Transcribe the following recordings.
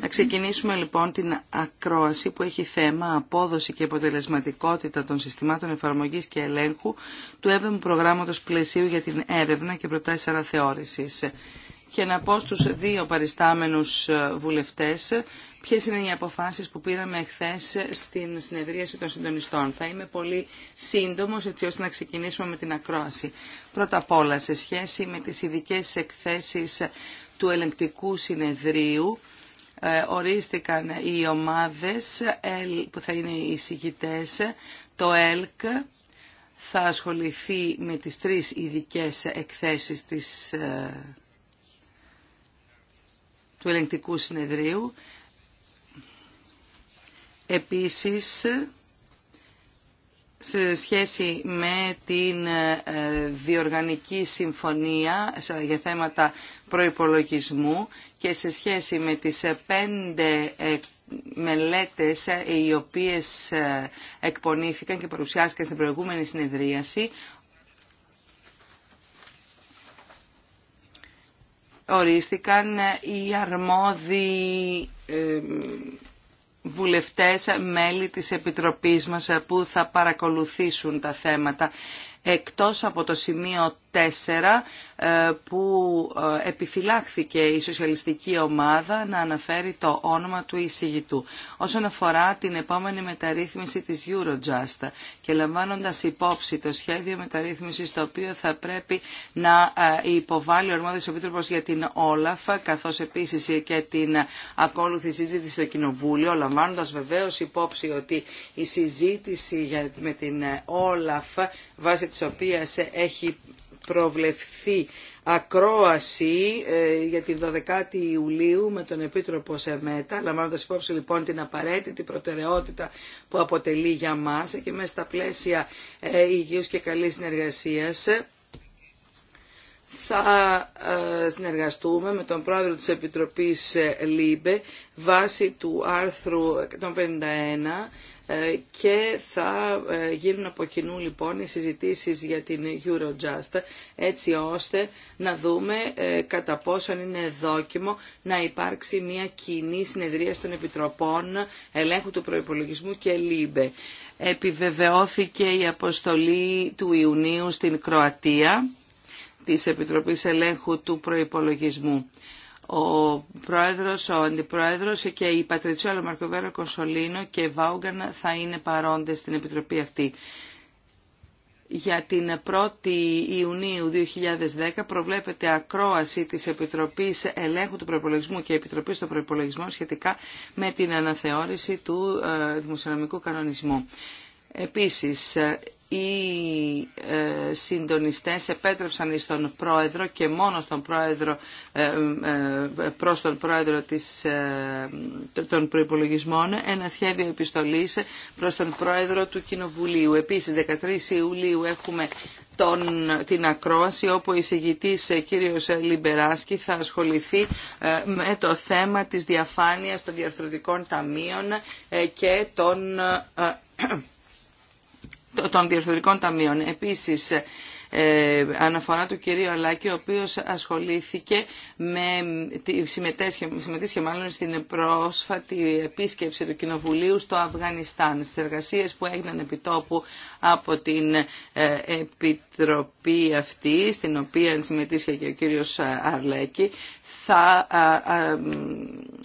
Να ξεκινήσουμε λοιπόν την ακρόαση που έχει θέμα απόδοση και αποτελεσματικότητα των συστημάτων εφαρμογής και ελέγχου του 7ου προγράμματος πλαισίου για την έρευνα και προτάσεις αναθεώρησης. Και να πω στους δύο παριστάμενους ε, βουλευτές ποιε είναι οι αποφάσεις που πήραμε χθε στην συνεδρίαση των συντονιστών. Θα είμαι πολύ σύντομο έτσι ώστε να ξεκινήσουμε με την ακρόαση. Πρώτα απ' όλα σε σχέση με τις ειδικέ εκθέσεις του ελεγκτικού συνεδρίου ε, ορίστηκαν οι ομάδες που θα είναι οι συγκητές, το ΕΛΚ θα ασχοληθεί με τις τρεις ειδικέ εκθέσεις της, ε, του ελεγκτικού συνεδρίου. Επίσης, σε σχέση με την ε, διοργανική συμφωνία για θέματα προϋπολογισμού και σε σχέση με τις ε, πέντε ε, μελέτες οι οποίες εκπονήθηκαν και παρουσιάστηκαν στην προηγούμενη συνεδρίαση ορίστηκαν οι αρμόδιοι βουλευτές, μέλη της Επιτροπής μας που θα παρακολουθήσουν τα θέματα. Εκτός από το σημείο 4 ε, που ε, επιφυλάχθηκε η σοσιαλιστική ομάδα να αναφέρει το όνομα του εισηγητού. Όσον αφορά την επόμενη μεταρρύθμιση της Eurojust και λαμβάνοντας υπόψη το σχέδιο μεταρρύθμισης το οποίο θα πρέπει να ε, υποβάλει ο Ορμόδιος Επίτροπος για την Όλαφ καθώς επίσης και την ακόλουθη συζήτηση στο Κοινοβούλιο λαμβάνοντας βεβαίως υπόψη ότι η συζήτηση με την Όλαφ βάσει της οποίας έχει προβλεφθεί ακρόαση ε, για την 12η Ιουλίου με τον Επίτροπο Σεμέτα, λαμβάνοντας υπόψη λοιπόν την απαραίτητη προτεραιότητα που αποτελεί για μας και μέσα στα πλαίσια ε, υγιούς και καλής συνεργασίας θα ε, συνεργαστούμε με τον πρόεδρο της Επιτροπής ΛΥΜΠΕ βάσει του άρθρου 151 ε, και θα ε, γίνουν από κοινού λοιπόν οι συζητήσεις για την Eurojust έτσι ώστε να δούμε ε, κατά πόσον είναι δόκιμο να υπάρξει μια κοινή συνεδρία των Επιτροπών Ελέγχου του Προϋπολογισμού και ΛΥΜΠΕ. Επιβεβαιώθηκε η αποστολή του Ιουνίου στην Κροατία της Επιτροπής Ελέγχου του Προϋπολογισμού ο πρόεδρος, ο αντιπρόεδρος και η Πατριτσόλα Μαρκοβέρο Κονσολίνο και Βάουγκαν θα είναι παρόντες στην Επιτροπή αυτή. Για την 1η Ιουνίου 2010 προβλέπεται ακρόαση της Επιτροπής Ελέγχου του Προϋπολογισμού και Επιτροπής των Προϋπολογισμών σχετικά με την αναθεώρηση του ε, δημοσιονομικού κανονισμού. Επίσης, οι ε, συντονιστές επέτρεψαν στον πρόεδρο και μόνο στον πρόεδρο, ε, ε, προς τον πρόεδρο της, των προϋπολογισμών ένα σχέδιο επιστολής προς τον πρόεδρο του Κοινοβουλίου. Επίσης, 13 Ιουλίου έχουμε τον, την ακρόαση όπου ο εισηγητής κύριος Λιμπεράσκη θα ασχοληθεί με το θέμα της διαφάνειας των διαρθρωτικών ταμείων και των των διευθυντικών ταμείων. Επίσης, ε, αναφορά του κυρίου Αλάκη, ο οποίος ασχολήθηκε με, συμμετέσχε, μάλλον στην πρόσφατη επίσκεψη του Κοινοβουλίου στο Αφγανιστάν, στις εργασίες που έγιναν επιτόπου από την ε, Επιτροπή αυτή, στην οποία συμμετείχε και ο κύριος Αρλέκη, θα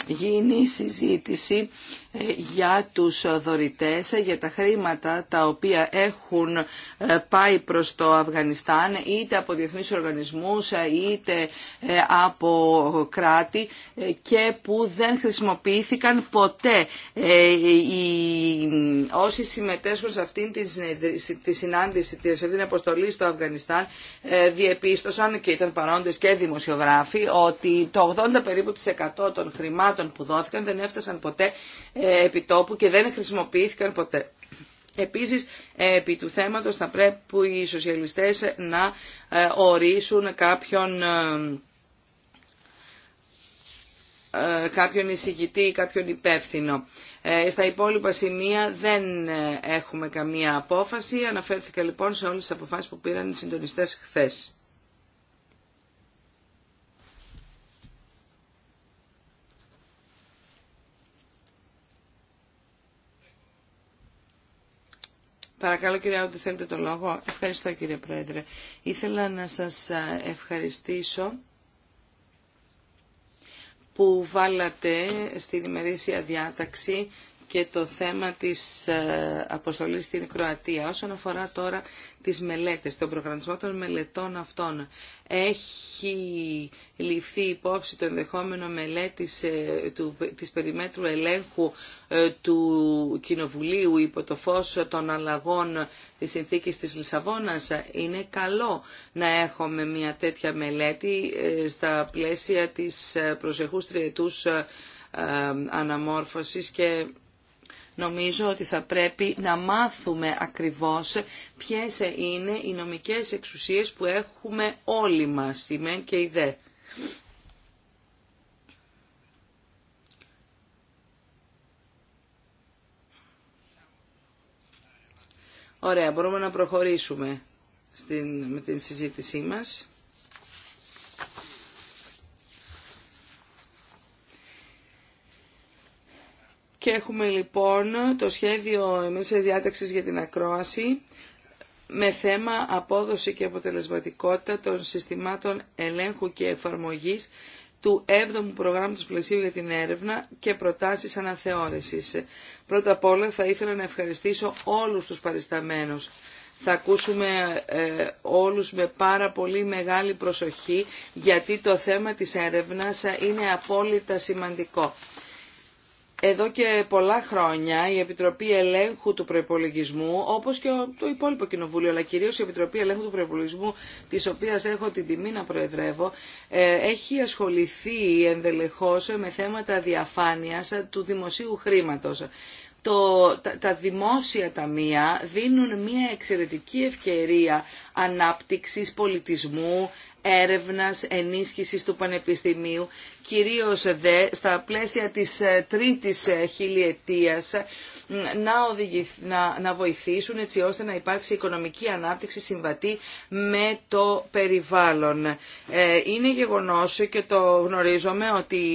γίνει συζήτηση για τους δωρητές, για τα χρήματα τα οποία έχουν ε, πάει προς το Αφγανιστάν είτε από διεθνείς οργανισμούς ε, είτε ε, από κράτη και που δεν χρησιμοποιήθηκαν ποτέ όσοι συμμετέσχουν σε αυτήν τη συνάντηση, σε αυτήν την αποστολή στο Αφγανιστάν διεπίστωσαν και ήταν παρόντες και δημοσιογράφοι ότι το 80 περίπου των χρημάτων που δόθηκαν δεν έφτασαν ποτέ ε, επιτόπου και δεν χρησιμοποιήθηκαν ποτέ. Επίσης, επί του θέματος θα πρέπει οι σοσιαλιστές να ε, ορίσουν κάποιον ε, κάποιον εισηγητή ή κάποιον υπεύθυνο. Στα υπόλοιπα σημεία δεν έχουμε καμία απόφαση. Αναφέρθηκα λοιπόν σε όλες τις αποφάσεις που πήραν οι συντονιστές χθες. Παρακαλώ κύριε Άουντι, θέλετε το λόγο. Ευχαριστώ κύριε Πρόεδρε. Ήθελα να σας ευχαριστήσω που βάλατε στην ημερήσια διάταξη και το θέμα της αποστολής στην Κροατία. Όσον αφορά τώρα τις μελέτες, τον προγραμματισμό των μελετών αυτών, έχει ληφθεί υπόψη το ενδεχόμενο μελέτης ε, του, της περιμέτρου ελέγχου ε, του Κοινοβουλίου υπό το φως των αλλαγών της συνθήκης της Λισαβόνας. Είναι καλό να έχουμε μια τέτοια μελέτη ε, στα πλαίσια της προσεχούς τριετούς αναμόρφωσης και νομίζω ότι θα πρέπει να μάθουμε ακριβώς ποιες είναι οι νομικές εξουσίες που έχουμε όλοι μας, η μεν και η δε. Ωραία, μπορούμε να προχωρήσουμε στην, με την συζήτησή μας. Και έχουμε λοιπόν το σχέδιο εμείς διάταξης για την ακρόαση με θέμα απόδοση και αποτελεσματικότητα των συστημάτων ελέγχου και εφαρμογής του 7ου Προγράμματος Πλαισίου για την Έρευνα και προτάσεις αναθεώρησης. Πρώτα απ' όλα θα ήθελα να ευχαριστήσω όλους τους παρισταμένους. Θα ακούσουμε ε, όλους με πάρα πολύ μεγάλη προσοχή γιατί το θέμα της έρευνας είναι απόλυτα σημαντικό. Εδώ και πολλά χρόνια η Επιτροπή Ελέγχου του Προϋπολογισμού, όπως και το υπόλοιπο Κοινοβούλιο, αλλά κυρίως η Επιτροπή Ελέγχου του Προϋπολογισμού, της οποίας έχω την τιμή να προεδρεύω, ε, έχει ασχοληθεί ενδελεχώς με θέματα διαφάνειας του δημοσίου χρήματος. Το, τα, δημόσια ταμεία δίνουν μια εξαιρετική ευκαιρία ανάπτυξης πολιτισμού, έρευνας, ενίσχυσης του Πανεπιστημίου, κυρίως δε στα πλαίσια της ε, τρίτης ε, χιλιετίας να, να, να βοηθήσουν έτσι ώστε να υπάρξει οικονομική ανάπτυξη συμβατή με το περιβάλλον. Ε, είναι γεγονός και το γνωρίζουμε ότι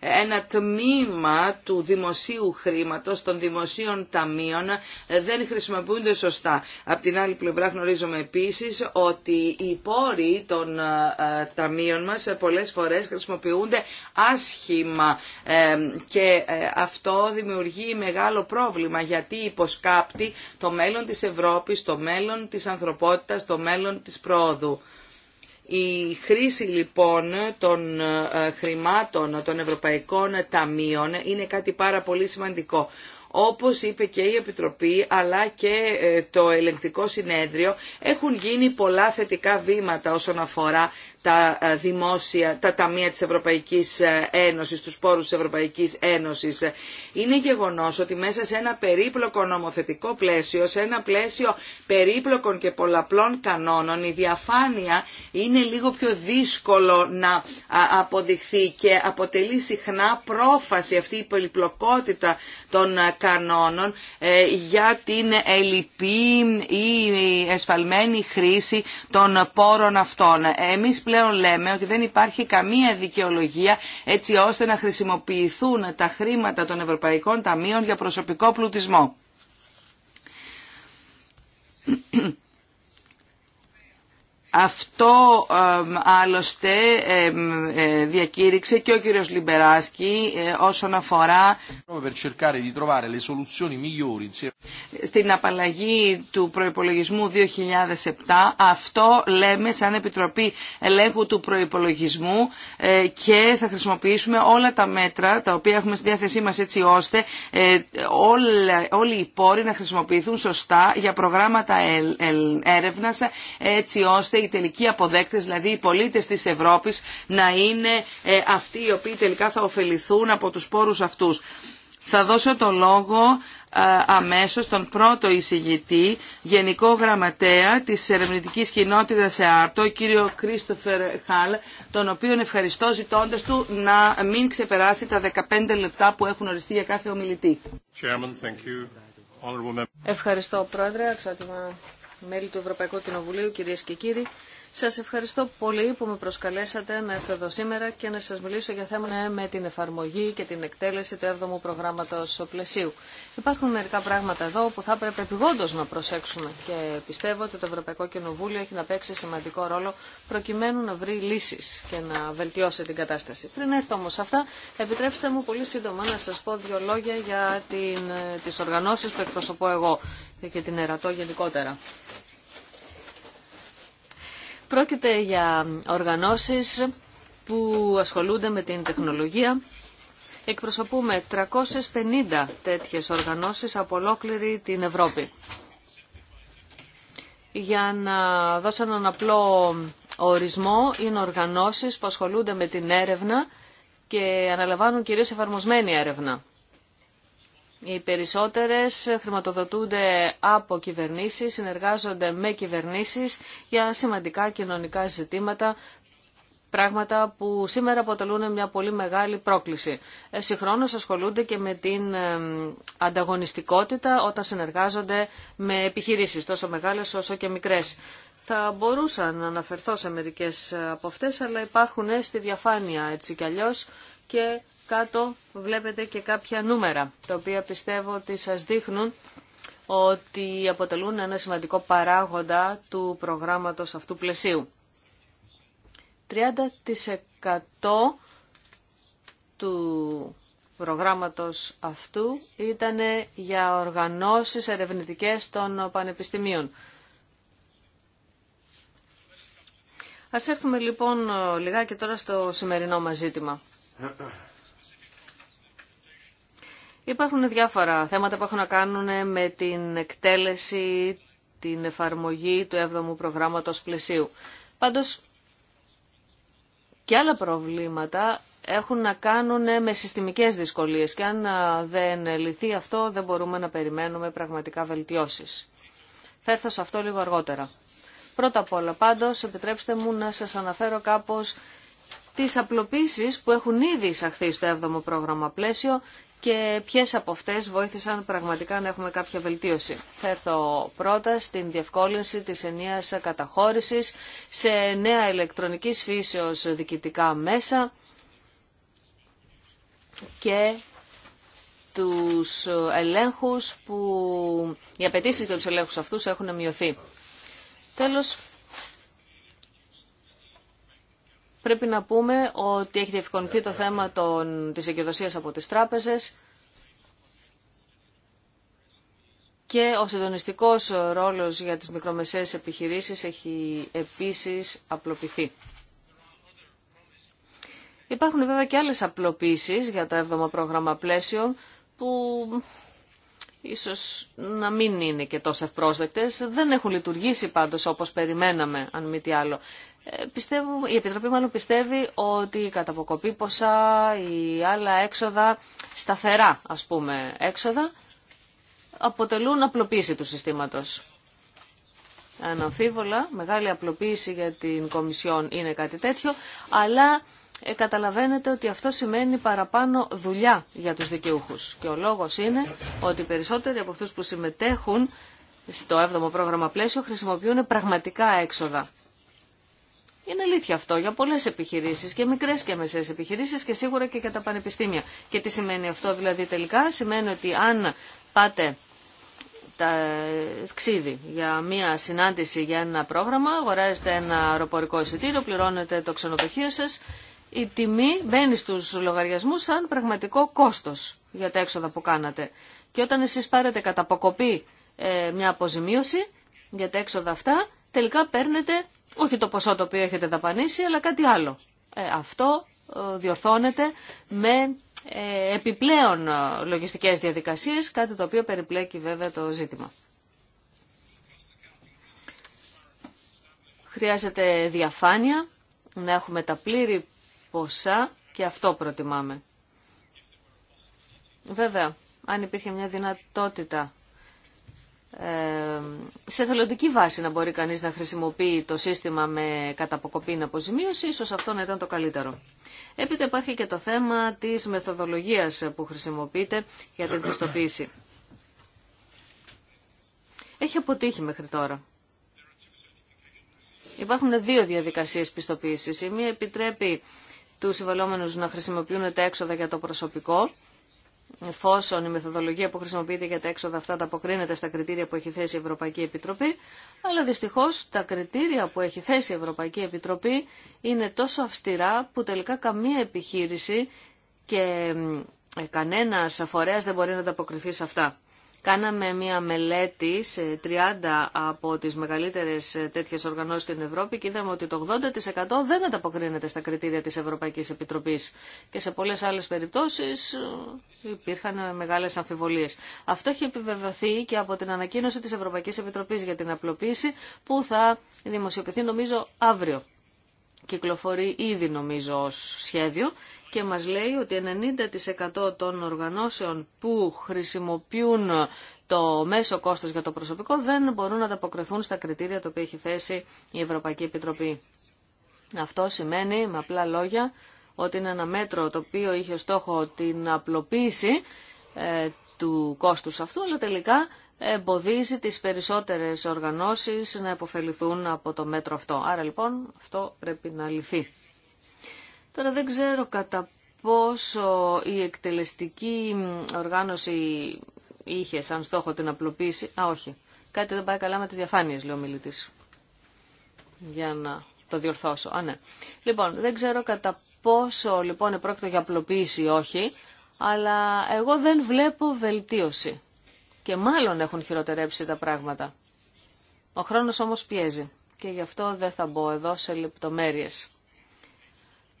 ένα τμήμα του δημοσίου χρήματος, των δημοσίων ταμείων δεν χρησιμοποιούνται σωστά. Απ' την άλλη πλευρά γνωρίζουμε επίσης ότι οι πόροι των ε, ταμείων μας πολλές φορές χρησιμοποιούνται άσχημα ε, και αυτό δημιουργεί μεγάλο πρόβλημα πρόβλημα γιατί υποσκάπτει το μέλλον της Ευρώπης, το μέλλον της ανθρωπότητας, το μέλλον της πρόοδου. Η χρήση λοιπόν των ε, χρημάτων των Ευρωπαϊκών Ταμείων είναι κάτι πάρα πολύ σημαντικό. Όπως είπε και η Επιτροπή αλλά και ε, το Ελεγκτικό Συνέδριο έχουν γίνει πολλά θετικά βήματα όσον αφορά τα ε, δημόσια, τα ταμεία της Ευρωπαϊκής ε, Ένωσης, τους πόρους της Ευρωπαϊκής Ένωσης. Είναι γεγονός ότι μέσα σε ένα περίπλοκο νομοθετικό πλαίσιο, σε ένα πλαίσιο περίπλοκων και πολλαπλών κανόνων, η διαφάνεια είναι λίγο πιο δύσκολο να αποδειχθεί και αποτελεί συχνά πρόφαση αυτή η πολυπλοκότητα των ε, κανόνων για την ελλειπή ή εσφαλμένη χρήση των πόρων αυτών. Εμείς πλέον λέμε ότι δεν υπάρχει καμία δικαιολογία έτσι ώστε να χρησιμοποιηθούν τα χρήματα των Ευρωπαϊκών Ταμείων για προσωπικό πλουτισμό. Αυτό άλλωστε ε, διακήρυξε και ο κύριος Λιμπεράσκη ε, όσον αφορά στην απαλλαγή του προϋπολογισμού 2007. Αυτό λέμε σαν Επιτροπή Ελέγχου του Προϋπολογισμού ε, και θα χρησιμοποιήσουμε όλα τα μέτρα τα οποία έχουμε στη διάθεσή μας έτσι ώστε όλοι οι πόροι να χρησιμοποιηθούν σωστά για προγράμματα έρευνας έτσι ώστε οι τελικοί αποδέκτες, δηλαδή οι πολίτες της Ευρώπης, να είναι ε, αυτοί οι οποίοι τελικά θα ωφεληθούν από τους πόρους αυτούς. Θα δώσω το λόγο ε, αμέσως στον πρώτο εισηγητή, Γενικό Γραμματέα της Ερευνητικής Κοινότητας ΕΑΡΤΟ, κύριο Κρίστοφερ Χάλ, τον οποίον ευχαριστώ ζητώντας του να μην ξεπεράσει τα 15 λεπτά που έχουν οριστεί για κάθε ομιλητή. Ευχαριστώ, Πρόεδρε, αξιότιμα μέλη του Ευρωπαϊκού Κοινοβουλίου, κυρίες και κύριοι. Σας ευχαριστώ πολύ που με προσκαλέσατε να έρθω εδώ σήμερα και να σας μιλήσω για θέματα με την εφαρμογή και την εκτέλεση του 7ου προγράμματος πλαισίου. Υπάρχουν μερικά πράγματα εδώ που θα έπρεπε επιγόντως να προσέξουμε και πιστεύω ότι το Ευρωπαϊκό Κοινοβούλιο έχει να παίξει σημαντικό ρόλο προκειμένου να βρει λύσεις και να βελτιώσει την κατάσταση. Πριν έρθω όμως αυτά, επιτρέψτε μου πολύ σύντομα να σας πω δύο λόγια για την, ε, τις οργανώσεις που εκπροσωπώ εγώ και την Ερατό γενικότερα. Πρόκειται για οργανώσεις που ασχολούνται με την τεχνολογία. Εκπροσωπούμε 350 τέτοιες οργανώσεις από ολόκληρη την Ευρώπη. Για να δώσω έναν απλό ορισμό, είναι οργανώσεις που ασχολούνται με την έρευνα και αναλαμβάνουν κυρίως εφαρμοσμένη έρευνα. Οι περισσότερες χρηματοδοτούνται από κυβερνήσεις, συνεργάζονται με κυβερνήσεις για σημαντικά κοινωνικά ζητήματα, πράγματα που σήμερα αποτελούν μια πολύ μεγάλη πρόκληση. Ε, συγχρόνως ασχολούνται και με την ε, ανταγωνιστικότητα όταν συνεργάζονται με επιχειρήσεις τόσο μεγάλες όσο και μικρές. Θα μπορούσα να αναφερθώ σε μερικές ε, από αυτές, αλλά υπάρχουν στη διαφάνεια έτσι κι αλλιώς και κάτω βλέπετε και κάποια νούμερα, τα οποία πιστεύω ότι σας δείχνουν ότι αποτελούν ένα σημαντικό παράγοντα του προγράμματος αυτού πλαισίου. 30% του προγράμματος αυτού ήταν για οργανώσεις ερευνητικές των πανεπιστημίων. Ας έρθουμε λοιπόν ε, λιγάκι τώρα στο σημερινό μας ζήτημα. Υπάρχουν διάφορα θέματα που έχουν να κάνουν με την εκτέλεση, την εφαρμογή του 7ου προγράμματος πλαισίου. Πάντως, και άλλα προβλήματα έχουν να κάνουν με συστημικές δυσκολίες και αν δεν λυθεί αυτό δεν μπορούμε να περιμένουμε πραγματικά βελτιώσεις. Θα έρθω σε αυτό λίγο αργότερα. Πρώτα απ' όλα πάντως επιτρέψτε μου να σας αναφέρω κάπως τις απλοποίησεις που έχουν ήδη εισαχθεί στο 7ο πρόγραμμα πλαίσιο και ποιες από αυτές βοήθησαν πραγματικά να έχουμε κάποια βελτίωση. Θα έρθω πρώτα στην διευκόλυνση της ενία καταχώρησης σε νέα ηλεκτρονικής φύσεως διοικητικά μέσα και τους ελέγχους που οι απαιτήσει για τους ελέγχους αυτούς έχουν μειωθεί. Τέλος, πρέπει να πούμε ότι έχει διευκολυνθεί το θέμα των, της από τις τράπεζες και ο συντονιστικός ρόλος για τις μικρομεσαίες επιχειρήσεις έχει επίσης απλοποιηθεί. Υπάρχουν βέβαια και άλλες απλοποίησεις για το 7ο πρόγραμμα πλαίσιο που ίσως να μην είναι και τόσο ευπρόσδεκτες. Δεν έχουν λειτουργήσει πάντως όπως περιμέναμε, αν μη τι άλλο. Ε, πιστεύω, η Επιτροπή μάλλον πιστεύει ότι η καταποκοπή ποσά, ή άλλα έξοδα, σταθερά ας πούμε έξοδα, αποτελούν απλοποίηση του συστήματος. Αναμφίβολα, μεγάλη απλοποίηση για την Κομισιόν είναι κάτι τέτοιο, αλλά ε, καταλαβαίνετε ότι αυτό σημαίνει παραπάνω δουλειά για τους δικαιούχους. Και ο λόγος είναι ότι περισσότεροι από αυτούς που συμμετέχουν στο 7ο πρόγραμμα πλαίσιο χρησιμοποιούν πραγματικά έξοδα είναι αλήθεια αυτό για πολλέ επιχειρήσει και μικρέ και μεσέ επιχειρήσει και σίγουρα και για τα πανεπιστήμια. Και τι σημαίνει αυτό δηλαδή τελικά. Σημαίνει ότι αν πάτε τα ξύδι για μία συνάντηση για ένα πρόγραμμα, αγοράζετε ένα αεροπορικό εισιτήριο, πληρώνετε το ξενοδοχείο σα. Η τιμή μπαίνει στου λογαριασμού σαν πραγματικό κόστο για τα έξοδα που κάνατε. Και όταν εσεί πάρετε κατά αποκοπή ε, μια αποζημίωση για τα έξοδα αυτά, τελικά παίρνετε όχι το ποσό το οποίο έχετε δαπανίσει, αλλά κάτι άλλο. Ε, αυτό ε, διορθώνεται με ε, επιπλέον λογιστικές διαδικασίες, κάτι το οποίο περιπλέκει βέβαια το ζήτημα. Χρειάζεται διαφάνεια, να έχουμε τα πλήρη ποσά και αυτό προτιμάμε. Βέβαια, αν υπήρχε μια δυνατότητα ε, σε θελοντική βάση να μπορεί κανείς να χρησιμοποιεί το σύστημα με καταποκοπήν αποζημίωση, ίσως αυτό να ήταν το καλύτερο. Έπειτα υπάρχει και το θέμα της μεθοδολογίας που χρησιμοποιείται για την πιστοποίηση. Έχει αποτύχει μέχρι τώρα. Υπάρχουν δύο διαδικασίες πιστοποίησης. Η μία επιτρέπει τους συμβαλόμενους να χρησιμοποιούν τα έξοδα για το προσωπικό εφόσον η μεθοδολογία που χρησιμοποιείται για τα έξοδα αυτά τα αποκρίνεται στα κριτήρια που έχει θέσει η Ευρωπαϊκή Επιτροπή, αλλά δυστυχώς τα κριτήρια που έχει θέσει η Ευρωπαϊκή Επιτροπή είναι τόσο αυστηρά που τελικά καμία επιχείρηση και κανένας αφορέας δεν μπορεί να αποκριθεί σε αυτά. Κάναμε μία μελέτη σε 30 από τις μεγαλύτερες ε, τέτοιες οργανώσεις στην Ευρώπη και είδαμε ότι το 80% δεν ανταποκρίνεται στα κριτήρια της Ευρωπαϊκής Επιτροπής και σε πολλές άλλες περιπτώσεις ε, υπήρχαν ε, μεγάλες αμφιβολίες. Αυτό έχει επιβεβαιωθεί και από την ανακοίνωση της Ευρωπαϊκής Επιτροπής για την απλοποίηση που θα δημοσιοποιηθεί νομίζω αύριο. Κυκλοφορεί ήδη νομίζω ως σχέδιο και μας λέει ότι 90% των οργανώσεων που χρησιμοποιούν το μέσο κόστος για το προσωπικό δεν μπορούν να ανταποκριθούν στα κριτήρια τα οποία έχει θέσει η Ευρωπαϊκή Επιτροπή. Αυτό σημαίνει με απλά λόγια ότι είναι ένα μέτρο το οποίο είχε στόχο την απλοποίηση ε, του κόστους αυτού, αλλά τελικά εμποδίζει τις περισσότερες οργανώσεις να υποφεληθούν από το μέτρο αυτό. Άρα λοιπόν αυτό πρέπει να λυθεί. Τώρα δεν ξέρω κατά πόσο η εκτελεστική οργάνωση είχε σαν στόχο την απλοποίηση. Α, όχι. Κάτι δεν πάει καλά με τις διαφάνειες, λέει ο μιλητής. Για να το διορθώσω. Α, ναι. Λοιπόν, δεν ξέρω κατά πόσο λοιπόν πρόκειται για απλοποίηση ή όχι, αλλά εγώ δεν βλέπω βελτίωση. Και μάλλον έχουν χειροτερέψει τα πράγματα. Ο χρόνος όμως πιέζει και γι' αυτό δεν θα μπω εδώ σε λεπτομέρειες.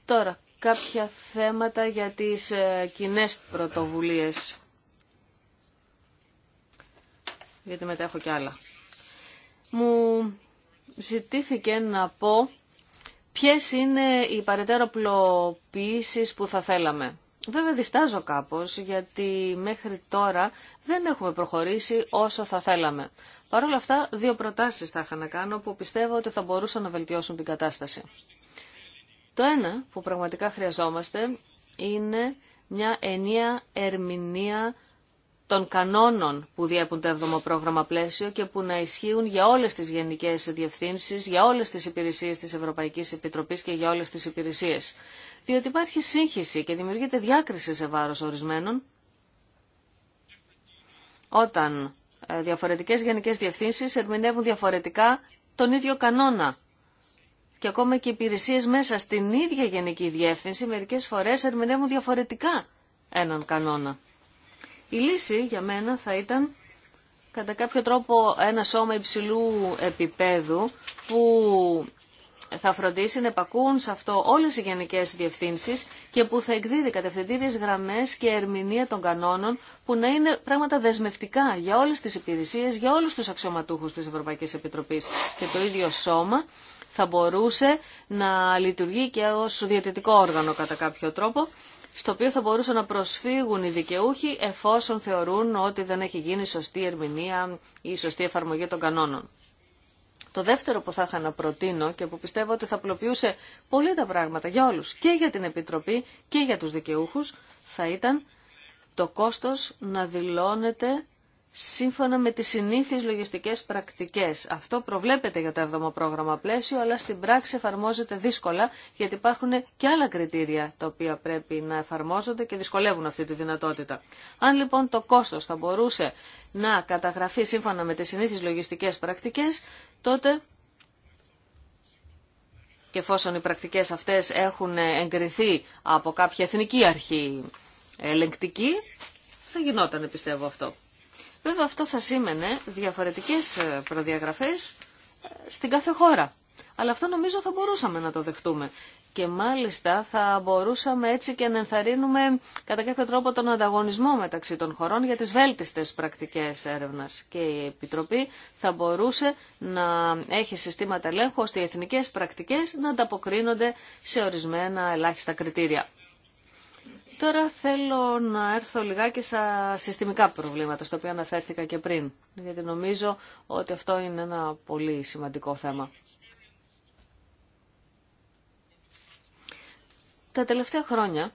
Τώρα, κάποια θέματα για τις ε, κοινέ πρωτοβουλίες. Γιατί μετά έχω κι άλλα. Μου ζητήθηκε να πω ποιες είναι οι παρετέρω πλοποιήσεις που θα θέλαμε. Βέβαια διστάζω κάπως γιατί μέχρι τώρα δεν έχουμε προχωρήσει όσο θα θέλαμε. Παρ' όλα αυτά δύο προτάσεις θα είχα να κάνω που πιστεύω ότι θα μπορούσαν να βελτιώσουν την κατάσταση. Το ένα που πραγματικά χρειαζόμαστε είναι μια ενιαία ερμηνεία των κανόνων που διέπουν το 7ο πρόγραμμα πλαίσιο και που να ισχύουν για όλες τις γενικές διευθύνσεις, για όλες τις υπηρεσίες της Ευρωπαϊκής Επιτροπής και για όλες τις υπηρεσίες. Διότι υπάρχει σύγχυση και δημιουργείται διάκριση σε βάρος ορισμένων όταν ε, διαφορετικές γενικές διευθύνσεις ερμηνεύουν διαφορετικά τον ίδιο κανόνα και ακόμα και οι υπηρεσίε μέσα στην ίδια γενική διεύθυνση μερικέ φορέ ερμηνεύουν διαφορετικά έναν κανόνα. Η λύση για μένα θα ήταν κατά κάποιο τρόπο ένα σώμα υψηλού επίπεδου που θα φροντίσει να επακούν σε αυτό όλες οι γενικές διευθύνσεις και που θα εκδίδει κατευθυντήριες γραμμές και ερμηνεία των κανόνων που να είναι πράγματα δεσμευτικά για όλες τις υπηρεσίες, για όλους τους αξιωματούχους της Ευρωπαϊκής Επιτροπής και το ίδιο σώμα θα μπορούσε να λειτουργεί και ως διαιτητικό όργανο κατά κάποιο τρόπο, στο οποίο θα μπορούσαν να προσφύγουν οι δικαιούχοι εφόσον θεωρούν ότι δεν έχει γίνει σωστή ερμηνεία ή σωστή εφαρμογή των κανόνων. Το δεύτερο που θα είχα να προτείνω και που πιστεύω ότι θα απλοποιούσε πολύ τα πράγματα για όλους και για την Επιτροπή και για τους δικαιούχους θα ήταν το κόστος να δηλώνεται σύμφωνα με τις συνήθεις λογιστικές πρακτικές. Αυτό προβλέπεται για το 7ο πρόγραμμα πλαίσιο, αλλά στην πράξη εφαρμόζεται δύσκολα, γιατί υπάρχουν και άλλα κριτήρια τα οποία πρέπει να εφαρμόζονται και δυσκολεύουν αυτή τη δυνατότητα. Αν λοιπόν το κόστος θα μπορούσε να καταγραφεί σύμφωνα με τις συνήθεις λογιστικές πρακτικές, τότε και εφόσον οι πρακτικές αυτές έχουν εγκριθεί από κάποια εθνική αρχή ελεγκτική, θα γινόταν πιστεύω αυτό. Βέβαια αυτό θα σήμαινε διαφορετικές ε, προδιαγραφές ε, στην κάθε χώρα. Αλλά αυτό νομίζω θα μπορούσαμε να το δεχτούμε. Και μάλιστα θα μπορούσαμε έτσι και να ενθαρρύνουμε κατά κάποιο τρόπο τον ανταγωνισμό μεταξύ των χωρών για τις βέλτιστες πρακτικές έρευνας. Και η Επιτροπή θα μπορούσε να έχει συστήματα ελέγχου ώστε οι εθνικές πρακτικές να ανταποκρίνονται σε ορισμένα ελάχιστα κριτήρια. Τώρα θέλω να έρθω λιγάκι στα συστημικά προβλήματα, στο οποίο αναφέρθηκα και πριν, γιατί νομίζω ότι αυτό είναι ένα πολύ σημαντικό θέμα. Τα τελευταία χρόνια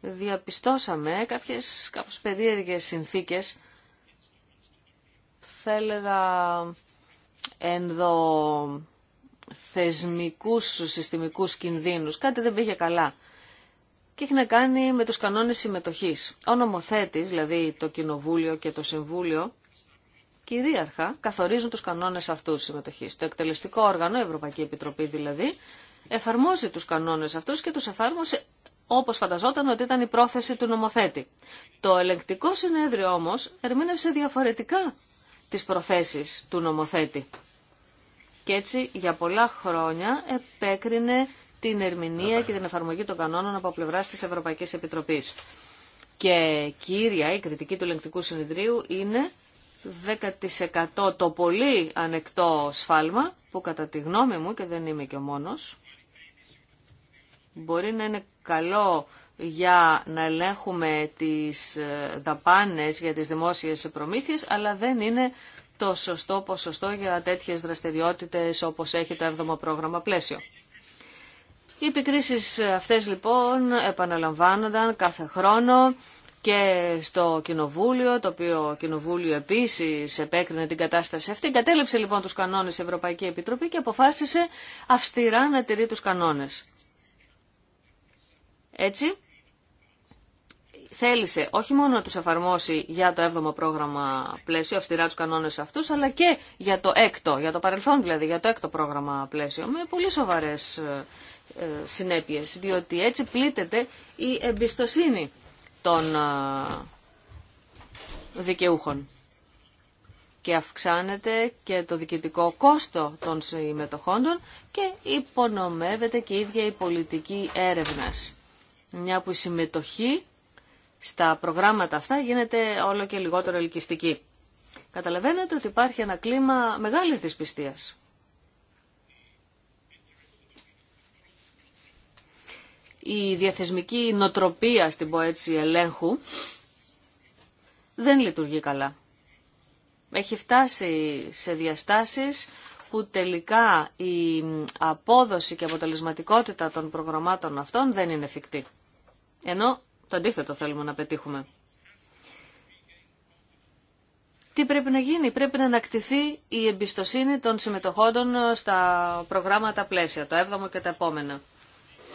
διαπιστώσαμε κάποιες κάπως περίεργες συνθήκες, θα έλεγα θεσμικούς συστημικούς κινδύνους. Κάτι δεν πήγε καλά και έχει να κάνει με τους κανόνες συμμετοχής. Ο νομοθέτης, δηλαδή το Κοινοβούλιο και το Συμβούλιο, κυρίαρχα καθορίζουν τους κανόνες αυτούς συμμετοχής. Το εκτελεστικό όργανο, η Ευρωπαϊκή Επιτροπή δηλαδή, εφαρμόζει τους κανόνες αυτούς και τους εφάρμοσε όπως φανταζόταν ότι ήταν η πρόθεση του νομοθέτη. Το ελεγκτικό συνέδριο όμως ερμήνευσε διαφορετικά τις προθέσεις του νομοθέτη. Και έτσι για πολλά χρόνια επέκρινε την ερμηνεία και την εφαρμογή των κανόνων από πλευρά τη Ευρωπαϊκή Επιτροπή. Και κύρια, η κριτική του ελεγκτικού συνεδρίου είναι 10% το πολύ ανεκτό σφάλμα, που κατά τη γνώμη μου και δεν είμαι και ο μόνος, μπορεί να είναι καλό για να ελέγχουμε τις ε, δαπάνες για τις δημόσιες προμήθειες, αλλά δεν είναι το σωστό ποσοστό για τέτοιες δραστηριότητες όπως έχει το 7ο πρόγραμμα πλαίσιο. Οι επικρίσεις αυτές λοιπόν επαναλαμβάνονταν κάθε χρόνο και στο Κοινοβούλιο, το οποίο Κοινοβούλιο επίσης επέκρινε την κατάσταση αυτή. Κατέληψε λοιπόν τους κανόνες η Ευρωπαϊκή Επιτροπή και αποφάσισε αυστηρά να τηρεί τους κανόνες. Έτσι, θέλησε όχι μόνο να τους εφαρμόσει για το 7ο πρόγραμμα πλαίσιο, αυστηρά τους κανόνες αυτούς, αλλά και για το 6ο, για το παρελθόν δηλαδή, για το 6ο πρόγραμμα πλαίσιο, με πολύ σοβαρές ε, ε, συνέπειες, διότι έτσι πλήττεται η εμπιστοσύνη των ε, δικαιούχων και αυξάνεται και το διοικητικό κόστο των συμμετοχόντων και υπονομεύεται και η ίδια η πολιτική έρευνας. Μια που η συμμετοχή στα προγράμματα αυτά γίνεται όλο και λιγότερο ελκυστική. Καταλαβαίνετε ότι υπάρχει ένα κλίμα μεγάλης δυσπιστίας. η διαθεσμική νοτροπία στην Ποέτσι ελέγχου δεν λειτουργεί καλά. Έχει φτάσει σε διαστάσεις που τελικά η απόδοση και αποτελεσματικότητα των προγραμμάτων αυτών δεν είναι εφικτή. Ενώ το αντίθετο θέλουμε να πετύχουμε. Τι πρέπει να γίνει, πρέπει να ανακτηθεί η εμπιστοσύνη των συμμετοχόντων στα προγράμματα πλαίσια, το 7ο και τα επόμενα.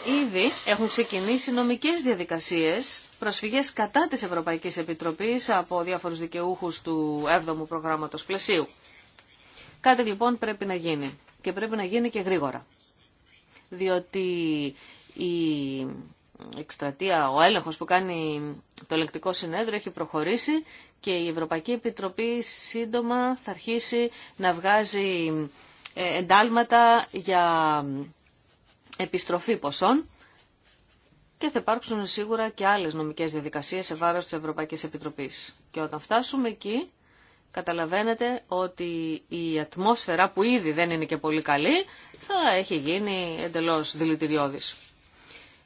Ήδη έχουν ξεκινήσει νομικές διαδικασίες, προσφυγές κατά της Ευρωπαϊκής Επιτροπής από διάφορους δικαιούχους του 7ου προγράμματος πλαισίου. Κάτι λοιπόν πρέπει να γίνει και πρέπει να γίνει και γρήγορα. Διότι η εκστρατεία, ο έλεγχος που κάνει το ελεκτικό συνέδριο έχει προχωρήσει και η Ευρωπαϊκή Επιτροπή σύντομα θα αρχίσει να βγάζει ε, εντάλματα για επιστροφή ποσών και θα υπάρξουν σίγουρα και άλλες νομικές διαδικασίες σε βάρος της Ευρωπαϊκής Επιτροπής. Και όταν φτάσουμε εκεί, καταλαβαίνετε ότι η ατμόσφαιρα που ήδη δεν είναι και πολύ καλή, θα έχει γίνει εντελώς δηλητηριώδης.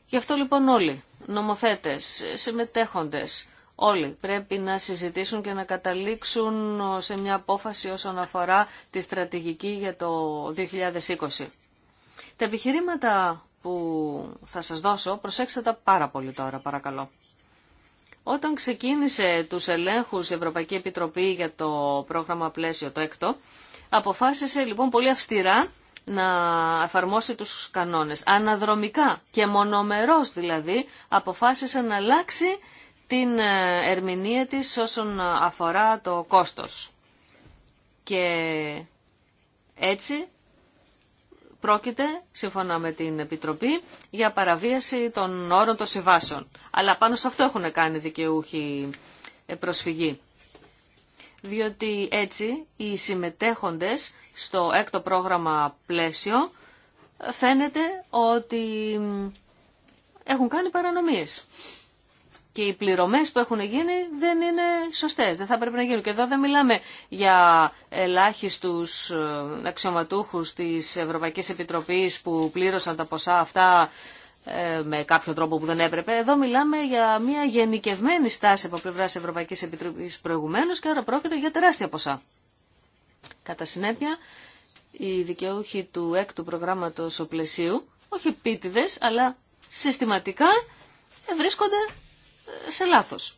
Γι' αυτό λοιπόν όλοι, νομοθέτες, συμμετέχοντες, όλοι πρέπει να συζητήσουν και να καταλήξουν σε μια απόφαση όσον αφορά τη στρατηγική για το 2020. Τα επιχειρήματα που θα σας δώσω, προσέξτε τα πάρα πολύ τώρα παρακαλώ. Όταν ξεκίνησε τους ελέγχους η Ευρωπαϊκή Επιτροπή για το πρόγραμμα πλαίσιο το έκτο, αποφάσισε λοιπόν πολύ αυστηρά να εφαρμόσει τους κανόνες. Αναδρομικά και μονομερός δηλαδή αποφάσισε να αλλάξει την ε, ερμηνεία της όσον αφορά το κόστος. Και έτσι Πρόκειται, σύμφωνα με την Επιτροπή, για παραβίαση των όρων των συμβάσεων. Αλλά πάνω σε αυτό έχουν κάνει δικαιούχοι ε, προσφυγή. Διότι έτσι οι συμμετέχοντες στο έκτο πρόγραμμα πλαίσιο ε, φαίνεται ότι έχουν κάνει παρανομίες και οι πληρωμές που έχουν γίνει δεν είναι σωστές, δεν θα πρέπει να γίνουν. Και εδώ δεν μιλάμε για ελάχιστους ε, αξιωματούχους της Ευρωπαϊκής Επιτροπής που πλήρωσαν τα ποσά αυτά ε, με κάποιο τρόπο που δεν έπρεπε. Εδώ μιλάμε για μια γενικευμένη στάση από πλευρά Ευρωπαϊκής Επιτροπής προηγουμένως και άρα πρόκειται για τεράστια ποσά. Κατά συνέπεια, οι δικαιούχοι του έκτου προγράμματος οπλαισίου, όχι αλλά συστηματικά ε, βρίσκονται σε λάθος.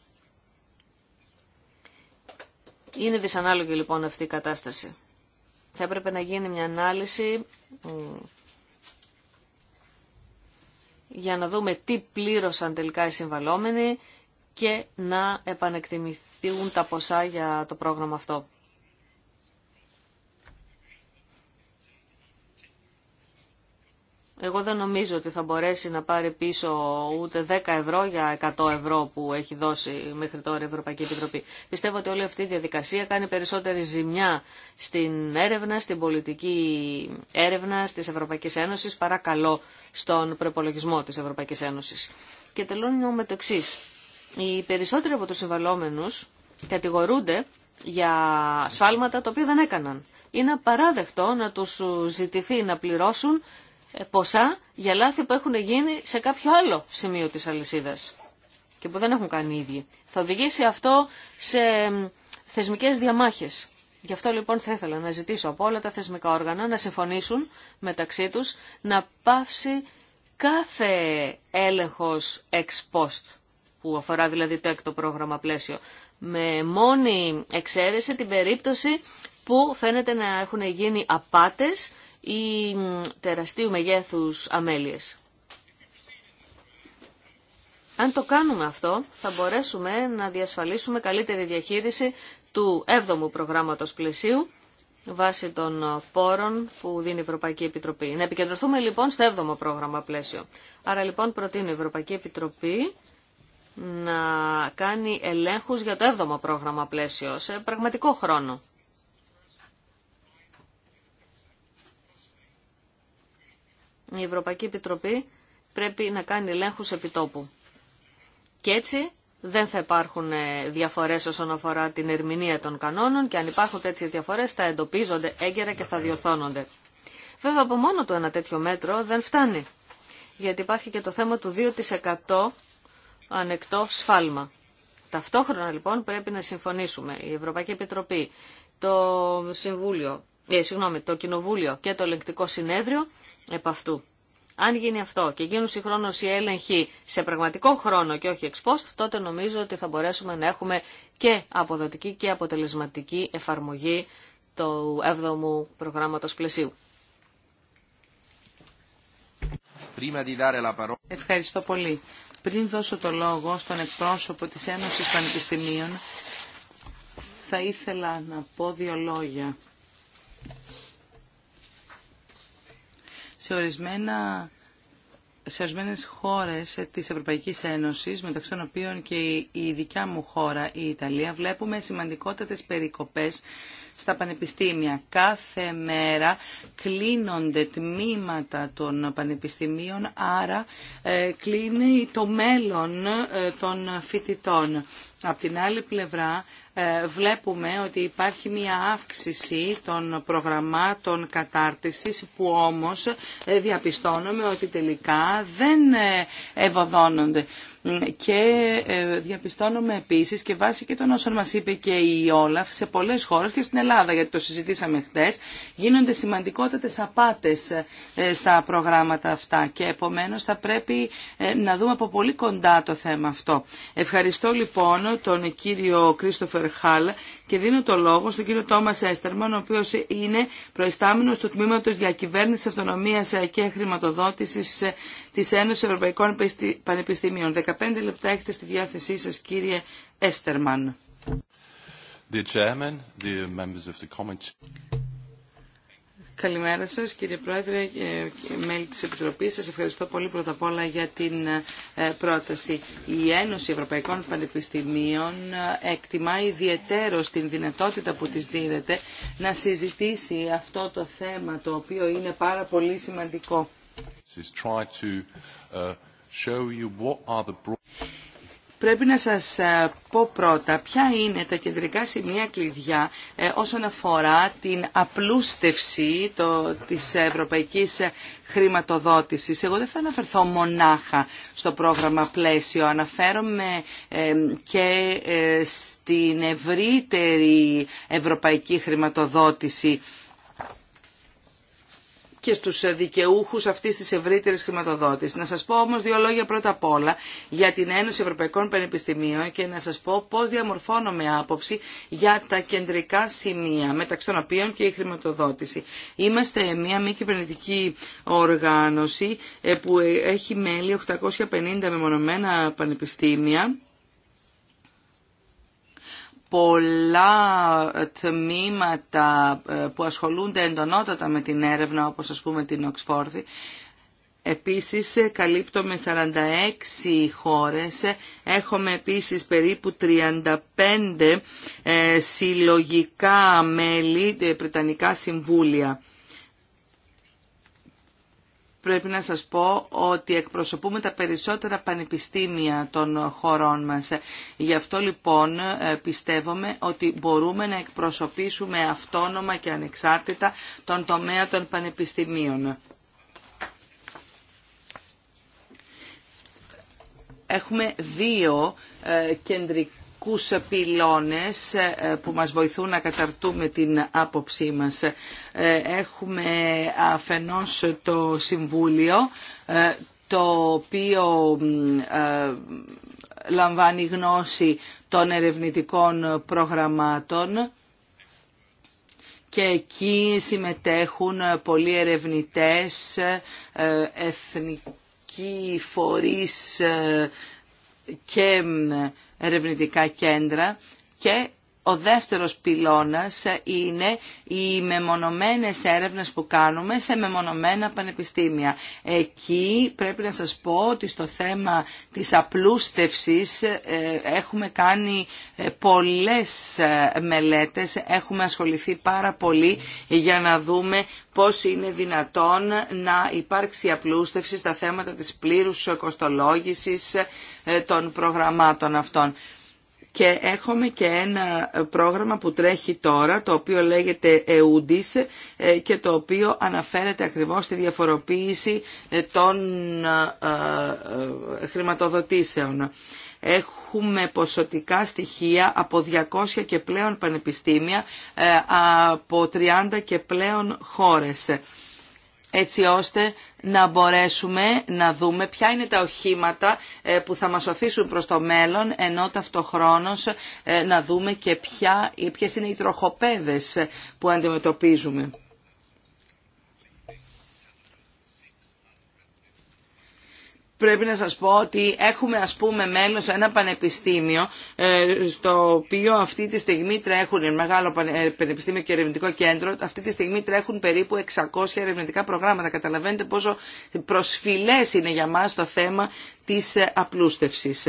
Είναι δυσανάλογη λοιπόν αυτή η κατάσταση. Θα έπρεπε να γίνει μια ανάλυση για να δούμε τι πλήρωσαν τελικά οι συμβαλόμενοι και να επανεκτιμηθούν τα ποσά για το πρόγραμμα αυτό. Εγώ δεν νομίζω ότι θα μπορέσει να πάρει πίσω ούτε 10 ευρώ για 100 ευρώ που έχει δώσει μέχρι τώρα η Ευρωπαϊκή Επιτροπή. Πιστεύω ότι όλη αυτή η διαδικασία κάνει περισσότερη ζημιά στην έρευνα, στην πολιτική έρευνα τη Ευρωπαϊκή Ένωση παρά καλό στον προπολογισμό τη Ευρωπαϊκή Ένωση. Και τελώνω με το εξή. Οι περισσότεροι από του συμβαλόμενου κατηγορούνται για σφάλματα τα οποία δεν έκαναν. Είναι απαράδεκτο να τους ζητηθεί να πληρώσουν ε, ποσά για λάθη που έχουν γίνει σε κάποιο άλλο σημείο της αλυσίδας και που δεν έχουν κάνει οι ίδιοι. Θα οδηγήσει αυτό σε θεσμικές διαμάχες. Γι' αυτό λοιπόν θα ήθελα να ζητήσω από όλα τα θεσμικά όργανα να συμφωνήσουν μεταξύ τους να πάυσει κάθε έλεγχος ex post, που αφορά δηλαδή το έκτο πρόγραμμα πλαίσιο, με μόνη εξαίρεση την περίπτωση που φαίνεται να έχουν γίνει απάτες ή τεραστίου μεγέθους αμέλειες. Αν το κάνουμε αυτό, θα μπορέσουμε να διασφαλίσουμε καλύτερη διαχείριση του 7ου προγράμματος πλαισίου βάσει των πόρων που δίνει η Ευρωπαϊκή Επιτροπή. Να επικεντρωθούμε λοιπόν στο 7ο πρόγραμμα πλαίσιο. Άρα λοιπόν προτείνω η Ευρωπαϊκή Επιτροπή να κάνει ελέγχους για το 7ο πρόγραμμα πλαίσιο σε πραγματικό χρόνο. η Ευρωπαϊκή Επιτροπή πρέπει να κάνει ελέγχους επιτόπου. Και έτσι δεν θα υπάρχουν ε, διαφορές όσον αφορά την ερμηνεία των κανόνων και αν υπάρχουν τέτοιες διαφορές θα εντοπίζονται έγκαιρα και θα διορθώνονται. Βέβαια από μόνο του ένα τέτοιο μέτρο δεν φτάνει, γιατί υπάρχει και το θέμα του 2% ανεκτό σφάλμα. Ταυτόχρονα λοιπόν πρέπει να συμφωνήσουμε η Ευρωπαϊκή Επιτροπή, το Συμβούλιο, ε, συγγνώμη, το Κοινοβούλιο και το Ελεγκτικό Συνέδριο επ' Αν γίνει αυτό και γίνουν συγχρόνω οι έλεγχοι σε πραγματικό χρόνο και όχι εξπόστ, τότε νομίζω ότι θα μπορέσουμε να έχουμε και αποδοτική και αποτελεσματική εφαρμογή του 7ου προγράμματος πλαισίου. Ευχαριστώ πολύ. Πριν δώσω το λόγο στον εκπρόσωπο της Ένωσης Πανεπιστημίων, θα ήθελα να πω δύο λόγια σε ορισμένα σε ορισμένε χώρε τη Ευρωπαϊκή Ένωση, μεταξύ των οποίων και η δικιά μου χώρα, η Ιταλία, βλέπουμε σημαντικότατε περικοπέ στα πανεπιστήμια. Κάθε μέρα κλείνονται τμήματα των πανεπιστημίων, άρα ε, κλείνει το μέλλον ε, των φοιτητών. Από την άλλη πλευρά ε, βλέπουμε ότι υπάρχει μια αύξηση των προγραμμάτων κατάρτισης που όμως ε, διαπιστώνουμε ότι τελικά δεν ε, ευωδώνονται και ε, διαπιστώνουμε επίσης και βάσει και των όσων μας είπε και η Όλαφ σε πολλές χώρες και στην Ελλάδα γιατί το συζητήσαμε χτες γίνονται σημαντικότατες απάτες ε, στα προγράμματα αυτά και επομένως θα πρέπει ε, να δούμε από πολύ κοντά το θέμα αυτό. Ευχαριστώ λοιπόν τον κύριο Κρίστοφερ Χάλ και δίνω το λόγο στον κύριο Τόμα Έστερμαν, ο οποίο είναι προϊστάμενο του τμήματο διακυβέρνηση, αυτονομία και χρηματοδότηση της Ένωσης Ευρωπαϊκών Πανεπιστήμιων. 15 λεπτά έχετε στη διάθεσή σας κύριε Έστερμαν. Καλημέρα σας κύριε Πρόεδρε ε, και μέλη της Επιτροπής. Σας ευχαριστώ πολύ πρώτα απ' όλα για την ε, πρόταση. Η Ένωση Ευρωπαϊκών Πανεπιστημίων ε, εκτιμά ιδιαίτερο την δυνατότητα που της δίδεται να συζητήσει αυτό το θέμα το οποίο είναι πάρα πολύ σημαντικό. Πρέπει να σας ε, πω πρώτα ποια είναι τα κεντρικά σημεία κλειδιά ε, όσον αφορά την απλούστευση το, της ευρωπαϊκής χρηματοδότησης. Εγώ δεν θα αναφερθώ μονάχα στο πρόγραμμα πλαίσιο. Αναφέρομαι ε, και στην ευρύτερη ευρωπαϊκή χρηματοδότηση και στου δικαιούχους αυτή τη ευρύτερης χρηματοδότηση. Να σας πω όμως δύο λόγια πρώτα απ' όλα για την Ένωση Ευρωπαϊκών Πανεπιστημίων και να σας πω πώς διαμορφώνομαι άποψη για τα κεντρικά σημεία, μεταξύ των οποίων και η χρηματοδότηση. Είμαστε μια μη κυβερνητική οργάνωση ε, που έχει μέλη 850 μεμονωμένα πανεπιστήμια πολλά ε, τμήματα ε, που ασχολούνται εντονότατα με την έρευνα, όπως ας πούμε την Οξφόρδη. Επίσης με 46 χώρες, έχουμε επίσης περίπου 35 ε, συλλογικά μέλη, Βρετανικά συμβούλια πρέπει να σας πω ότι εκπροσωπούμε τα περισσότερα πανεπιστήμια των χωρών μας. Γι' αυτό λοιπόν ε, πιστεύουμε ότι μπορούμε να εκπροσωπήσουμε αυτόνομα και ανεξάρτητα τον τομέα των πανεπιστημίων. Έχουμε δύο ε, κεντρικά βασικούς πυλώνες ε, που μας βοηθούν να καταρτούμε την άποψή μας. Ε, έχουμε αφενός το Συμβούλιο, ε, το οποίο λαμβάνει γνώση των ερευνητικών προγραμμάτων και εκεί συμμετέχουν πολλοί ερευνητές, εθνικοί φορείς και ερευνητικά κέντρα και ο δεύτερος πυλώνας είναι οι μεμονωμένες έρευνες που κάνουμε σε μεμονωμένα πανεπιστήμια. Εκεί πρέπει να σας πω ότι στο θέμα της απλούστευσης ε, έχουμε κάνει ε, πολλές ε, μελέτες, έχουμε ασχοληθεί πάρα πολύ για να δούμε πώς είναι δυνατόν να υπάρξει απλούστευση στα θέματα της πλήρους κοστολόγησης των προγραμμάτων αυτών και έχουμε και ένα πρόγραμμα που τρέχει τώρα, το οποίο λέγεται EUDIS ε, και το οποίο αναφέρεται ακριβώς στη διαφοροποίηση ε, των ε, χρηματοδοτήσεων. Έχουμε ποσοτικά στοιχεία από 200 και πλέον πανεπιστήμια, από 30 και πλέον χώρες έτσι ώστε να μπορέσουμε να δούμε ποια είναι τα οχήματα ε, που θα μας οθήσουν προς το μέλλον, ενώ ταυτοχρόνως ε, να δούμε και ποια, ποιες είναι οι τροχοπέδες που αντιμετωπίζουμε. Πρέπει να σας πω ότι έχουμε ας πούμε μέλος ένα πανεπιστήμιο ε, στο οποίο αυτή τη στιγμή τρέχουν, ένα μεγάλο ε, πανεπιστήμιο και ερευνητικό κέντρο, αυτή τη στιγμή τρέχουν περίπου 600 ερευνητικά προγράμματα. Καταλαβαίνετε πόσο προσφυλές είναι για μας το θέμα της απλούστευσης.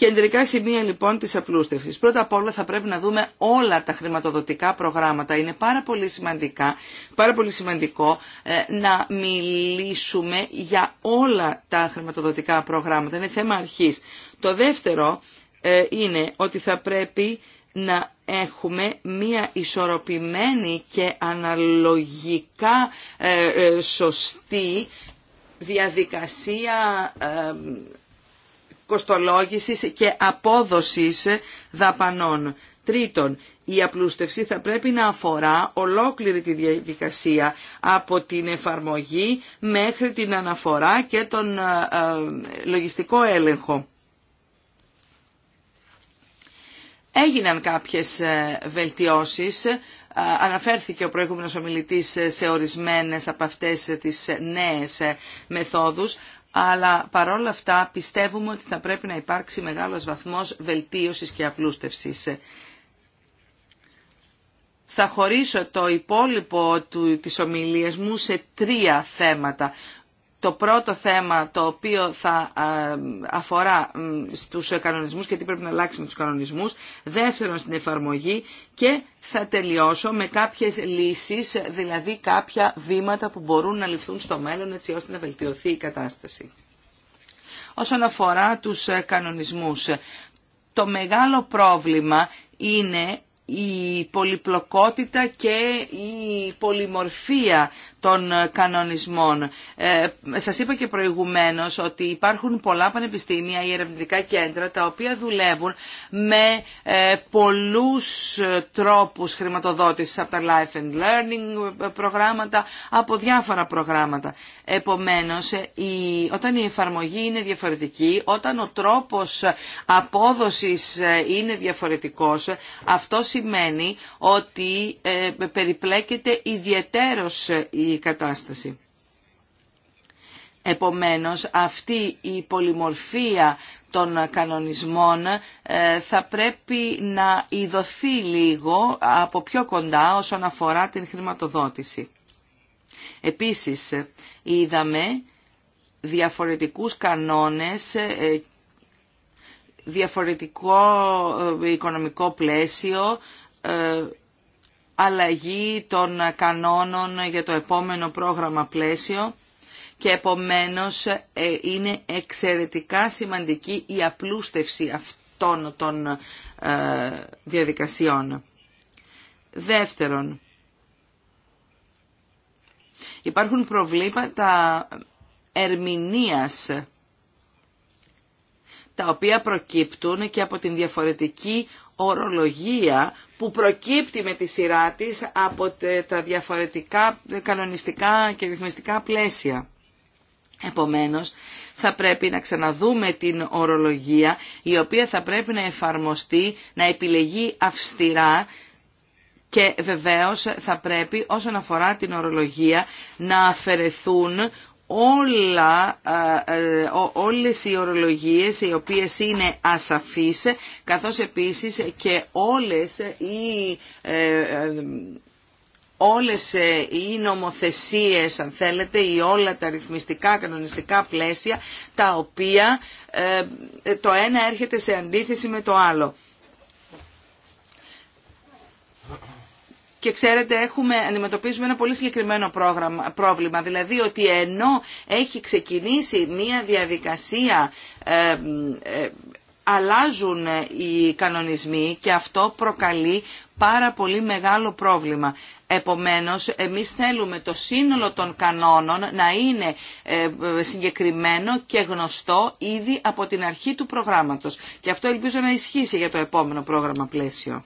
Κεντρικά σημεία λοιπόν της απλούστευσης. Πρώτα απ' όλα θα πρέπει να δούμε όλα τα χρηματοδοτικά προγράμματα. Είναι πάρα πολύ, σημαντικά, πάρα πολύ σημαντικό ε, να μιλήσουμε για όλα τα χρηματοδοτικά προγράμματα. Είναι θέμα αρχής. Το δεύτερο ε, είναι ότι θα πρέπει να έχουμε μία ισορροπημένη και αναλογικά ε, σωστή διαδικασία κοστολόγησης και απόδοσης δαπανών. Τρίτον, η απλούστευση θα πρέπει να αφορά ολόκληρη τη διαδικασία από την εφαρμογή μέχρι την αναφορά και τον ε, ε, λογιστικό έλεγχο. Έγιναν κάποιες ε, βελτιώσεις, αναφέρθηκε ο προηγούμενος ομιλητής σε ορισμένες από αυτές τις νέες μεθόδους, αλλά παρόλα αυτά πιστεύουμε ότι θα πρέπει να υπάρξει μεγάλος βαθμός βελτίωσης και απλούστευσης. Θα χωρίσω το υπόλοιπο του, της ομιλίας μου σε τρία θέματα το πρώτο θέμα το οποίο θα ε, αφορά στους κανονισμούς και τι πρέπει να αλλάξει με τους κανονισμούς, δεύτερον στην εφαρμογή και θα τελειώσω με κάποιες λύσεις, δηλαδή κάποια βήματα που μπορούν να ληφθούν στο μέλλον έτσι ώστε να βελτιωθεί η κατάσταση. Όσον αφορά τους ε, κανονισμούς, το μεγάλο πρόβλημα είναι η πολυπλοκότητα και η πολυμορφία των ε, κανονισμών. Ε, σας είπα και προηγουμένως ότι υπάρχουν πολλά πανεπιστήμια ή ερευνητικά κέντρα τα οποία δουλεύουν με ε, πολλούς ε, τρόπους χρηματοδότησης από τα Life and Learning ε, προγράμματα, από διάφορα προγράμματα. Επομένως, η, όταν η εφαρμογή είναι διαφορετική, όταν ο τρόπος απόδοσης είναι διαφορετικός, αυτό σημαίνει ότι περιπλέκεται ιδιαίτερος η η κατάσταση. Επομένως, αυτή η πολυμορφία των κανονισμών ε, θα πρέπει να ειδωθεί λίγο από πιο κοντά όσον αφορά την χρηματοδότηση. Επίσης, είδαμε διαφορετικούς κανόνες ε, διαφορετικό ε, οικονομικό πλαίσιο αλλαγή των κανόνων για το επόμενο πρόγραμμα πλαίσιο και επομένως ε, είναι εξαιρετικά σημαντική η απλούστευση αυτών των ε, διαδικασιών. Δεύτερον, υπάρχουν προβλήματα ερμηνείας τα οποία προκύπτουν και από την διαφορετική ορολογία που προκύπτει με τη σειρά της από τα διαφορετικά κανονιστικά και ρυθμιστικά πλαίσια. Επομένως, θα πρέπει να ξαναδούμε την ορολογία η οποία θα πρέπει να εφαρμοστεί, να επιλεγεί αυστηρά και βεβαίως θα πρέπει όσον αφορά την ορολογία να αφαιρεθούν όλα, ε, όλες οι ορολογίες οι οποίες είναι ασαφείς, καθώς επίσης και όλες οι, ε, ε, όλες οι νομοθεσίες, αν θέλετε, ή όλα τα ρυθμιστικά, κανονιστικά πλαίσια, τα οποία το ένα έρχεται σε αντίθεση με το άλλο. Και ξέρετε, έχουμε, αντιμετωπίζουμε ένα πολύ συγκεκριμένο πρόβλημα, δηλαδή ότι ενώ έχει ξεκινήσει μία διαδικασία ε, ε, αλλάζουν ε, οι κανονισμοί και αυτό προκαλεί πάρα πολύ μεγάλο πρόβλημα. Επομένως, εμείς θέλουμε το σύνολο των κανόνων να είναι συγκεκριμένο και γνωστό ήδη από την αρχή του προγράμματος. Και αυτό ελπίζω να ισχύσει για το επόμενο πρόγραμμα πλαίσιο.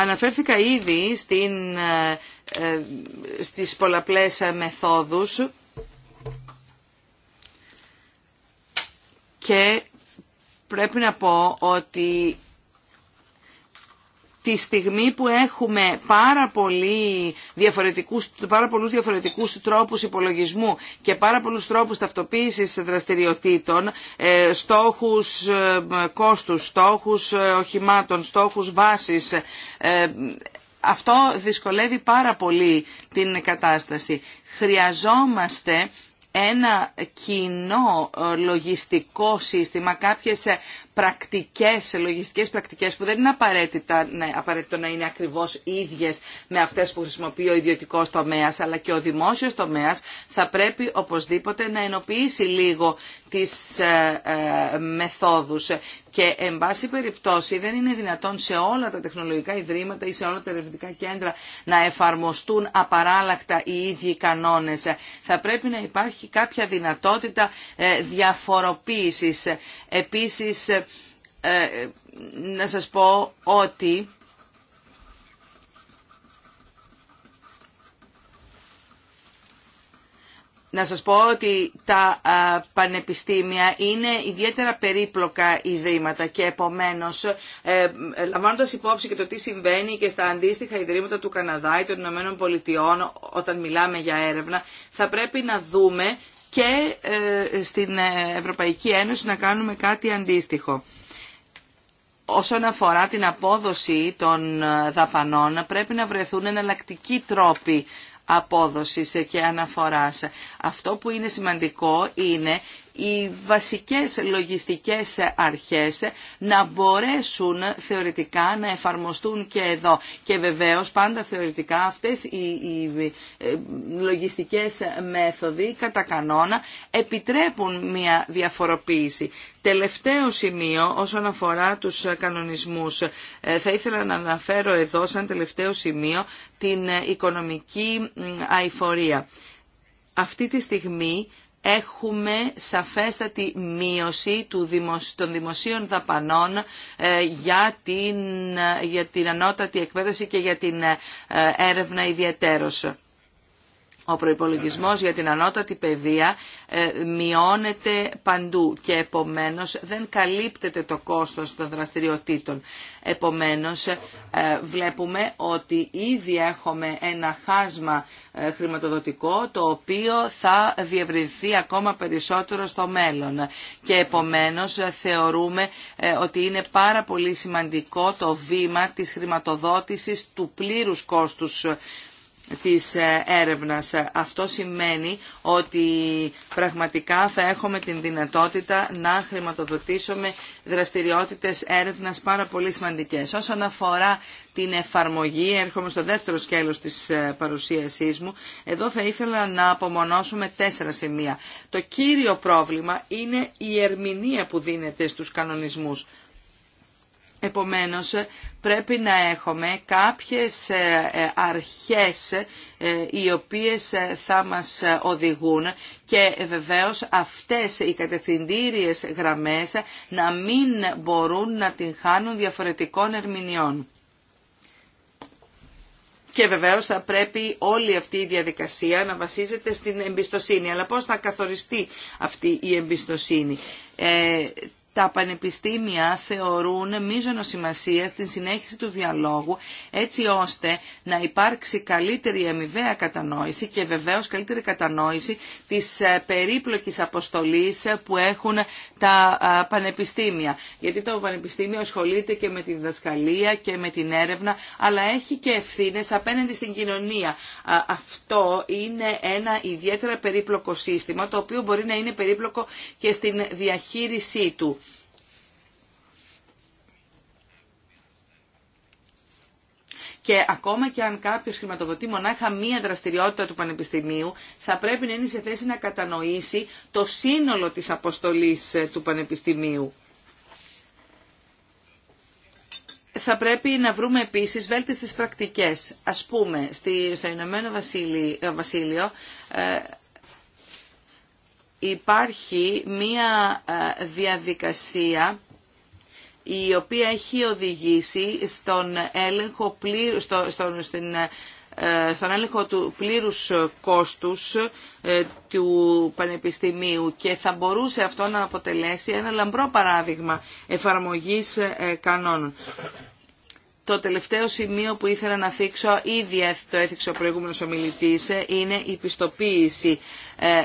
Αναφέρθηκα ήδη στην, ε, ε, στις πολλαπλές μεθόδους και πρέπει να πω ότι τη στιγμή που έχουμε πάρα, πολύ διαφορετικούς, πάρα πολλούς διαφορετικούς τρόπους υπολογισμού και πάρα πολλούς τρόπους ταυτοποίησης δραστηριοτήτων, ε, στόχους ε, κόστους, στόχους ε, οχημάτων, στόχους βάσης, αυτό δυσκολεύει πάρα πολύ την κατάσταση. Χρειαζόμαστε ένα κοινό λογιστικό σύστημα, κάποιες πρακτικές, λογιστικές πρακτικές που δεν είναι απαραίτητα, απαραίτητο να είναι ακριβώς ίδιες με αυτές που χρησιμοποιεί ο ιδιωτικός τομέας αλλά και ο δημόσιος τομέας θα πρέπει οπωσδήποτε να ενοποιήσει λίγο τις ε, ε, μεθόδους και εν πάση περιπτώσει δεν είναι δυνατόν σε όλα τα τεχνολογικά ιδρύματα ή σε όλα τα ερευνητικά κέντρα να εφαρμοστούν απαράλλακτα οι ίδιοι κανόνες. Θα πρέπει να υπάρχει κάποια δυνατότητα ε, διαφοροποίησης. Επίσης να σας πω ότι να σας πω ότι τα πανεπιστήμια είναι ιδιαίτερα περίπλοκα ιδρύματα και επομένως ε, λαμβάνοντας υπόψη και το τι συμβαίνει και στα αντίστοιχα ιδρύματα του Καναδά ή των Ηνωμένων Πολιτειών όταν μιλάμε για έρευνα θα πρέπει να δούμε και ε, στην ε, Ευρωπαϊκή Ένωση να κάνουμε κάτι αντίστοιχο. Όσον αφορά την απόδοση των δαπανών πρέπει να βρεθούν εναλλακτικοί τρόποι απόδοσης και αναφοράς. Αυτό που είναι σημαντικό είναι οι βασικές λογιστικές αρχές να μπορέσουν θεωρητικά να εφαρμοστούν και εδώ. Και βεβαίως πάντα θεωρητικά αυτές οι ε, λογιστικές μέθοδοι κατά κανόνα επιτρέπουν μια διαφοροποίηση. Τελευταίο σημείο όσον αφορά τους κανονισμούς. Ε, θα ήθελα να αναφέρω εδώ σαν τελευταίο σημείο την ε, οικονομική αηφορία. Αυτή τη στιγμή έχουμε σαφέστατη μείωση των δημοσίων δαπανών ε, για την, ε, για την ανώτατη εκπαίδευση και για την ε, έρευνα ιδιαίτερος. Ο προϋπολογισμός για την ανώτατη παιδεία ε, μειώνεται παντού και επομένως δεν καλύπτεται το κόστος των δραστηριοτήτων. Επομένως ε, βλέπουμε ότι ήδη έχουμε ένα χάσμα ε, χρηματοδοτικό το οποίο θα διευρυνθεί ακόμα περισσότερο στο μέλλον και επομένως θεωρούμε ότι είναι πάρα πολύ σημαντικό το βήμα της χρηματοδότησης του πλήρους κόστους της ε, έρευνας. Αυτό σημαίνει ότι πραγματικά θα έχουμε την δυνατότητα να χρηματοδοτήσουμε δραστηριότητες έρευνας πάρα πολύ σημαντικές. Όσον αφορά την εφαρμογή, έρχομαι στο δεύτερο σκέλος της ε, παρουσίασής μου, εδώ θα ήθελα να απομονώσουμε τέσσερα σημεία. Το κύριο πρόβλημα είναι η ερμηνεία που δίνεται στους κανονισμούς. Επομένως, πρέπει να έχουμε κάποιες ε, ε, αρχές ε, οι οποίες θα μας οδηγούν και βεβαίως αυτές οι κατευθυντήριες γραμμές να μην μπορούν να την χάνουν διαφορετικών ερμηνεών. Και βεβαίως θα πρέπει όλη αυτή η διαδικασία να βασίζεται στην εμπιστοσύνη. Αλλά πώς θα καθοριστεί αυτή η εμπιστοσύνη. Ε, τα πανεπιστήμια θεωρούν μείζονο σημασία στην συνέχιση του διαλόγου έτσι ώστε να υπάρξει καλύτερη αμοιβαία κατανόηση και βεβαίως καλύτερη κατανόηση της ε, περίπλοκης αποστολής που έχουν τα ε, πανεπιστήμια. Γιατί το πανεπιστήμιο ασχολείται και με τη διδασκαλία και με την έρευνα αλλά έχει και ευθύνες απέναντι στην κοινωνία. Αυτό είναι ένα ιδιαίτερα περίπλοκο σύστημα το οποίο μπορεί να είναι περίπλοκο και στην διαχείρισή του. Και ακόμα και αν κάποιο χρηματοδοτεί μονάχα μία δραστηριότητα του Πανεπιστημίου, θα πρέπει να είναι σε θέση να κατανοήσει το σύνολο της αποστολής ε, του Πανεπιστημίου. θα πρέπει να βρούμε επίσης βέλτιστες πρακτικές. Ας πούμε, στο Ηνωμένο ε, Βασίλειο ε, υπάρχει μία διαδικασία η οποία έχει οδηγήσει στον έλεγχο, στον, στην, ε, στον έλεγχο του πλήρους κόστους ε, του Πανεπιστημίου και θα μπορούσε αυτό να αποτελέσει ένα λαμπρό παράδειγμα εφαρμογής ε, κανόνων. Το τελευταίο σημείο που ήθελα να θίξω, ήδη το έθιξε ο προηγούμενος ομιλητής, είναι η πιστοποίηση. Ε,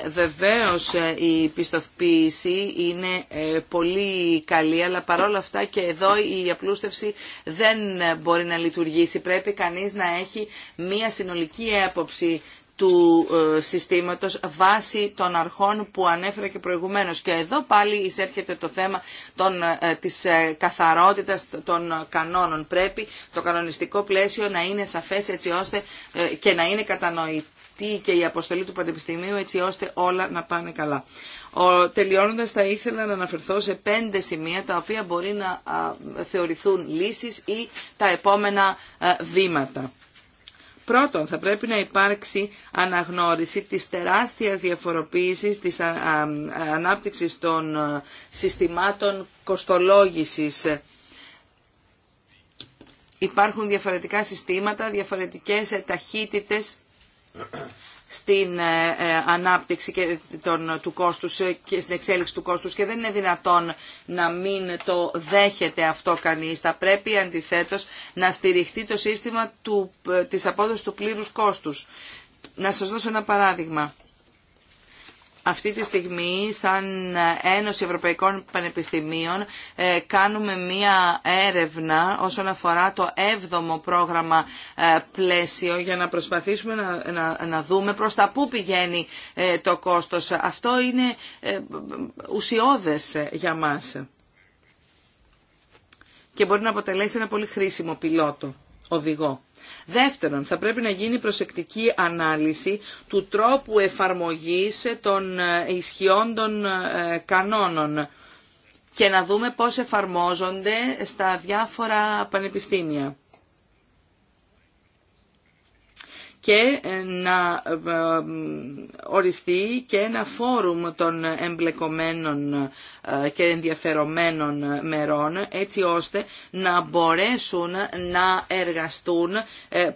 ε η πιστοποίηση είναι ε, πολύ καλή, αλλά παρόλα αυτά και εδώ η απλούστευση δεν μπορεί να λειτουργήσει. Πρέπει κανείς να έχει μία συνολική έποψη του ε, συστήματος βάσει των αρχών που ανέφερα και προηγουμένως. Και εδώ πάλι εισέρχεται το θέμα των, ε, της ε, καθαρότητας των κανόνων. Πρέπει το κανονιστικό πλαίσιο να είναι σαφές έτσι ώστε και να είναι κατανοητή και η αποστολή του Πανεπιστημίου έτσι ώστε όλα να πάνε καλά. Ο, τελειώνοντας θα ήθελα να αναφερθώ σε πέντε σημεία τα οποία μπορεί να θεωρηθούν λύσεις ή τα επόμενα βήματα. Πρώτον, θα πρέπει να υπάρξει αναγνώριση της τεράστιας διαφοροποίησης της ανάπτυξης των ε, συστημάτων κοστολόγησης. Υπάρχουν διαφορετικά συστήματα, διαφορετικές ταχύτητες στην ε, ε, ανάπτυξη και τον, του κόστους ε, και στην εξέλιξη του κόστους και δεν είναι δυνατόν να μην το δέχεται αυτό κανείς. Θα πρέπει αντιθέτως να στηριχτεί το σύστημα του, της απόδοσης του πλήρους κόστους. Να σας δώσω ένα παράδειγμα αυτή τη στιγμή σαν Ένωση Ευρωπαϊκών Πανεπιστημίων ε, κάνουμε μία έρευνα όσον αφορά το 7ο πρόγραμμα ε, πλαίσιο για να προσπαθήσουμε να, να, δούμε προς τα πού πηγαίνει ε, το κόστος. Αυτό είναι ουσιώδες για μας και μπορεί να αποτελέσει ένα πολύ χρήσιμο πιλότο, οδηγό. Δεύτερον, θα πρέπει να γίνει προσεκτική ανάλυση του τρόπου εφαρμογής των ε, ισχυών των ε, κανόνων και να δούμε πώς εφαρμόζονται στα διάφορα πανεπιστήμια. και να ε, ε, οριστεί και ένα φόρουμ των εμπλεκομένων ε, και ενδιαφερομένων μερών έτσι ώστε να μπορέσουν να εργαστούν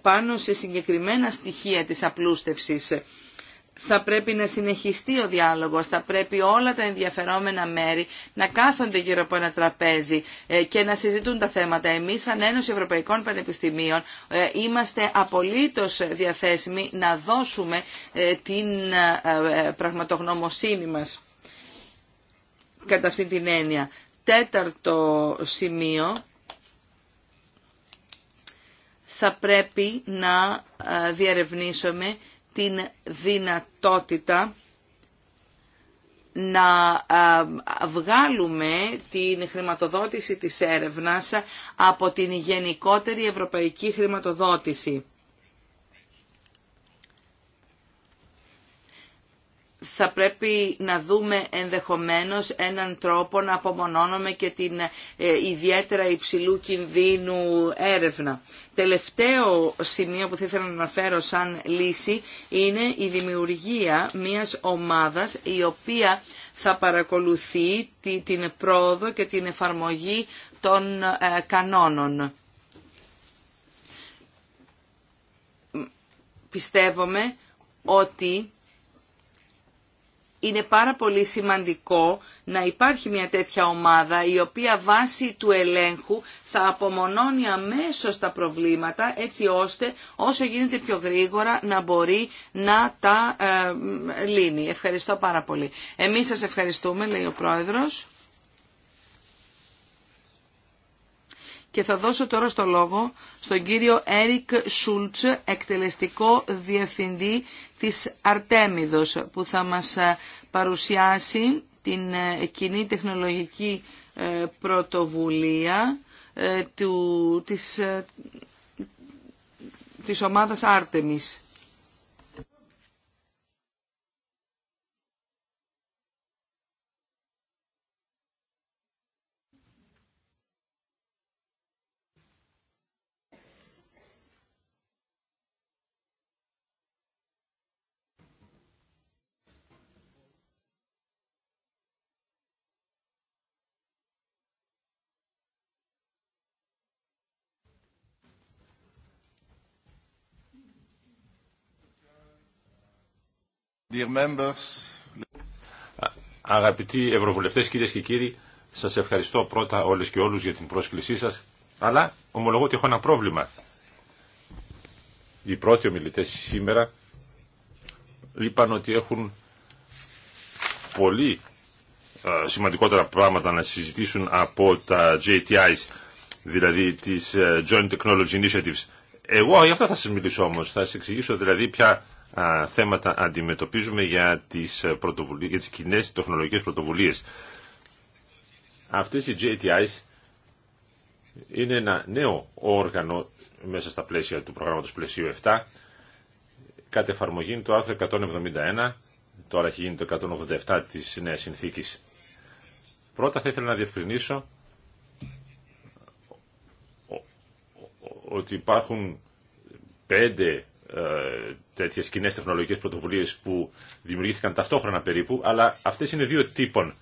πάνω σε συγκεκριμένα στοιχεία της απλούστευσης θα πρέπει να συνεχιστεί ο διάλογος, θα πρέπει όλα τα ενδιαφερόμενα μέρη να κάθονται γύρω από ένα τραπέζι ε, και να συζητούν τα θέματα. Εμείς σαν Ένωση Ευρωπαϊκών Πανεπιστημίων ε, είμαστε απολύτως διαθέσιμοι να δώσουμε ε, την πραγματογνωμοσύνη μας κατά αυτή την έννοια. Τέταρτο σημείο, θα πρέπει να διαρευνήσουμε την δυνατότητα να βγάλουμε την χρηματοδότηση της έρευνας από την γενικότερη ευρωπαϊκή χρηματοδότηση. θα πρέπει να δούμε ενδεχομένως έναν τρόπο να απομονώνουμε και την ε, ιδιαίτερα υψηλού κινδύνου έρευνα. Τελευταίο σημείο που θα ήθελα να αναφέρω σαν λύση είναι η δημιουργία μιας ομάδας η οποία θα παρακολουθεί την πρόοδο και την εφαρμογή των ε, κανόνων. Πιστεύομαι ότι είναι πάρα πολύ σημαντικό να υπάρχει μια τέτοια ομάδα η οποία βάσει του ελέγχου θα απομονώνει αμέσως τα προβλήματα έτσι ώστε όσο γίνεται πιο γρήγορα να μπορεί να τα ε, λύνει. Ευχαριστώ πάρα πολύ. Εμείς σας ευχαριστούμε, λέει ο Πρόεδρος. και θα δώσω τώρα στο λόγο στον κύριο Έρικ Σούλτς, εκτελεστικό διευθυντή της Αρτέμιδος, που θα μας ε, παρουσιάσει την ε, κοινή τεχνολογική ε, πρωτοβουλία του, της, της ομάδας Άρτεμις. Αγαπητοί Ευρωβουλευτές, κυρίες και κύριοι, σας ευχαριστώ πρώτα όλες και όλους για την πρόσκλησή σας, αλλά ομολογώ ότι έχω ένα πρόβλημα. Οι πρώτοι ομιλητές σήμερα είπαν ότι έχουν πολύ ε, σημαντικότερα πράγματα να συζητήσουν από τα JTIs, δηλαδή τις ε, Joint Technology Initiatives. Εγώ για αυτά θα σας μιλήσω όμως, θα σας εξηγήσω δηλαδή ποια α, θέματα αντιμετωπίζουμε για τις, ε, για τις κοινέ τεχνολογικές πρωτοβουλίες. Αυτές οι JTIs είναι ένα νέο όργανο μέσα στα πλαίσια του προγράμματος πλαισίου 7 κατ' εφαρμογή το άρθρο 171 τώρα έχει γίνει το 187 της νέας συνθήκης. Πρώτα θα ήθελα να διευκρινίσω ότι υπάρχουν πέντε ε, τέτοιες κοινέ τεχνολογικέ πρωτοβουλίες που δημιουργήθηκαν ταυτόχρονα περίπου, αλλά αυτές είναι δύο τύπων.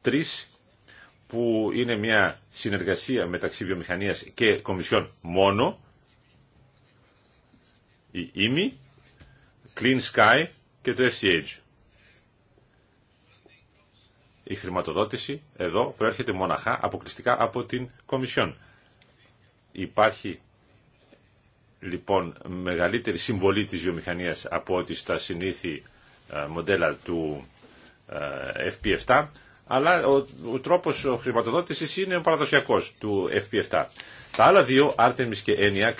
Τρεις που είναι μια συνεργασία μεταξύ βιομηχανίας και κομισιών μόνο, η EMI Clean Sky και το FCH. Η χρηματοδότηση εδώ προέρχεται μοναχά αποκλειστικά από την Κομισιόν. Υπάρχει λοιπόν μεγαλύτερη συμβολή της βιομηχανίας από ό,τι στα συνήθη ε, μοντέλα του ε, FP7 αλλά ο, ο τρόπος χρηματοδότησης είναι ο παραδοσιακός του FP7. Τα άλλα δύο, Artemis και ENIAC,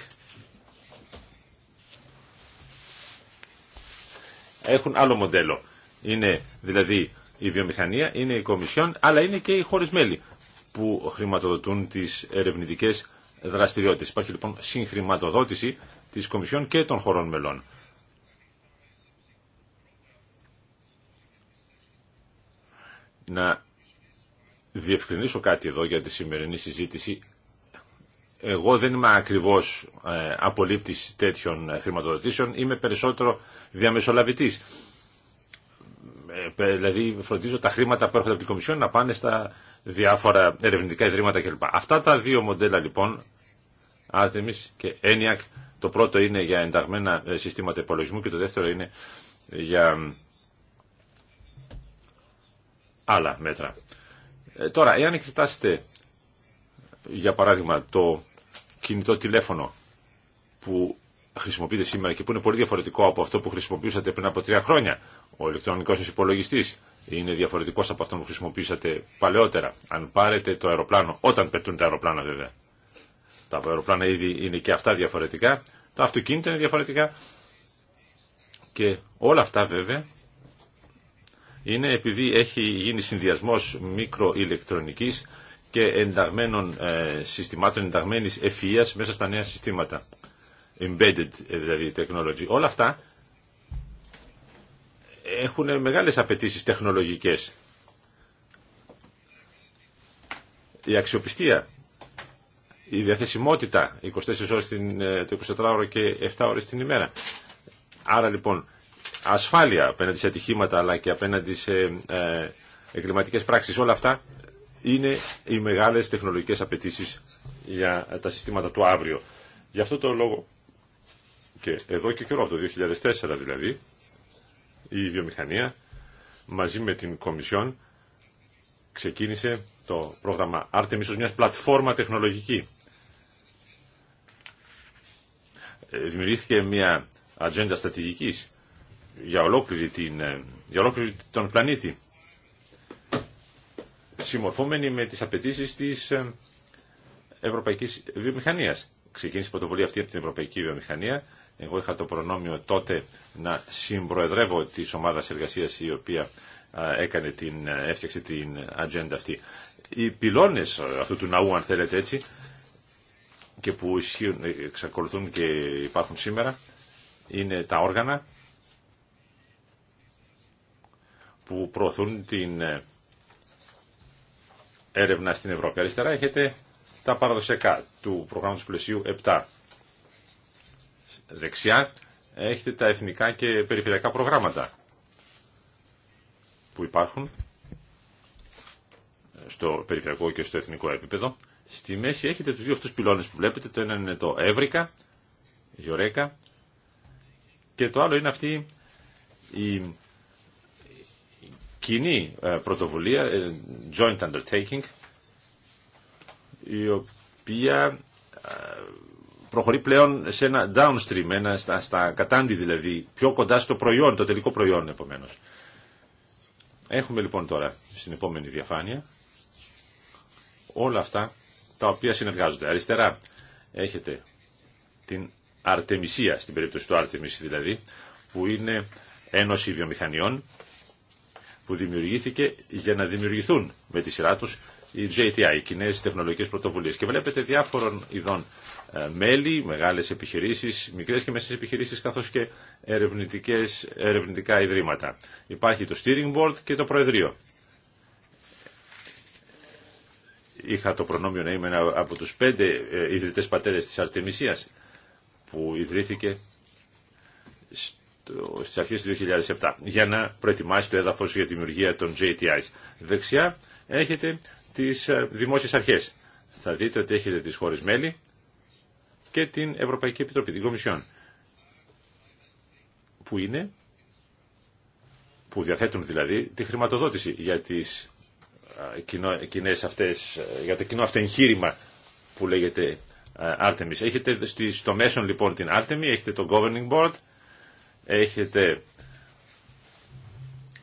έχουν άλλο μοντέλο. Είναι δηλαδή η βιομηχανία, είναι η Κομισιόν, αλλά είναι και οι χώρες που χρηματοδοτούν τις ερευνητικές Υπάρχει λοιπόν συγχρηματοδότηση της Κομισιόν και των χωρών μελών. Να διευκρινίσω κάτι εδώ για τη σημερινή συζήτηση. Εγώ δεν είμαι ακριβώς ε, απολύπτης τέτοιων χρηματοδοτήσεων, είμαι περισσότερο διαμεσολαβητής. Ε, δηλαδή φροντίζω τα χρήματα που έρχονται από την Κομισιόν να πάνε στα διάφορα ερευνητικά ιδρύματα κλπ. Αυτά τα δύο μοντέλα λοιπόν Artemis και ENIAC. Το πρώτο είναι για ενταγμένα ε, συστήματα υπολογισμού και το δεύτερο είναι για άλλα μέτρα. Ε, τώρα, εάν εξετάσετε για παράδειγμα το κινητό τηλέφωνο που χρησιμοποιείται σήμερα και που είναι πολύ διαφορετικό από αυτό που χρησιμοποιούσατε πριν από τρία χρόνια. Ο ηλεκτρονικός σας υπολογιστής είναι διαφορετικός από αυτό που χρησιμοποιήσατε παλαιότερα. Αν πάρετε το αεροπλάνο, όταν πετούν τα αεροπλάνα βέβαια. Τα αεροπλάνα ήδη είναι και αυτά διαφορετικά, τα αυτοκίνητα είναι διαφορετικά και όλα αυτά βέβαια είναι επειδή έχει γίνει συνδυασμός μικροηλεκτρονικής και ενταγμένων ε, συστημάτων, ενταγμένης ευφυΐας μέσα στα νέα συστήματα. Embedded ε, δηλαδή technology. Όλα αυτά έχουν μεγάλες απαιτήσεις τεχνολογικές. Η αξιοπιστία η διαθεσιμότητα 24 ώρες την, ε, το 24ωρο και 7 ώρες την ημέρα. Άρα λοιπόν ασφάλεια απέναντι σε ατυχήματα αλλά και απέναντι σε ε, εγκληματικές πράξεις όλα αυτά είναι οι μεγάλες τεχνολογικές απαιτήσεις για τα συστήματα του αύριο. Γι' αυτό το λόγο και εδώ και καιρό, από το 2004 δηλαδή, η βιομηχανία μαζί με την Κομισιόν ξεκίνησε το πρόγραμμα Artemis ως μια πλατφόρμα τεχνολογική δημιουργήθηκε μια ατζέντα στρατηγική για ολόκληρη, ε, για ολόκληρη τον πλανήτη συμμορφόμενη με τις απαιτήσεις της ε, ευρωπαϊκής βιομηχανίας. Ξεκίνησε η πρωτοβουλία αυτή από την ευρωπαϊκή βιομηχανία. Εγώ είχα το προνόμιο τότε να συμπροεδρεύω τη ομάδα εργασία η οποία ε, έκανε την, έφτιαξε την ατζέντα αυτή. Οι πυλώνες αυτού του ναού, αν θέλετε έτσι, και που ισχύουν, εξακολουθούν και υπάρχουν σήμερα είναι τα όργανα που προωθούν την ε, έρευνα στην Ευρώπη. Αριστερά έχετε τα παραδοσιακά του προγράμματος πλαισίου 7. Δεξιά έχετε τα εθνικά και περιφερειακά προγράμματα που υπάρχουν στο περιφερειακό και στο εθνικό επίπεδο Στη μέση έχετε τους δύο αυτούς πυλώνες που βλέπετε. Το ένα είναι το Εύρυκα, γιορέκα, και το άλλο είναι αυτή η κοινή ε, πρωτοβουλία, ε, joint undertaking, η οποία ε, προχωρεί πλέον σε ένα downstream, ένα στα, στα κατάντη δηλαδή, πιο κοντά στο προϊόν, το τελικό προϊόν επομένως. Έχουμε λοιπόν τώρα στην επόμενη διαφάνεια όλα αυτά τα οποία συνεργάζονται. Αριστερά έχετε την Αρτεμισία, στην περίπτωση του Άρτεμις δηλαδή, που είναι ένωση βιομηχανιών που δημιουργήθηκε για να δημιουργηθούν με τη σειρά τους οι JTI, οι κοινέ τεχνολογικές πρωτοβουλίες. Και βλέπετε διάφορων ειδών ε, μέλη, μεγάλες επιχειρήσεις, μικρές και μέσες επιχειρήσεις, καθώς και ερευνητικά ιδρύματα. Υπάρχει το steering board και το προεδρείο. είχα το προνόμιο να είμαι από τους πέντε ε, ιδρυτές πατέρες της Αρτεμισίας που ιδρύθηκε στο, στις αρχές του 2007 για να προετοιμάσει το έδαφος για τη δημιουργία των JTIs. Δεξιά έχετε τις ε, δημόσιες αρχές. Θα δείτε ότι έχετε τις χώρες μέλη και την Ευρωπαϊκή Επιτροπή, την Κομισιόν που είναι που διαθέτουν δηλαδή τη χρηματοδότηση για τις ε, αυτές, ε, για το κοινό αυτό εγχείρημα που λέγεται ε, Artemis. Έχετε στο μέσον λοιπόν την Artemis, έχετε το Governing Board, έχετε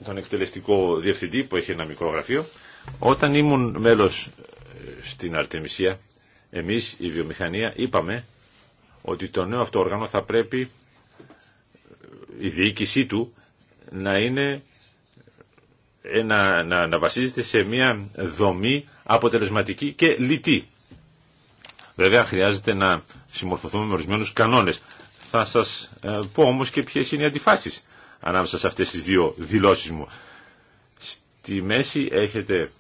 τον εκτελεστικό διευθυντή που έχει ένα μικρό γραφείο. Όταν ήμουν μέλος στην Αρτεμισία, εμείς η βιομηχανία είπαμε ότι το νέο αυτό όργανο θα πρέπει η διοίκησή του να είναι ε, να, να, βασίζεται σε μια δομή αποτελεσματική και λιτή. Βέβαια χρειάζεται να συμμορφωθούμε με ορισμένου κανόνες. Θα σας ε, πω όμως και ποιες είναι οι αντιφάσεις ανάμεσα σε αυτές τις δύο δηλώσεις μου. Στη μέση έχετε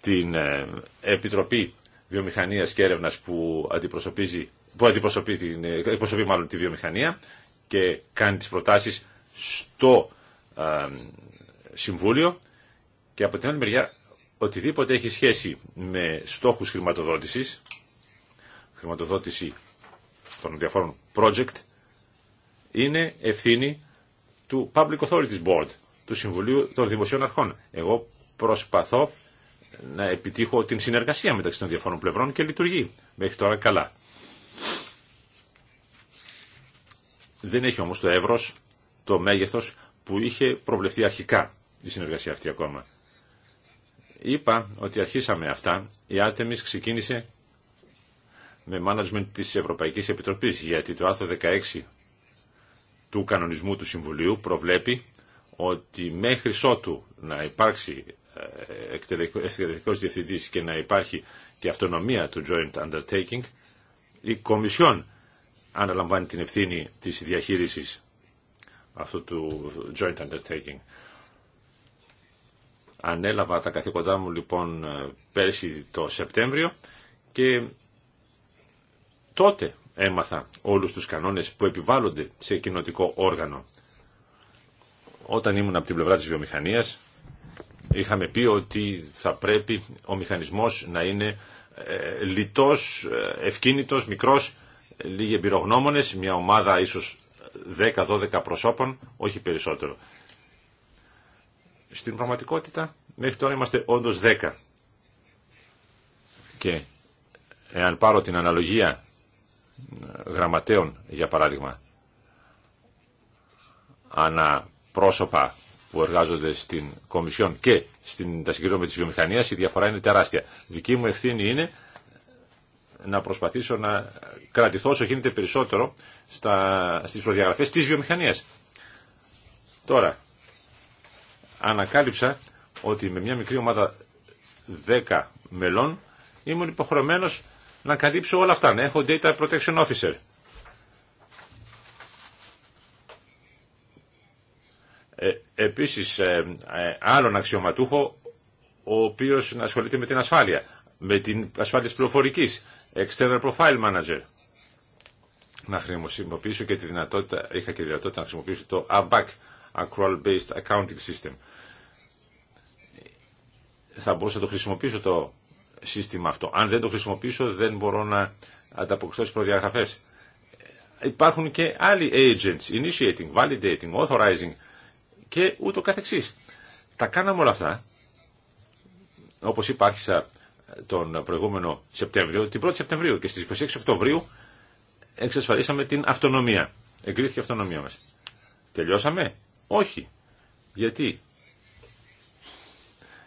την ε, Επιτροπή Βιομηχανίας και Έρευνας που αντιπροσωπεί, που αντιπροσωπεί την, μάλλον τη βιομηχανία και κάνει τις προτάσεις στο Συμβούλιο και από την άλλη μεριά οτιδήποτε έχει σχέση με στόχους χρηματοδότησης, χρηματοδότηση των διαφόρων project, είναι ευθύνη του Public Authorities Board, του Συμβουλίου των Δημοσίων Αρχών. Εγώ προσπαθώ να επιτύχω την συνεργασία μεταξύ των διαφόρων πλευρών και λειτουργεί μέχρι τώρα καλά. Δεν έχει όμως το εύρος, το μέγεθος που είχε προβλεφθεί αρχικά η συνεργασία αυτή ακόμα. Είπα ότι αρχίσαμε αυτά. Η Artemis ξεκίνησε με management της Ευρωπαϊκής Επιτροπής, γιατί το άρθρο 16 του κανονισμού του Συμβουλίου προβλέπει ότι μέχρι ότου να υπάρξει ε, εκτελεστικός διευθυντής και να υπάρχει και αυτονομία του Joint Undertaking, η Κομισιόν αναλαμβάνει την ευθύνη της διαχείρισης αυτού του Joint Undertaking. Ανέλαβα τα καθήκοντά μου λοιπόν ε, πέρσι το Σεπτέμβριο και τότε έμαθα όλους τους κανόνες που επιβάλλονται σε κοινοτικό όργανο. Όταν ήμουν από την πλευρά της βιομηχανίας είχαμε πει ότι θα πρέπει ο μηχανισμός να είναι ε, λιτός, ε, ευκίνητος, μικρός, λίγοι εμπειρογνώμονες, μια ομάδα ίσως 10-12 προσώπων, όχι περισσότερο. Στην πραγματικότητα μέχρι τώρα είμαστε όντως 10. Και εάν πάρω την αναλογία ε, γραμματέων για παράδειγμα ανά πρόσωπα που εργάζονται στην Κομισιόν και στην, τα τη βιομηχανία, η διαφορά είναι τεράστια. Δική μου ευθύνη είναι να προσπαθήσω να κρατηθώ όσο γίνεται περισσότερο στα, στις προδιαγραφές της βιομηχανίας. Τώρα, ανακάλυψα ότι με μια μικρή ομάδα 10 μελών ήμουν υποχρεωμένος να καλύψω όλα αυτά, να έχω data protection officer. Ε, επίσης ε, ε, άλλον αξιωματούχο ο οποίος να ασχολείται με την ασφάλεια, με την ασφάλεια της πληροφορικής, external profile manager. Να χρησιμοποιήσω και τη δυνατότητα, είχα και τη δυνατότητα να χρησιμοποιήσω το ABAC, Accrual Based Accounting System θα μπορούσα να το χρησιμοποιήσω το σύστημα αυτό. Αν δεν το χρησιμοποιήσω δεν μπορώ να ανταποκριθώ στις προδιαγραφές. Υπάρχουν και άλλοι agents, initiating, validating, authorizing και ούτω καθεξής. Τα κάναμε όλα αυτά, όπως άρχισα τον προηγούμενο Σεπτέμβριο, την 1η Σεπτεμβρίου και στις 26 Οκτωβρίου εξασφαλίσαμε την αυτονομία. Εγκρίθηκε η αυτονομία μας. Τελειώσαμε? Όχι. Γιατί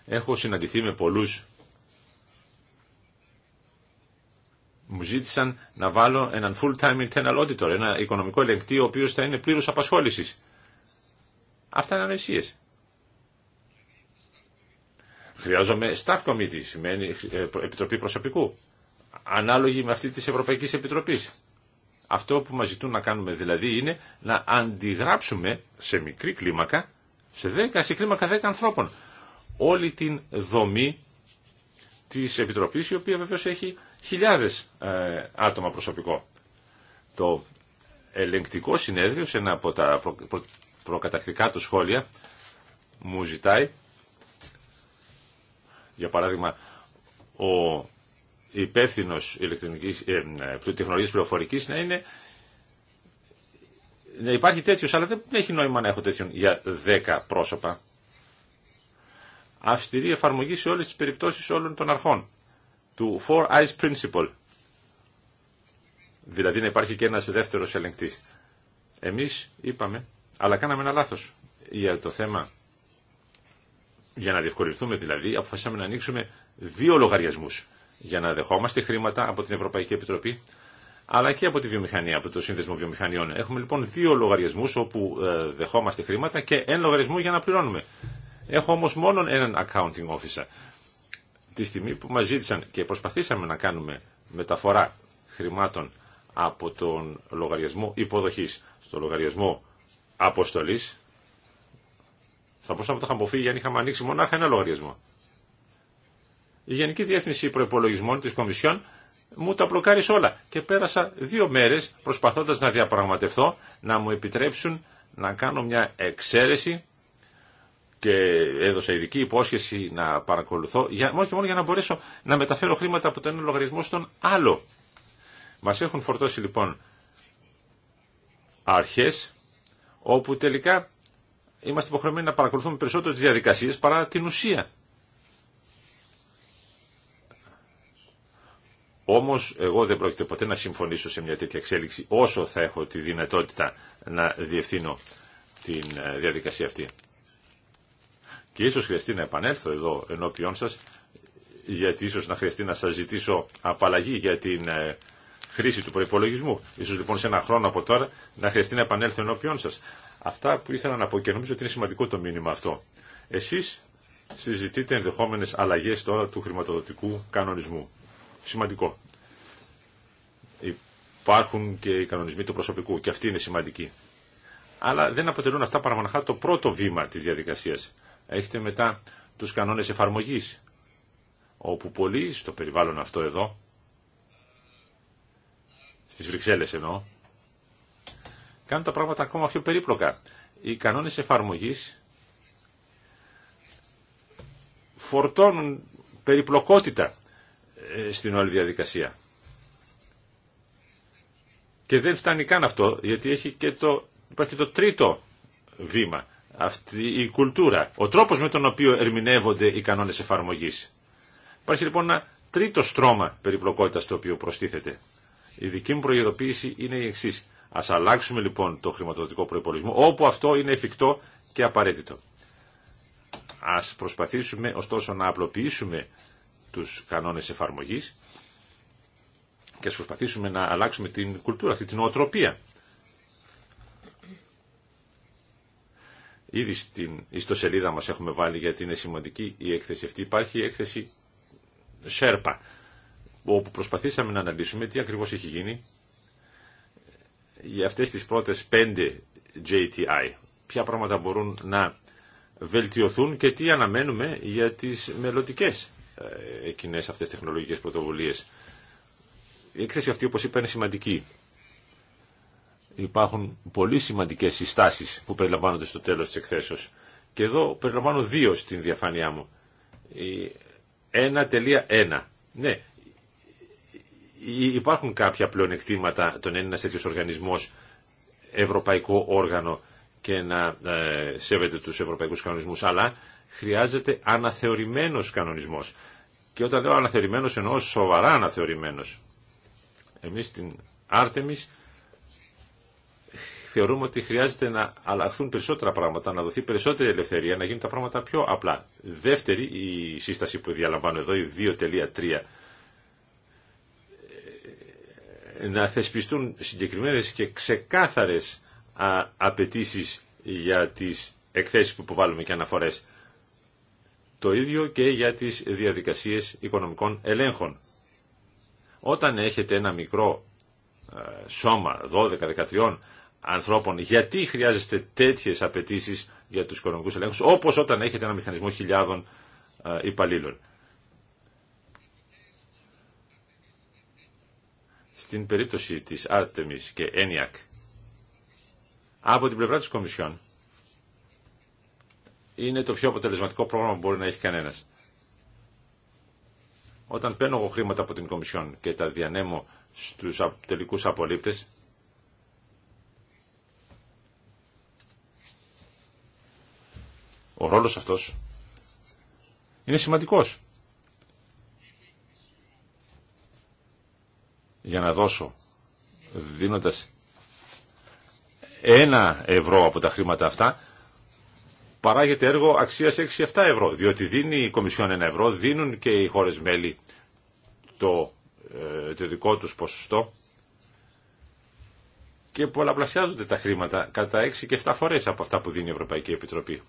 Έχω συναντηθεί με πολλούς μου ζήτησαν να βάλω έναν full-time internal auditor, ένα οικονομικό ελεγκτή ο οποίος θα είναι πλήρους απασχόλησης. Αυτά είναι ανοησίες. Χρειάζομαι staff committee, σημαίνει ε, επιτροπή προσωπικού, ανάλογη με αυτή της Ευρωπαϊκής Επιτροπής. Αυτό που μας ζητούν να κάνουμε δηλαδή είναι να αντιγράψουμε σε μικρή κλίμακα, σε, 10, σε κλίμακα 10 ανθρώπων, όλη την δομή της Επιτροπής, η οποία βεβαίως έχει χιλιάδες ε, άτομα προσωπικό. Το ελεγκτικό συνέδριο, σε ένα από τα προ, προκατακτικά του σχόλια, μου ζητάει, για παράδειγμα, ο υπεύθυνο ε, ε τεχνολογίας πληροφορικής να είναι να υπάρχει τέτοιος, αλλά δεν έχει νόημα να έχω τέτοιον για 10 πρόσωπα αυστηρή εφαρμογή σε όλες τις περιπτώσεις όλων των αρχών του Four Eyes Principle. Δηλαδή να υπάρχει και ένας δεύτερος ελεγκτής. Εμείς είπαμε, αλλά κάναμε ένα λάθος για το θέμα, για να διευκολυνθούμε δηλαδή, αποφασίσαμε να ανοίξουμε δύο λογαριασμούς για να δεχόμαστε χρήματα από την Ευρωπαϊκή Επιτροπή αλλά και από τη βιομηχανία, από το Σύνδεσμο Βιομηχανιών. Έχουμε λοιπόν δύο λογαριασμούς όπου ε, δεχόμαστε χρήματα και ένα λογαριασμό για να πληρώνουμε. Έχω όμως μόνο έναν accounting officer. Τη στιγμή που μας ζήτησαν και προσπαθήσαμε να κάνουμε μεταφορά χρημάτων από τον λογαριασμό υποδοχής στο λογαριασμό αποστολής, θα μπορούσαμε να το είχαμε αποφύγει αν είχαμε ανοίξει μονάχα ένα λογαριασμό. Η Γενική Διεύθυνση Προπολογισμών της Κομισιόν μου τα μπλοκάρισε όλα και πέρασα δύο μέρες προσπαθώντας να διαπραγματευτώ να μου επιτρέψουν να κάνω μια εξαίρεση και έδωσα ειδική υπόσχεση να παρακολουθώ, για, μόνο και μόνο για να μπορέσω να μεταφέρω χρήματα από το ένα λογαριασμό στον άλλο. Μας έχουν φορτώσει λοιπόν αρχές όπου τελικά είμαστε υποχρεωμένοι να παρακολουθούμε περισσότερο τις διαδικασίες παρά την ουσία. Όμως εγώ δεν πρόκειται ποτέ να συμφωνήσω σε μια τέτοια εξέλιξη όσο θα έχω τη δυνατότητα να διευθύνω την ε, διαδικασία αυτή και ίσως χρειαστεί να επανέλθω εδώ ενώπιόν σας γιατί ίσως να χρειαστεί να σας ζητήσω απαλλαγή για την ε, χρήση του προϋπολογισμού. Ίσως λοιπόν σε ένα χρόνο από τώρα να χρειαστεί να επανέλθω ενώπιόν σας. Αυτά που ήθελα να πω και νομίζω ότι είναι σημαντικό το μήνυμα αυτό. Εσείς συζητείτε ενδεχόμενες αλλαγές τώρα του χρηματοδοτικού κανονισμού. Σημαντικό. Υπάρχουν και οι κανονισμοί του προσωπικού και αυτοί είναι σημαντικοί. Αλλά δεν αποτελούν αυτά παραμοναχά το πρώτο βήμα της διαδικασίας. Έχετε μετά τους κανόνες εφαρμογής, όπου πολλοί στο περιβάλλον αυτό εδώ, στις Βρυξέλλες εννοώ, κάνουν τα πράγματα ακόμα πιο περίπλοκα. Οι κανόνες εφαρμογής φορτώνουν περιπλοκότητα ε, στην όλη διαδικασία. Και δεν φτάνει καν αυτό, γιατί έχει και το, υπάρχει και το τρίτο βήμα, αυτή η κουλτούρα, ο τρόπος με τον οποίο ερμηνεύονται οι κανόνες εφαρμογής. Υπάρχει λοιπόν ένα τρίτο στρώμα περιπλοκότητας το οποίο προστίθεται. Η δική μου προειδοποίηση είναι η εξή. Ας αλλάξουμε λοιπόν το χρηματοδοτικό προϋπολογισμό όπου αυτό είναι εφικτό και απαραίτητο. Ας προσπαθήσουμε ωστόσο να απλοποιήσουμε τους κανόνες εφαρμογής και ας προσπαθήσουμε να αλλάξουμε την κουλτούρα, αυτή την οτροπία Ήδη στην ιστοσελίδα μας έχουμε βάλει γιατί είναι σημαντική η έκθεση αυτή. Υπάρχει η έκθεση Σέρπα, όπου προσπαθήσαμε να αναλύσουμε τι ακριβώς έχει γίνει για αυτές τις πρώτες πέντε JTI. Ποια πράγματα μπορούν να βελτιωθούν και τι αναμένουμε για τις μελλοντικέ ε, εκείνες αυτές τεχνολογικές πρωτοβουλίες. Η έκθεση αυτή, όπως είπα, είναι σημαντική υπάρχουν πολύ σημαντικές συστάσεις που περιλαμβάνονται στο τέλος της εκθέσεως. Και εδώ περιλαμβάνω δύο στην διαφάνειά μου. 1.1. Ναι, υπάρχουν κάποια πλεονεκτήματα τον ένα τέτοιος οργανισμός ευρωπαϊκό όργανο και να ε, σέβεται τους ευρωπαϊκούς κανονισμούς, αλλά χρειάζεται αναθεωρημένος κανονισμός. Και όταν λέω αναθεωρημένος εννοώ σοβαρά αναθεωρημένος. Εμείς στην Άρτεμις θεωρούμε ότι χρειάζεται να αλλάχθουν περισσότερα πράγματα, να δοθεί περισσότερη ελευθερία, να γίνουν τα πράγματα πιο απλά. Δεύτερη, η σύσταση που διαλαμβάνω εδώ, η 2.3, ε, να θεσπιστούν συγκεκριμένες και ξεκάθαρες απαιτήσει για τις εκθέσεις που υποβάλλουμε και αναφορές. Το ίδιο και για τις διαδικασίες οικονομικών ελέγχων. Όταν έχετε ένα μικρό ε, σώμα 12-13 ανθρώπων. Γιατί χρειάζεστε τέτοιες απαιτήσει για τους οικονομικού ελέγχου όπως όταν έχετε ένα μηχανισμό χιλιάδων υπαλλήλων. Στην περίπτωση της Artemis και ENIAC, από την πλευρά της Κομισιόν, είναι το πιο αποτελεσματικό πρόγραμμα που μπορεί να έχει κανένας. Όταν παίρνω εγώ χρήματα από την Κομισιόν και τα διανέμω στους τελικούς απολύπτες, Ο ρόλος αυτός είναι σημαντικός. Για να δώσω, δίνοντας ένα ευρώ από τα χρήματα αυτά, παράγεται έργο αξίας 6-7 ευρώ, διότι δίνει η Κομισιόν ένα ευρώ, δίνουν και οι χώρες μέλη το, ε, το δικό τους ποσοστό και πολλαπλασιάζονται τα χρήματα κατά 6 και 7 φορές από αυτά που δίνει η Ευρωπαϊκή Επιτροπή.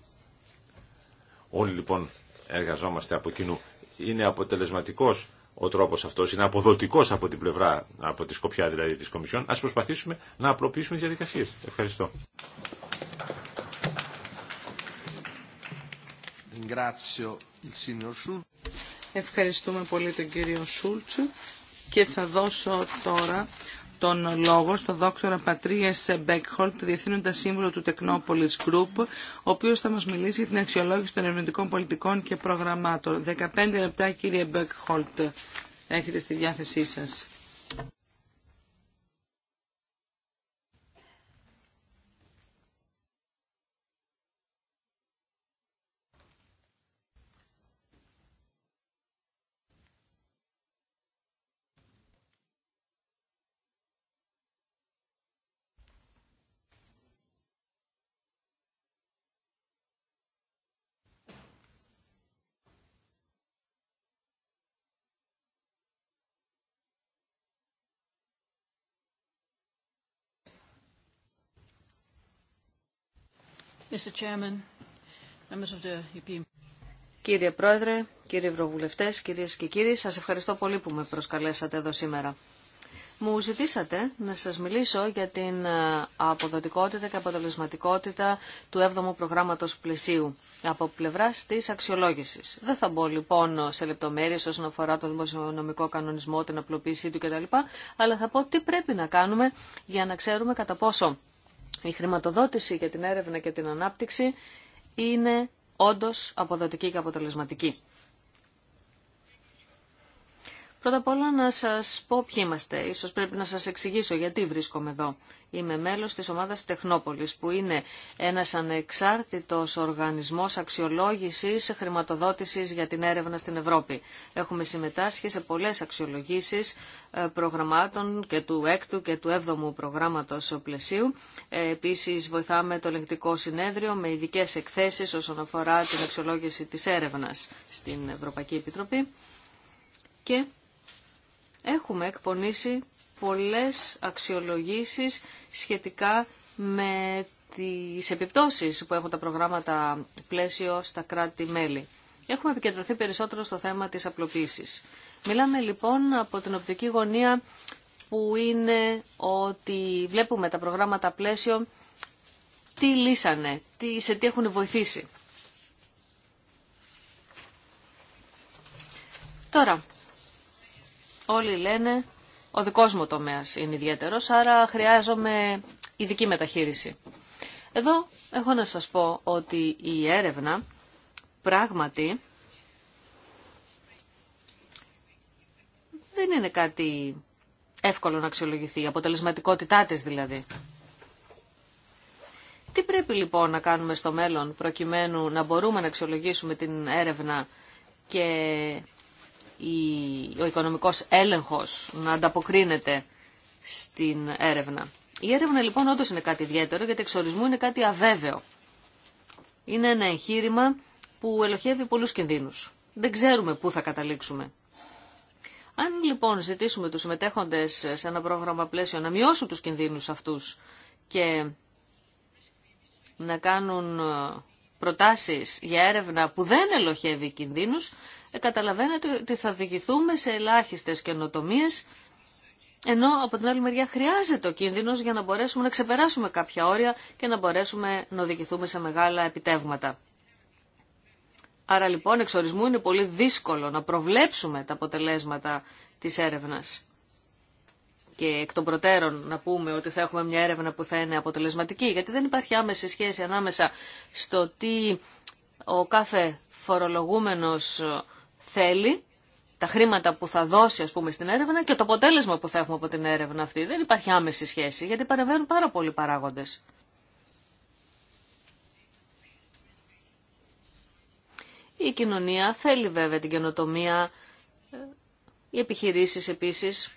Όλοι λοιπόν εργαζόμαστε από κοινού. Είναι αποτελεσματικός ο τρόπος αυτός, είναι αποδοτικός από την πλευρά, από τη σκοπιά δηλαδή τη Κομισιόν. Ας προσπαθήσουμε να απλοποιήσουμε τι διαδικασίες. Ευχαριστώ. Ευχαριστούμε πολύ τον κύριο Σούλτσου και θα δώσω τώρα τον λόγο στον δόκτωρα Πατρίες Μπέκχολτ, Διευθύνοντα Σύμβουλο του Technopolis Group, ο οποίος θα μας μιλήσει για την αξιολόγηση των ερευνητικών πολιτικών και προγραμμάτων. 15 λεπτά κύριε Μπέκχολτ έχετε στη διάθεσή σας. Κύριε Πρόεδρε, κύριοι Ευρωβουλευτέ, κύριε και κύριοι, σα ευχαριστώ πολύ που με προσκαλέσατε εδώ σήμερα. Μου ζητήσατε να σα μιλήσω για την ε, αποδοτικότητα και αποτελεσματικότητα του 7ου προγράμματο πλαισίου από πλευρά τη αξιολόγηση. Δεν θα μπω λοιπόν σε λεπτομέρειε όσον αφορά το δημοσιονομικό κανονισμό, την απλοποίησή του κτλ. Αλλά θα πω τι πρέπει να κάνουμε για να ξέρουμε κατά πόσο η χρηματοδότηση για την έρευνα και την ανάπτυξη είναι όντως αποδοτική και αποτελεσματική. Πρώτα απ' όλα να σας πω ποιοι είμαστε. Ίσως πρέπει να σας εξηγήσω γιατί βρίσκομαι εδώ. Είμαι μέλος της ομάδας Τεχνόπολης που είναι ένας ανεξάρτητος οργανισμός αξιολόγησης χρηματοδότησης για την έρευνα στην Ευρώπη. Έχουμε συμμετάσχει σε πολλές αξιολογήσεις ε, προγραμμάτων και του 6ου και του 7ου προγράμματος πλαισίου. Ε, επίσης βοηθάμε το ελεγκτικό συνέδριο με ειδικέ εκθέσεις όσον αφορά την αξιολόγηση τη έρευνα στην Ευρωπαϊκή Επιτροπή. Και έχουμε εκπονήσει πολλές αξιολογήσεις σχετικά με τις επιπτώσεις που έχουν τα προγράμματα πλαίσιο στα κράτη-μέλη. Έχουμε επικεντρωθεί περισσότερο στο θέμα της απλοποίησης. Μιλάμε λοιπόν από την οπτική γωνία που είναι ότι βλέπουμε τα προγράμματα πλαίσιο τι λύσανε, τι, σε τι έχουν βοηθήσει. Τώρα, όλοι λένε ο δικός μου τομέας είναι ιδιαίτερος, άρα χρειάζομαι ειδική μεταχείριση. Εδώ έχω να σας πω ότι η έρευνα πράγματι δεν είναι κάτι εύκολο να αξιολογηθεί, η αποτελεσματικότητά της δηλαδή. Τι πρέπει λοιπόν να κάνουμε στο μέλλον προκειμένου να μπορούμε να αξιολογήσουμε την έρευνα και ο οικονομικός έλεγχος να ανταποκρίνεται στην έρευνα. Η έρευνα λοιπόν όντως είναι κάτι ιδιαίτερο γιατί εξορισμού είναι κάτι αβέβαιο. Είναι ένα εγχείρημα που ελοχεύει πολλούς κινδύνους. Δεν ξέρουμε πού θα καταλήξουμε. Αν λοιπόν ζητήσουμε τους συμμετέχοντες σε ένα πρόγραμμα πλαίσιο να μειώσουν τους κινδύνους αυτούς και να κάνουν προτάσεις για έρευνα που δεν ελοχεύει κινδύνους, ε, καταλαβαίνετε ότι θα διηγηθούμε σε ελάχιστες καινοτομίε. Ενώ από την άλλη μεριά χρειάζεται ο κίνδυνος για να μπορέσουμε να ξεπεράσουμε κάποια όρια και να μπορέσουμε να οδηγηθούμε σε μεγάλα επιτεύγματα. Άρα λοιπόν εξ ορισμού είναι πολύ δύσκολο να προβλέψουμε τα αποτελέσματα της έρευνας και εκ των προτέρων να πούμε ότι θα έχουμε μια έρευνα που θα είναι αποτελεσματική, γιατί δεν υπάρχει άμεση σχέση ανάμεσα στο τι ο κάθε φορολογούμενος θέλει, τα χρήματα που θα δώσει ας πούμε στην έρευνα και το αποτέλεσμα που θα έχουμε από την έρευνα αυτή. Δεν υπάρχει άμεση σχέση, γιατί παρεμβαίνουν πάρα πολλοί παράγοντες. Η κοινωνία θέλει βέβαια την καινοτομία, οι επιχειρήσεις επίσης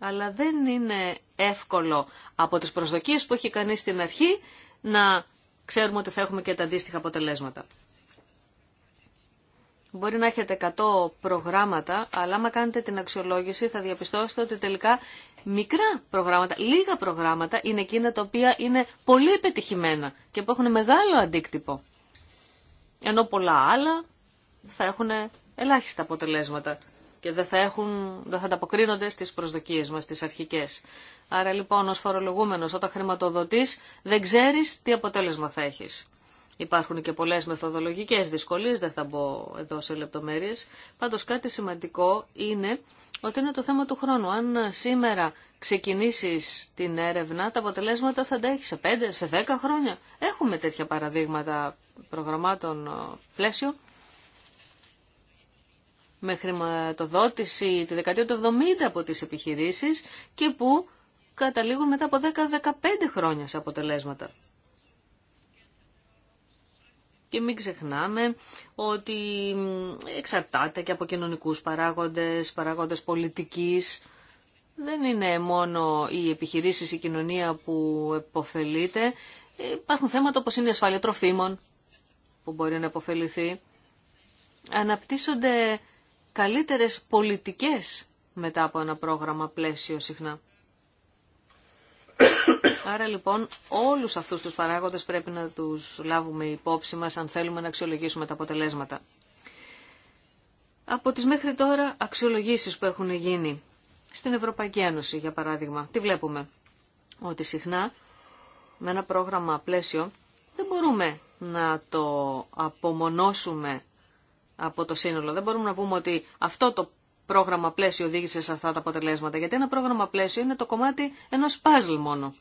αλλά δεν είναι εύκολο από τις προσδοκίες που έχει κανείς στην αρχή να ξέρουμε ότι θα έχουμε και τα αντίστοιχα αποτελέσματα. Μπορεί να έχετε 100 προγράμματα, αλλά άμα κάνετε την αξιολόγηση θα διαπιστώσετε ότι τελικά μικρά προγράμματα, λίγα προγράμματα είναι εκείνα τα οποία είναι πολύ επιτυχημένα και που έχουν μεγάλο αντίκτυπο. Ενώ πολλά άλλα θα έχουν ελάχιστα αποτελέσματα και δεν θα, έχουν, δεν θα ανταποκρίνονται στις προσδοκίες μας, στις αρχικές. Άρα λοιπόν ως φορολογούμενος όταν χρηματοδοτείς δεν ξέρεις τι αποτέλεσμα θα έχεις. Υπάρχουν και πολλές μεθοδολογικές δυσκολίες, δεν θα μπω εδώ σε λεπτομέρειες. Πάντως κάτι σημαντικό είναι ότι είναι το θέμα του χρόνου. Αν σήμερα ξεκινήσεις την έρευνα, τα αποτελέσματα θα τα έχει σε 5, σε 10 χρόνια. Έχουμε τέτοια παραδείγματα προγραμμάτων ε, πλαίσιο με χρηματοδότηση τη δεκαετία του 70 από τις επιχειρήσεις και που καταλήγουν μετά από 10-15 χρόνια σε αποτελέσματα. Και μην ξεχνάμε ότι εξαρτάται και από κοινωνικούς παράγοντες, παράγοντες πολιτικής. Δεν είναι μόνο οι επιχειρήσεις, η κοινωνία που επωφελείται. Υπάρχουν θέματα όπως είναι η ασφάλεια τροφίμων που μπορεί να επωφεληθεί. Αναπτύσσονται καλύτερες πολιτικές μετά από ένα πρόγραμμα πλαίσιο συχνά. Άρα λοιπόν όλους αυτούς τους παράγοντες πρέπει να τους λάβουμε υπόψη μας αν θέλουμε να αξιολογήσουμε τα αποτελέσματα. Από τις μέχρι τώρα αξιολογήσεις που έχουν γίνει στην Ευρωπαϊκή Ένωση για παράδειγμα, τι βλέπουμε. Ότι συχνά με ένα πρόγραμμα πλαίσιο δεν μπορούμε να το απομονώσουμε από το σύνολο. Δεν μπορούμε να πούμε ότι αυτό το πρόγραμμα πλαίσιο οδήγησε σε αυτά τα αποτελέσματα, γιατί ένα πρόγραμμα πλαίσιο είναι το κομμάτι ενός παζλ μόνο,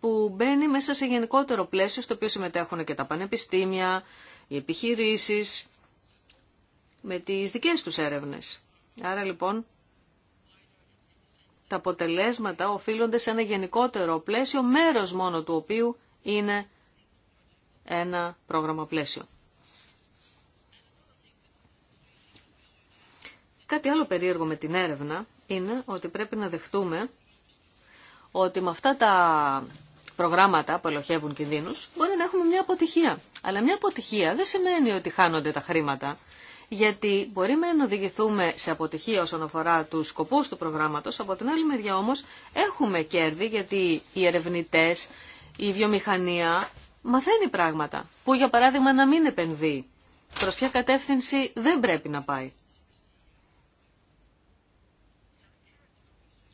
που μπαίνει μέσα σε γενικότερο πλαίσιο, στο οποίο συμμετέχουν και τα πανεπιστήμια, οι επιχειρήσεις, με τι δικέ του έρευνε. Άρα λοιπόν τα αποτελέσματα οφείλονται σε ένα γενικότερο πλαίσιο, μέρος μόνο του οποίου είναι ένα πρόγραμμα πλαίσιο. Κάτι άλλο περίεργο με την έρευνα είναι ότι πρέπει να δεχτούμε ότι με αυτά τα προγράμματα που ελοχεύουν κινδύνους μπορεί να έχουμε μια αποτυχία. Αλλά μια αποτυχία δεν σημαίνει ότι χάνονται τα χρήματα. Γιατί μπορεί να οδηγηθούμε σε αποτυχία όσον αφορά του σκοπού του προγράμματος, από την άλλη μεριά όμως έχουμε κέρδη γιατί οι ερευνητές, η βιομηχανία μαθαίνει πράγματα που για παράδειγμα να μην επενδύει. Προς ποια κατεύθυνση δεν πρέπει να πάει.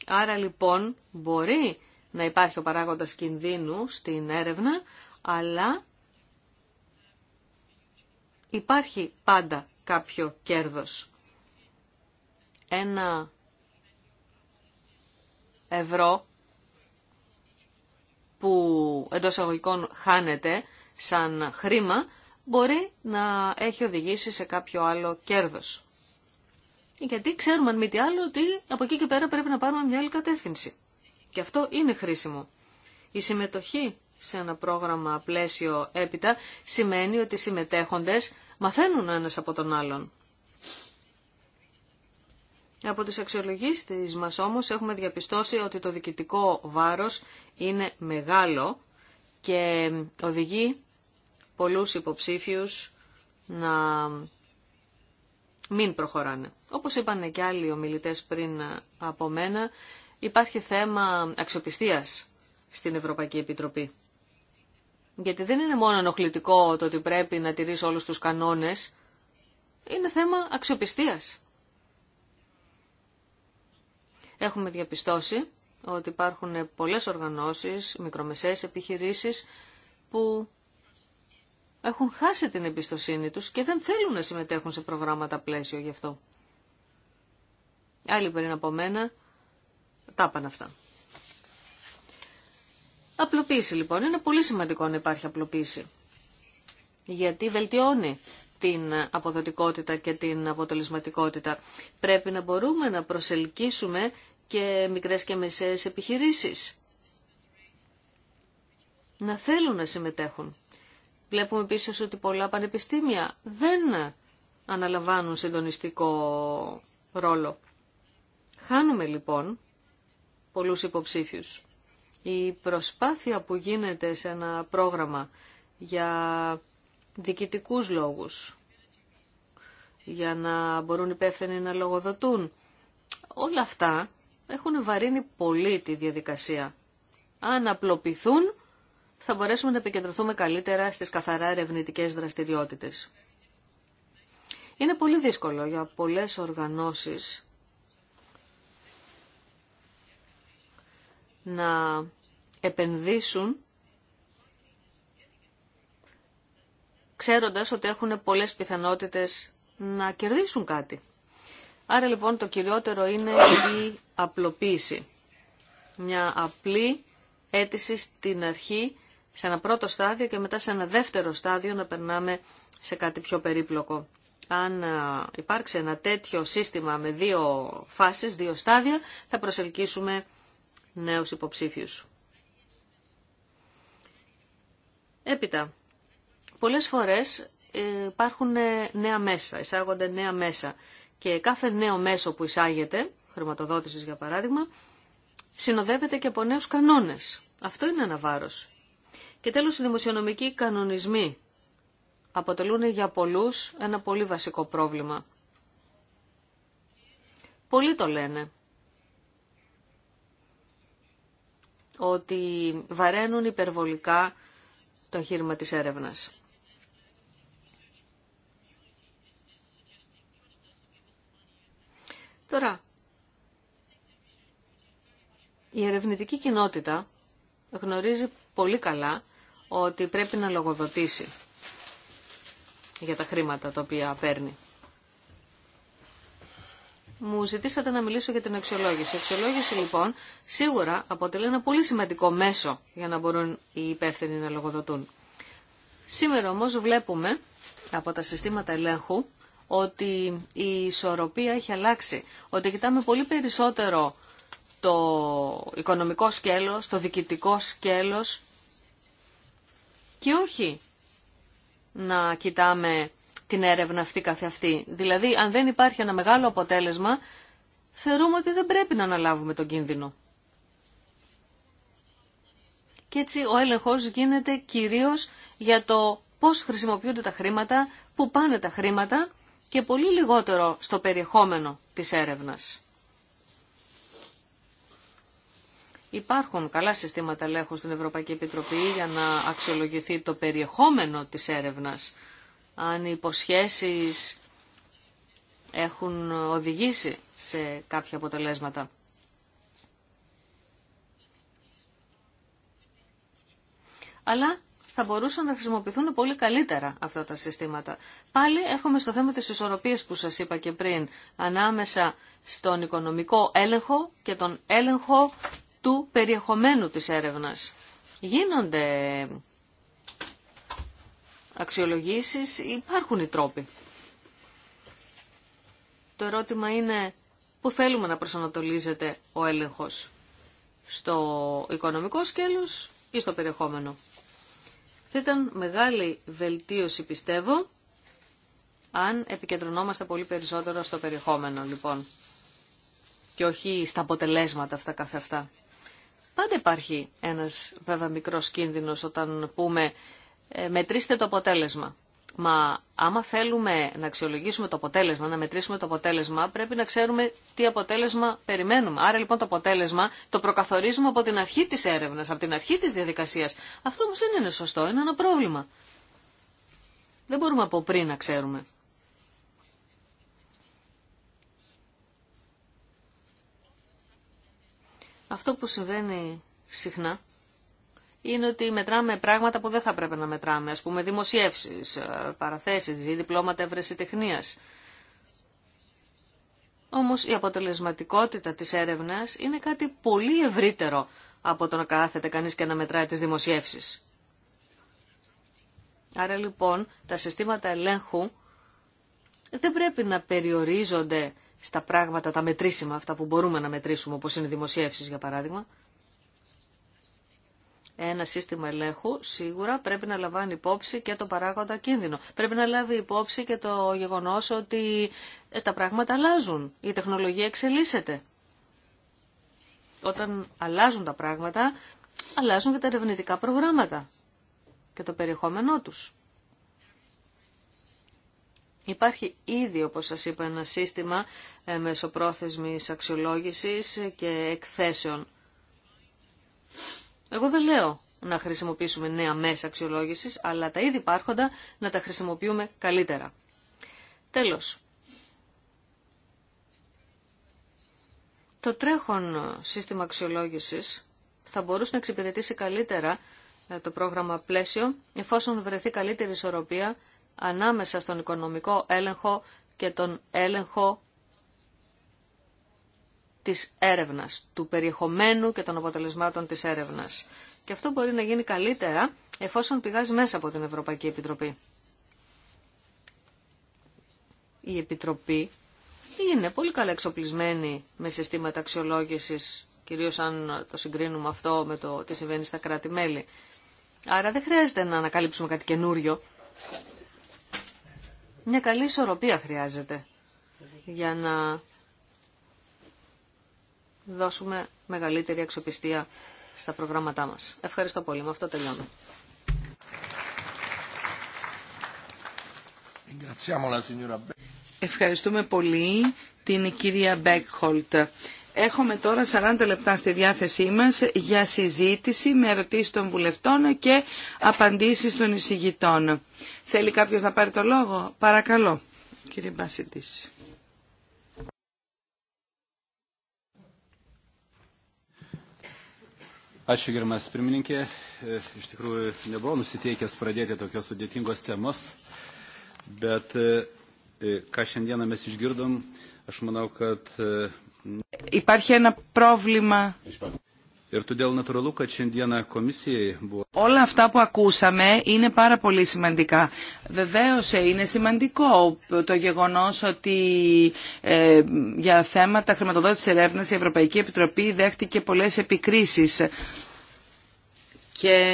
Άρα λοιπόν μπορεί να υπάρχει ο παράγοντας κινδύνου στην έρευνα, αλλά υπάρχει πάντα κάποιο κέρδος. Ένα ευρώ που εντό αγωγικών χάνεται σαν χρήμα, μπορεί να έχει οδηγήσει σε κάποιο άλλο κέρδος γιατί ξέρουμε αν μη τι άλλο ότι από εκεί και πέρα πρέπει να πάρουμε μια άλλη κατεύθυνση. Και αυτό είναι χρήσιμο. Η συμμετοχή σε ένα πρόγραμμα πλαίσιο έπειτα σημαίνει ότι οι συμμετέχοντες μαθαίνουν ένας από τον άλλον. Από τις αξιολογήσεις μας όμως έχουμε διαπιστώσει ότι το διοικητικό βάρος είναι μεγάλο και οδηγεί πολλούς υποψήφιους να μην προχωράνε. Όπως είπαν και άλλοι ομιλητές πριν από μένα, υπάρχει θέμα αξιοπιστίας στην Ευρωπαϊκή Επιτροπή. Γιατί δεν είναι μόνο ενοχλητικό το ότι πρέπει να τηρείς όλους τους κανόνες, είναι θέμα αξιοπιστίας. Έχουμε διαπιστώσει ότι υπάρχουν πολλές οργανώσεις, μικρομεσαίες επιχειρήσεις που έχουν χάσει την εμπιστοσύνη τους και δεν θέλουν να συμμετέχουν σε προγράμματα πλαίσιο γι' αυτό. Άλλοι πριν από μένα τα πάνε αυτά. Απλοποίηση λοιπόν. Είναι πολύ σημαντικό να υπάρχει απλοποίηση. Γιατί βελτιώνει την αποδοτικότητα και την αποτελεσματικότητα. Πρέπει να μπορούμε να προσελκύσουμε και μικρές και μεσαίες επιχειρήσεις. Να θέλουν να συμμετέχουν. Βλέπουμε επίσης ότι πολλά πανεπιστήμια δεν αναλαμβάνουν συντονιστικό ρόλο. Χάνουμε λοιπόν πολλούς υποψήφιους. Η προσπάθεια που γίνεται σε ένα πρόγραμμα για δικητικούς λόγους, για να μπορούν υπεύθυνοι να λογοδοτούν, όλα αυτά έχουν βαρύνει πολύ τη διαδικασία. Αν απλοποιηθούν, θα μπορέσουμε να επικεντρωθούμε καλύτερα στις καθαρά ερευνητικέ δραστηριότητες. Είναι πολύ δύσκολο για πολλές οργανώσεις να επενδύσουν ξέροντας ότι έχουν πολλές πιθανότητες να κερδίσουν κάτι. Άρα λοιπόν το κυριότερο είναι η απλοποίηση. Μια απλή αίτηση στην αρχή σε ένα πρώτο στάδιο και μετά σε ένα δεύτερο στάδιο να περνάμε σε κάτι πιο περίπλοκο. Αν ε, υπάρξει ένα τέτοιο σύστημα με δύο φάσεις, δύο στάδια, θα προσελκύσουμε νέους υποψήφιους. Έπειτα, πολλές φορές υπάρχουν νέα μέσα, εισάγονται νέα μέσα και κάθε νέο μέσο που εισάγεται, χρηματοδότησης για παράδειγμα, συνοδεύεται και από νέους κανόνες. Αυτό είναι ένα και τέλος οι δημοσιονομικοί κανονισμοί αποτελούν για πολλούς ένα πολύ βασικό πρόβλημα. Πολλοί το λένε ότι βαραίνουν υπερβολικά το εγχείρημα της έρευνας. Τώρα, η ερευνητική κοινότητα γνωρίζει πολύ καλά ότι πρέπει να λογοδοτήσει για τα χρήματα τα οποία παίρνει. Μου ζητήσατε να μιλήσω για την αξιολόγηση. Η αξιολόγηση λοιπόν σίγουρα αποτελεί ένα πολύ σημαντικό μέσο για να μπορούν οι υπεύθυνοι να λογοδοτούν. Σήμερα όμως βλέπουμε από τα συστήματα ελέγχου ότι η ισορροπία έχει αλλάξει. Ότι κοιτάμε πολύ περισσότερο το οικονομικό σκέλος, το διοικητικό σκέλος και όχι να κοιτάμε την έρευνα αυτή καθεαυτή. Δηλαδή, αν δεν υπάρχει ένα μεγάλο αποτέλεσμα, θεωρούμε ότι δεν πρέπει να αναλάβουμε τον κίνδυνο. Και έτσι ο έλεγχος γίνεται κυρίως για το πώς χρησιμοποιούνται τα χρήματα, πού πάνε τα χρήματα και πολύ λιγότερο στο περιεχόμενο της έρευνας. Υπάρχουν καλά συστήματα ελέγχου στην Ευρωπαϊκή Επιτροπή για να αξιολογηθεί το περιεχόμενο της έρευνας. Αν οι υποσχέσεις έχουν οδηγήσει σε κάποια αποτελέσματα. Αλλά θα μπορούσαν να χρησιμοποιηθούν πολύ καλύτερα αυτά τα συστήματα. Πάλι έρχομαι στο θέμα της ισορροπίας που σας είπα και πριν, ανάμεσα στον οικονομικό έλεγχο και τον έλεγχο του περιεχομένου της έρευνας. Γίνονται αξιολογήσεις, υπάρχουν οι τρόποι. Το ερώτημα είναι πού θέλουμε να προσανατολίζεται ο έλεγχος. Στο οικονομικό σκέλος ή στο περιεχόμενο. Θα ήταν μεγάλη βελτίωση πιστεύω αν επικεντρωνόμαστε πολύ περισσότερο στο περιεχόμενο λοιπόν και όχι στα αποτελέσματα αυτά καθ' αυτά. Πάντα υπάρχει ένας βέβαια μικρός κίνδυνος όταν πούμε ε, μετρήστε το αποτέλεσμα. Μα άμα θέλουμε να αξιολογήσουμε το αποτέλεσμα, να μετρήσουμε το αποτέλεσμα, πρέπει να ξέρουμε τι αποτέλεσμα περιμένουμε. Άρα λοιπόν το αποτέλεσμα το προκαθορίζουμε από την αρχή της έρευνας, από την αρχή της διαδικασίας. Αυτό όμως δεν είναι σωστό, είναι ένα πρόβλημα. Δεν μπορούμε από πριν να ξέρουμε. Αυτό που συμβαίνει συχνά είναι ότι μετράμε πράγματα που δεν θα πρέπει να μετράμε. Ας πούμε δημοσιεύσεις, ε, παραθέσεις ή διπλώματα ευρεσιτεχνίας. Όμως η διπλωματα τεχνιας ομως η αποτελεσματικοτητα της έρευνας είναι κάτι πολύ ευρύτερο από το να κάθεται κανείς και να μετράει τις δημοσιεύσεις. Άρα λοιπόν τα συστήματα ελέγχου δεν πρέπει να περιορίζονται στα πράγματα τα μετρήσιμα, αυτά που μπορούμε να μετρήσουμε, όπως είναι οι δημοσίευσεις για παράδειγμα, ένα σύστημα ελέγχου σίγουρα πρέπει να λαμβάνει υπόψη και το παράγοντα κίνδυνο. Πρέπει να λάβει υπόψη και το γεγονός ότι ε, τα πράγματα αλλάζουν, η τεχνολογία εξελίσσεται. Όταν αλλάζουν τα πράγματα, αλλάζουν και τα ερευνητικά προγράμματα και το περιεχόμενό τους. Υπάρχει ήδη, όπως σας είπα, ένα σύστημα ε, μεσοπρόθεσμης αξιολόγησης και εκθέσεων. Εγώ δεν λέω να χρησιμοποιήσουμε νέα μέσα αξιολόγησης, αλλά τα ήδη υπάρχοντα να τα χρησιμοποιούμε καλύτερα. Τέλος. Το τρέχον σύστημα αξιολόγησης θα μπορούσε να εξυπηρετήσει καλύτερα ε, το πρόγραμμα πλαίσιο, εφόσον βρεθεί καλύτερη ισορροπία ανάμεσα στον οικονομικό έλεγχο και τον έλεγχο της έρευνας, του περιεχομένου και των αποτελεσμάτων της έρευνας. Και αυτό μπορεί να γίνει καλύτερα εφόσον πηγάζει μέσα από την Ευρωπαϊκή Επιτροπή. Η Επιτροπή είναι πολύ καλά εξοπλισμένη με συστήματα αξιολόγησης, κυρίως αν το συγκρίνουμε αυτό με το τι συμβαίνει στα κράτη-μέλη. Άρα δεν χρειάζεται να ανακαλύψουμε κάτι καινούριο. Μια καλή ισορροπία χρειάζεται για να δώσουμε μεγαλύτερη αξιοπιστία στα προγράμματά μας. Ευχαριστώ πολύ. Με αυτό τελειώνω. Ευχαριστούμε πολύ την κυρία Μπέκχολτ. Έχουμε τώρα 40 λεπτά στη διάθεσή μας για συζήτηση με ερωτήσεις των βουλευτών και απαντήσεις των εισηγητών. Θέλει κάποιος να πάρει το λόγο. Παρακαλώ, κύριε Μπασιτής. Ačiū gerbiamas pirmininkė. Iš tikrųjų, nebuvau nusiteikęs pradėti tokios sudėtingos temos, bet e, ką šiandieną mes išgirdom, aš manau, kad e, Υπάρχει ένα πρόβλημα. Όλα αυτά που ακούσαμε είναι πάρα πολύ σημαντικά. Βεβαίως ε, είναι σημαντικό το γεγονός ότι ε, για θέματα χρηματοδότησης ερεύνας η Ευρωπαϊκή Επιτροπή δέχτηκε πολλές επικρίσεις. Και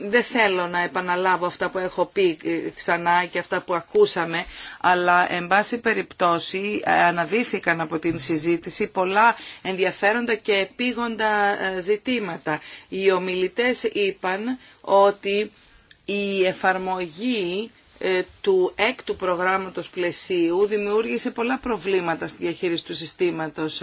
δεν θέλω να επαναλάβω αυτά που έχω πει ε, ξανά και αυτά που ακούσαμε, αλλά εν πάση περιπτώσει ε, αναδύθηκαν από την συζήτηση πολλά ενδιαφέροντα και επίγοντα ε, ζητήματα. Οι ομιλητές είπαν ότι η εφαρμογή του έκτου προγράμματος πλαισίου δημιούργησε πολλά προβλήματα στη διαχείριση του συστήματος.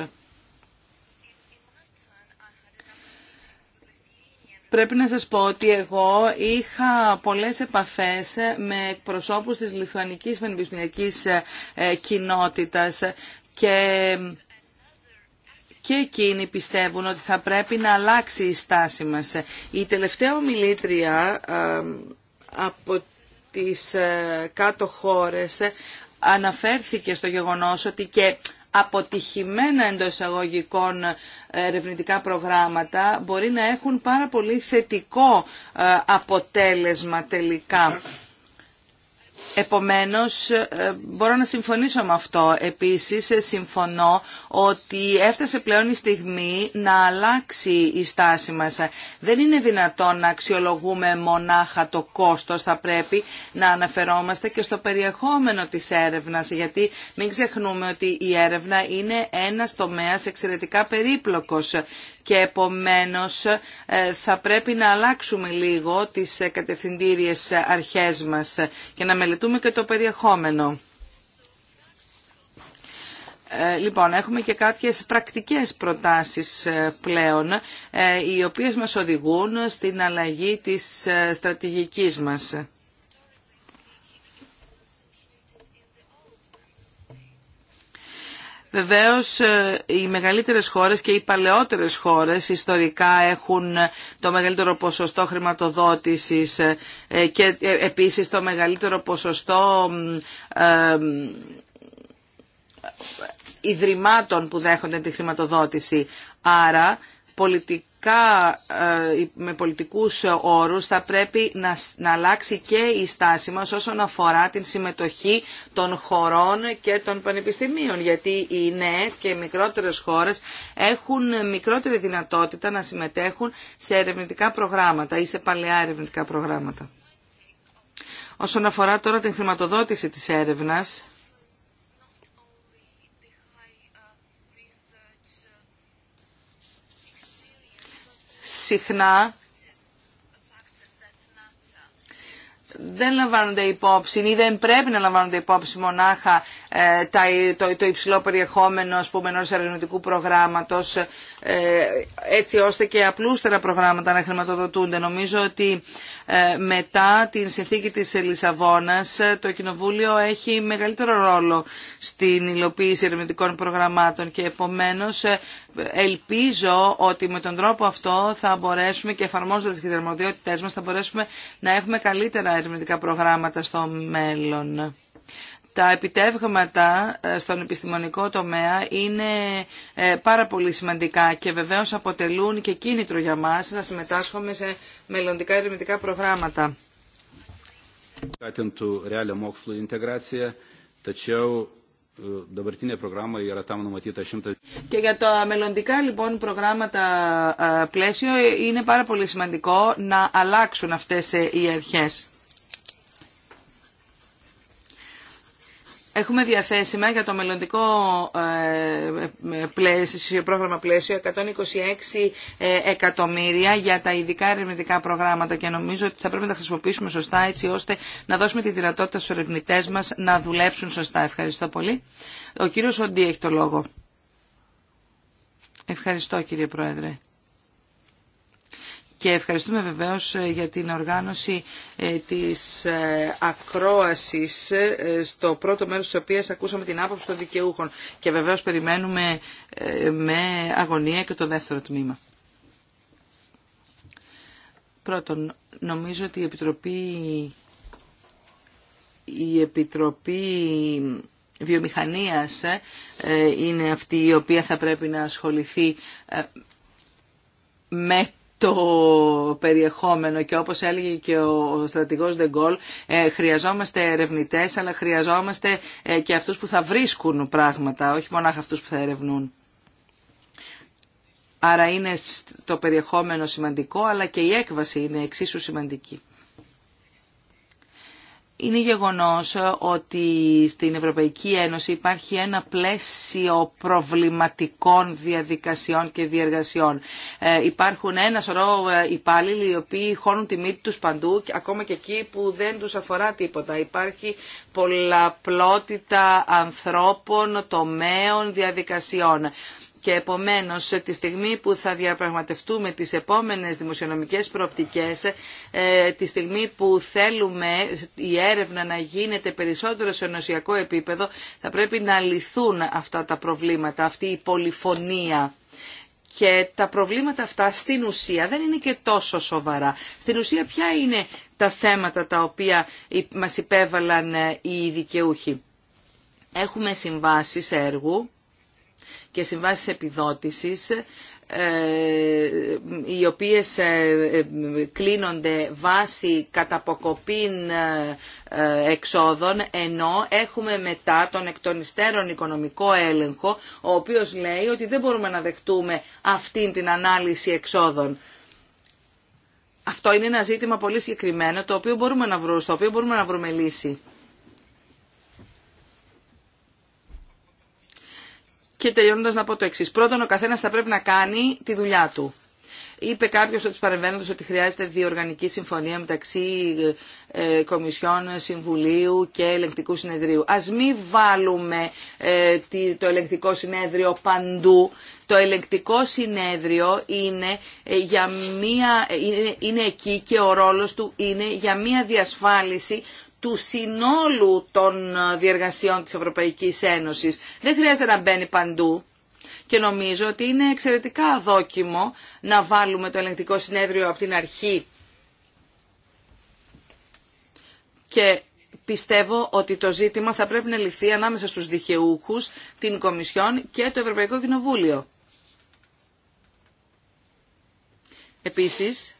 Πρέπει να σας πω ότι εγώ είχα πολλές επαφές με προσώπους της Λιθουανικής Πανεπιστημιακής ε, ε, Κοινότητας και και εκείνοι πιστεύουν ότι θα πρέπει να αλλάξει η στάση μας. Η τελευταία ομιλήτρια ε, από τις κάτω χώρες αναφέρθηκε στο γεγονός ότι και αποτυχημένα εντό εισαγωγικών ε, ερευνητικά προγράμματα μπορεί να έχουν πάρα πολύ θετικό ε, αποτέλεσμα τελικά. Επομένως, ε, μπορώ να συμφωνήσω με αυτό. Επίσης, ε, συμφωνώ ότι έφτασε πλέον η στιγμή να αλλάξει η στάση μας. Δεν είναι δυνατόν να αξιολογούμε μονάχα το κόστος. Θα πρέπει να αναφερόμαστε και στο περιεχόμενο της έρευνας, γιατί μην ξεχνούμε ότι η έρευνα είναι ένας τομέας εξαιρετικά περίπλοκος και επομένως ε, θα πρέπει να αλλάξουμε λίγο τις ε, κατευθυντήριες ε, αρχές μας και να μελετούμε και το περιεχόμενο. Λοιπόν, έχουμε και κάποιες πρακτικές προτάσεις πλέον, οι οποίες μας οδηγούν στην αλλαγή της στρατηγικής μας. Βεβαίως ε, οι μεγαλύτερες χώρες και οι παλαιότερες χώρες ιστορικά έχουν ε, το μεγαλύτερο ποσοστό χρηματοδότησης ε, και επίσης το μεγαλύτερο ποσοστό ιδρυμάτων που δέχονται τη χρηματοδότηση. Άρα πολιτικά πολιτικά, ε, με πολιτικούς όρους θα πρέπει να, να αλλάξει και η στάση μας όσον αφορά την συμμετοχή των χωρών και των πανεπιστημίων γιατί οι νέες και οι μικρότερες χώρες έχουν μικρότερη δυνατότητα να συμμετέχουν σε ερευνητικά προγράμματα ή σε παλαιά ερευνητικά προγράμματα. Όσον αφορά τώρα την χρηματοδότηση της έρευνας, συχνά δεν λαμβάνονται υπόψη ή δεν πρέπει να λαμβάνονται υπόψη μονάχα ε, το, υψηλό περιεχόμενο ενό ερευνητικού ενός προγράμματος ε, έτσι ώστε και απλούστερα προγράμματα να χρηματοδοτούνται. Νομίζω ότι ε, μετά την συνθήκη της Λισαβόνας ε, το Κοινοβούλιο έχει μεγαλύτερο ρόλο στην υλοποίηση ερευνητικών προγραμμάτων και επομένως ελπίζω ότι με τον τρόπο αυτό θα μπορέσουμε και εφαρμόζοντας τις δερμοδιότητές μας θα μπορέσουμε να έχουμε καλύτερα ερευνητικά προγράμματα στο μέλλον τα επιτεύγματα ε, στον επιστημονικό τομέα είναι ε, πάρα πολύ σημαντικά και βεβαίως αποτελούν και κίνητρο για μας να συμμετάσχουμε σε μελλοντικά ερευνητικά προγράμματα. E, και για τα μελλοντικά λοιπόν προγράμματα ε, πλαίσιο είναι πάρα πολύ σημαντικό να αλλάξουν αυτές οι αρχές. Έχουμε διαθέσιμα για το μελλοντικό ε, ε, πλαίσιο, πρόγραμμα πλαίσιο 126 ε, εκατομμύρια για τα ειδικά ερευνητικά προγράμματα και νομίζω ότι θα πρέπει να τα χρησιμοποιήσουμε σωστά έτσι ώστε να δώσουμε τη δυνατότητα στους ερευνητέ μας να δουλέψουν σωστά. Ευχαριστώ πολύ. Ο κύριος Σοντή έχει το λόγο. Ευχαριστώ κύριε Πρόεδρε και ευχαριστούμε βεβαίως ε, για την οργάνωση ε, της ε, ακρόασης στο πρώτο μέρος της οποίας ακούσαμε την άποψη των δικαιούχων και βεβαίως περιμένουμε με αγωνία και το δεύτερο τμήμα. Πρώτον, νομίζω ότι η Επιτροπή, η Επιτροπή Βιομηχανίας είναι αυτή η οποία θα πρέπει να ασχοληθεί με το περιεχόμενο και όπως έλεγε και ο στρατηγός Δεγκόλ ε, χρειαζόμαστε ερευνητές αλλά χρειαζόμαστε ε, και αυτούς που θα βρίσκουν πράγματα, όχι μόνο αυτούς που θα ερευνούν. Άρα είναι το περιεχόμενο σημαντικό αλλά και η έκβαση είναι εξίσου σημαντική είναι γεγονός ότι στην Ευρωπαϊκή Ένωση υπάρχει ένα πλαίσιο προβληματικών διαδικασιών και διεργασιών. Ε, υπάρχουν ένα σωρό ε, υπάλληλοι οι οποίοι χώνουν τη μύτη τους παντού, ακόμα και εκεί που δεν τους αφορά τίποτα. Υπάρχει πολλαπλότητα ανθρώπων, τομέων, διαδικασιών και επομένως τη στιγμή που θα διαπραγματευτούμε τις επόμενες δημοσιονομικές προοπτικές, ε, τη στιγμή που θέλουμε η έρευνα να γίνεται περισσότερο σε ενωσιακό επίπεδο, θα πρέπει να λυθούν αυτά τα προβλήματα, αυτή η πολυφωνία. Και τα προβλήματα αυτά στην ουσία δεν είναι και τόσο σοβαρά. Στην ουσία ποια είναι τα θέματα τα οποία μας υπέβαλαν ε, οι δικαιούχοι. Έχουμε συμβάσεις έργου και συμβάσεις επιδότησης ε, οι οποίες ε, ε, κλείνονται βάσει καταποκοπήν εξόδων ενώ έχουμε μετά τον εκ οικονομικό έλεγχο ο οποίος λέει ότι δεν μπορούμε να δεχτούμε αυτήν την ανάλυση εξόδων. Αυτό είναι ένα ζήτημα πολύ συγκεκριμένο το οποίο μπορούμε να βρούμε, στο οποίο μπορούμε να βρούμε λύση. Και τελειώνοντα να πω το εξή. Πρώτον, ο καθένα θα πρέπει να κάνει τη δουλειά του. Είπε κάποιο ότι παρεμβαίνοντα ότι χρειάζεται διοργανική συμφωνία μεταξύ ε, ε Κομισιών Συμβουλίου και Ελεγκτικού Συνεδρίου. Α μην βάλουμε ε, το Ελεγκτικό Συνέδριο παντού. Το Ελεγκτικό Συνέδριο είναι, ε, για μία, είναι εκεί και ο ρόλο του είναι για μία διασφάλιση του συνόλου των ε, διεργασιών της Ευρωπαϊκής Ένωσης. Δεν χρειάζεται να μπαίνει παντού. Και νομίζω ότι είναι εξαιρετικά αδόκιμο να βάλουμε το ελεγκτικό συνέδριο από την αρχή. Και πιστεύω ότι το ζήτημα θα πρέπει να λυθεί ανάμεσα στους δικαιούχους, την Κομισιόν και το Ευρωπαϊκό Κοινοβούλιο. Επίσης,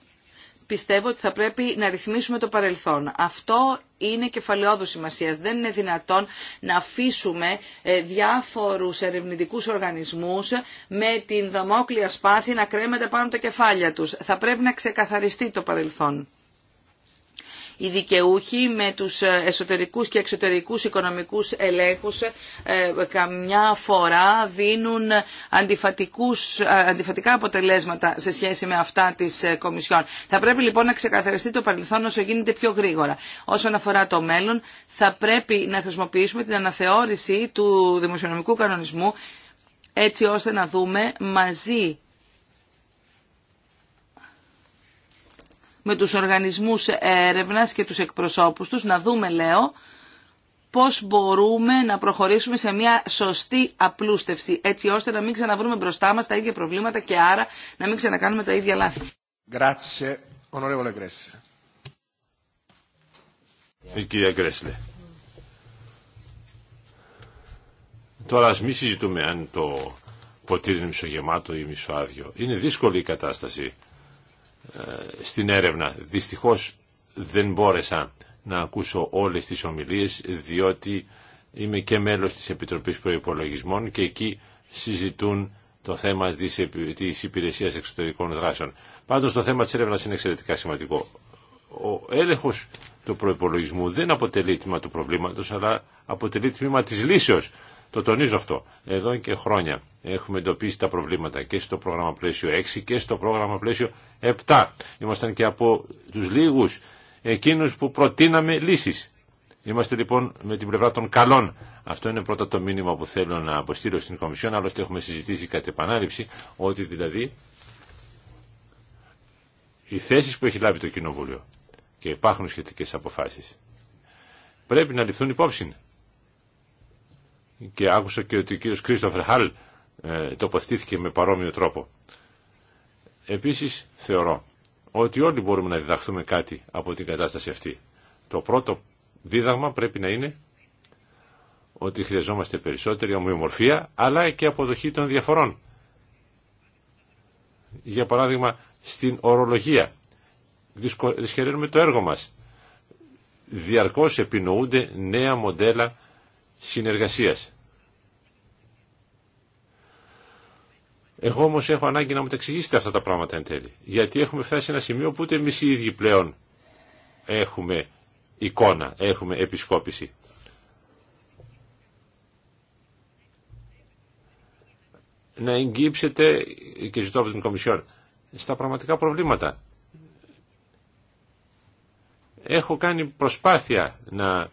πιστεύω ότι θα πρέπει να ρυθμίσουμε το παρελθόν. Αυτό είναι κεφαλαιόδου σημασία. Δεν είναι δυνατόν να αφήσουμε ε, διάφορους ερευνητικού οργανισμούς με την δαμόκλεια σπάθη να κρέμεται πάνω τα κεφάλια τους. Θα πρέπει να ξεκαθαριστεί το παρελθόν οι δικαιούχοι με τους εσωτερικούς και εξωτερικούς οικονομικούς ελέγχους ε, καμιά φορά δίνουν αντιφατικούς, ε, αντιφατικά αποτελέσματα σε σχέση με αυτά της ε, Κομισιόν. Θα πρέπει λοιπόν να ξεκαθαριστεί το παρελθόν όσο γίνεται πιο γρήγορα. Όσον αφορά το μέλλον θα πρέπει να χρησιμοποιήσουμε την αναθεώρηση του δημοσιονομικού κανονισμού έτσι ώστε να δούμε μαζί με τους οργανισμούς έρευνας και τους εκπροσώπους τους, να δούμε, λέω, πώς μπορούμε να προχωρήσουμε σε μια σωστή απλούστευση, έτσι ώστε να μην ξαναβρούμε μπροστά μας τα ίδια προβλήματα και άρα να μην ξανακάνουμε τα ίδια λάθη. Η κυρία Γκρέσλε. Τώρα ας μην συζητούμε αν το ποτήρι είναι μισογεμάτο ή μισοάδιο. Είναι δύσκολη η κατάσταση. Ε, στην έρευνα. Δυστυχώς δεν μπόρεσα να ακούσω όλες τις ομιλίες διότι είμαι και μέλος της Επιτροπής Προϋπολογισμών και εκεί συζητούν το θέμα της, υπηρεσίας εξωτερικών δράσεων. Πάντως το θέμα της έρευνας είναι εξαιρετικά σημαντικό. Ο έλεγχος του προϋπολογισμού δεν αποτελεί τμήμα του προβλήματος αλλά αποτελεί τμήμα της λύσεως το τονίζω αυτό. Εδώ και χρόνια έχουμε εντοπίσει τα προβλήματα και στο πρόγραμμα πλαίσιο 6 και στο πρόγραμμα πλαίσιο 7. Ήμασταν και από τους λίγους εκείνους που προτείναμε λύσεις. Είμαστε λοιπόν με την πλευρά των καλών. Αυτό είναι πρώτα το μήνυμα που θέλω να αποστείλω στην Κομισιόν, άλλωστε έχουμε συζητήσει κατ' επανάληψη, ότι δηλαδή οι θέσεις που έχει λάβει το Κοινοβούλιο και υπάρχουν σχετικές αποφάσεις πρέπει να ληφθούν υπόψη και άκουσα και ότι ο κύριος Κρίστοφερ Χάλ τοποθετήθηκε με παρόμοιο τρόπο. Επίσης θεωρώ ότι όλοι μπορούμε να διδαχθούμε κάτι από την κατάσταση αυτή. Το πρώτο δίδαγμα πρέπει να είναι ότι χρειαζόμαστε περισσότερη ομοιομορφία αλλά και αποδοχή των διαφορών. Για παράδειγμα στην ορολογία. Δυσχεραίνουμε το έργο μας. Διαρκώς επινοούνται νέα μοντέλα συνεργασίας. Εγώ όμω έχω ανάγκη να μου τα εξηγήσετε αυτά τα πράγματα εν τέλει. Γιατί έχουμε φτάσει σε ένα σημείο που ούτε εμεί οι ίδιοι πλέον έχουμε εικόνα, έχουμε επισκόπηση. Να εγγύψετε, και ζητώ από την Κομισιόν, στα πραγματικά προβλήματα. Έχω κάνει προσπάθεια να,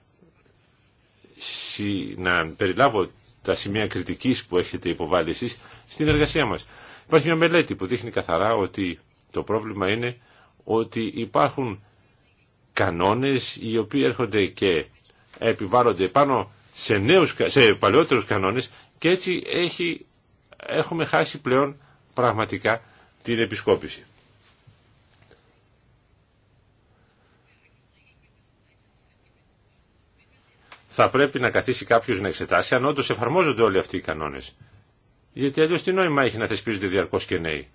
να περιλάβω τα σημεία κριτικής που έχετε υποβάλει εσεί στην εργασία μας. Υπάρχει μια μελέτη που δείχνει καθαρά ότι το πρόβλημα είναι ότι υπάρχουν κανόνες οι οποίοι έρχονται και επιβάλλονται πάνω σε, νέους, σε παλαιότερους κανόνες και έτσι έχει, έχουμε χάσει πλέον πραγματικά την επισκόπηση. θα πρέπει να καθίσει κάποιο να εξετάσει αν όντω εφαρμόζονται όλοι αυτοί οι κανόνε. Γιατί αλλιώ τι νόημα έχει να θεσπίζονται διαρκώ και νέοι.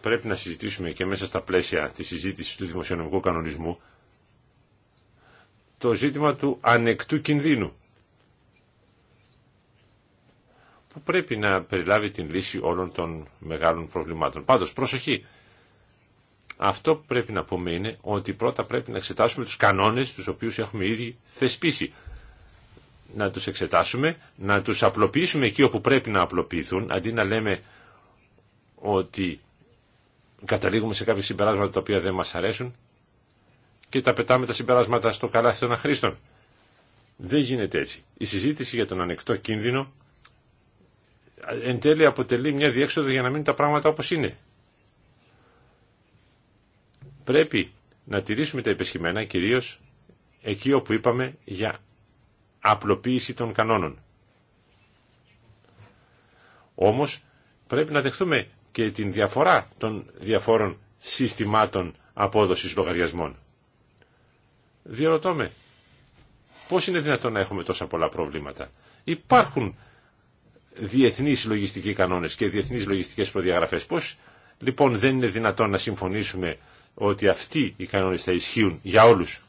Πρέπει να συζητήσουμε και μέσα στα πλαίσια της συζήτηση του δημοσιονομικού κανονισμού το ζήτημα του ανεκτού κινδύνου που πρέπει να περιλάβει την λύση όλων των μεγάλων προβλημάτων. Πάντως, προσοχή. Αυτό που πρέπει να πούμε είναι ότι πρώτα πρέπει να εξετάσουμε τους κανόνες τους οποίους έχουμε ήδη θεσπίσει. Να τους εξετάσουμε, να τους απλοποιήσουμε εκεί όπου πρέπει να απλοποιηθούν, αντί να λέμε ότι καταλήγουμε σε κάποια συμπεράσματα τα οποία δεν μας αρέσουν και τα πετάμε τα συμπεράσματα στο καλάθι των αχρήστων. Δεν γίνεται έτσι. Η συζήτηση για τον ανεκτό κίνδυνο εν τέλει αποτελεί μια διέξοδο για να μείνουν τα πράγματα όπως είναι. Πρέπει να τηρήσουμε τα υπεσχημένα κυρίως εκεί όπου είπαμε για απλοποίηση των κανόνων. Όμως πρέπει να δεχτούμε και την διαφορά των διαφόρων συστημάτων απόδοσης λογαριασμών. Διερωτώμε με, πώς είναι δυνατόν να έχουμε τόσα πολλά προβλήματα. Υπάρχουν διεθνείς λογιστικοί κανόνες και διεθνείς λογιστικές προδιαγραφές. Πώς λοιπόν δεν είναι δυνατόν να συμφωνήσουμε ότι αυτοί οι κανόνες θα ισχύουν για όλους.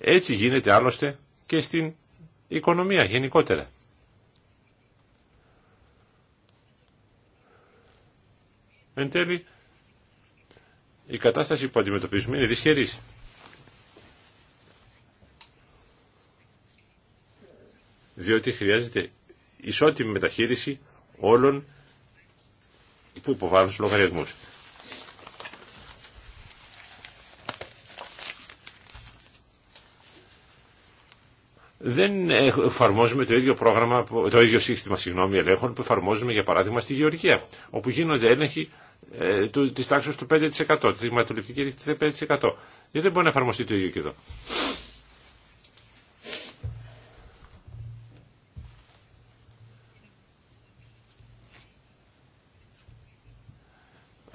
Έτσι γίνεται άλλωστε και στην οικονομία γενικότερα. Εν τέλει, η κατάσταση που αντιμετωπίζουμε είναι δυσχερής. Διότι χρειάζεται ισότιμη μεταχείριση όλων που υποβάλλουν στους λογαριασμούς. δεν εφαρμόζουμε το ίδιο, πρόγραμμα, το ίδιο σύστημα συγγνώμη, ελέγχων που εφαρμόζουμε για παράδειγμα στη Γεωργία, όπου γίνονται έλεγχοι ε, του, της τάξης του 5%, τη του 5%. Ε, δεν μπορεί να εφαρμοστεί το ίδιο και εδώ.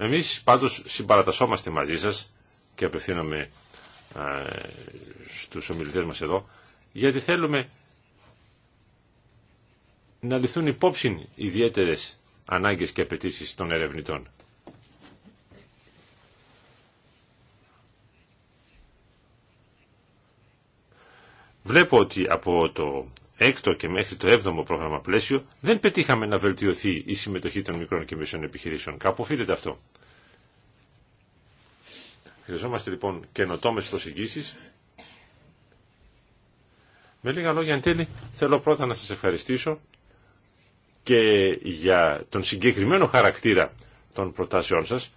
Εμεί πάντω συμπαρατασσόμαστε μαζί σας και απευθύνομαι στους ομιλητέ μας εδώ, γιατί θέλουμε να ληφθούν υπόψη ιδιαίτερε ανάγκες και απαιτήσει των ερευνητών. Βλέπω ότι από το έκτο και μέχρι το έβδομο πρόγραμμα πλαίσιο δεν πετύχαμε να βελτιωθεί η συμμετοχή των μικρών και μεσών επιχειρήσεων. Κάπου οφείλεται αυτό. Χρειαζόμαστε λοιπόν καινοτόμε προσεγγίσει. Με λίγα λόγια εν τέλει θέλω πρώτα να σας ευχαριστήσω και για τον συγκεκριμένο χαρακτήρα των προτάσεών σας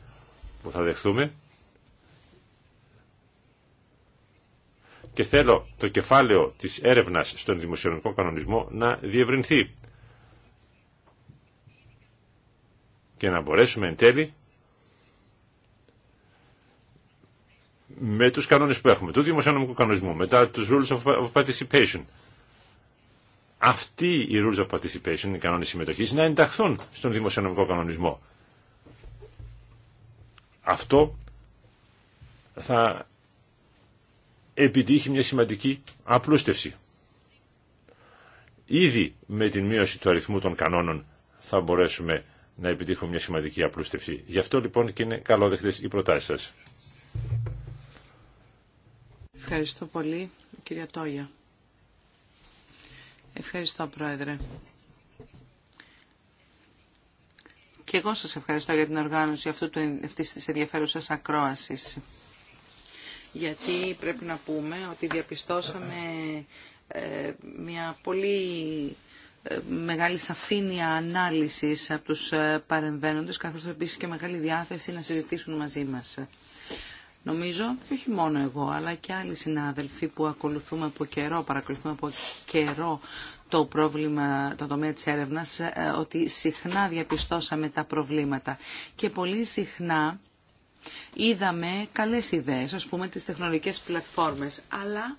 που θα δεχθούμε και θέλω το κεφάλαιο της έρευνας στον δημοσιονομικό κανονισμό να διευρυνθεί και να μπορέσουμε εν τέλει με τους κανόνες που έχουμε, του δημοσιονομικού κανονισμού, μετά τους rules of participation. Αυτοί οι rules of participation, οι κανόνες συμμετοχής, να ενταχθούν στον δημοσιονομικό κανονισμό. Αυτό θα επιτύχει μια σημαντική απλούστευση. Ήδη με την μείωση του αριθμού των κανόνων θα μπορέσουμε να επιτύχουμε μια σημαντική απλούστευση. Γι' αυτό λοιπόν και είναι καλόδεχτες οι προτάσεις σας. Ευχαριστώ πολύ, κυρία Τόγια. Ευχαριστώ, Πρόεδρε. Και εγώ σας ευχαριστώ για την οργάνωση αυτού του, αυτής της ενδιαφέρουσας ακρόασης γιατί πρέπει να πούμε ότι διαπιστώσαμε ε, μια πολύ ε, μεγάλη σαφήνεια ανάλυσης από τους ε, παρεμβαίνοντες, καθώς επίσης και μεγάλη διάθεση να συζητήσουν μαζί μας. Νομίζω, και όχι μόνο εγώ, αλλά και άλλοι συνάδελφοι που ακολουθούμε από καιρό, παρακολουθούμε από καιρό το πρόβλημα, το τομέα της έρευνας, ότι συχνά διαπιστώσαμε τα προβλήματα. Και πολύ συχνά Είδαμε καλές ιδέες, ας πούμε, τις τεχνολογικές πλατφόρμες, αλλά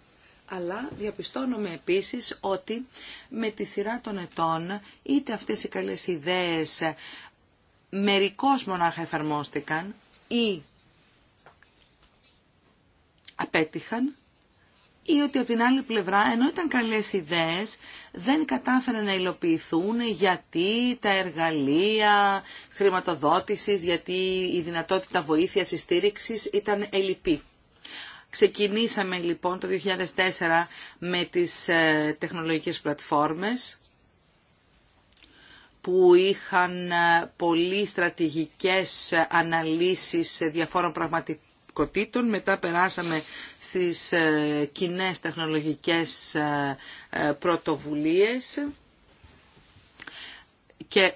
αλλά διαπιστώνουμε επίσης ότι με τη σειρά των ετών είτε αυτές οι καλές ιδέες ε, μερικώς μονάχα εφαρμόστηκαν ή απέτυχαν ή ότι από την άλλη πλευρά, ενώ ήταν καλές ιδέες, δεν κατάφεραν να υλοποιηθούν γιατί τα εργαλεία χρηματοδότησης, γιατί η δυνατότητα βοήθειας ή στήριξης ήταν ελλειπή. Ξεκινήσαμε λοιπόν το 2004 με τις ε, τεχνολογικές πλατφόρμες που είχαν ε, πολύ στρατηγικές ε, αναλύσεις διαφόρων πραγματικών μετά περάσαμε στις ε, κοινέ τεχνολογικές ε, ε, πρωτοβουλίες και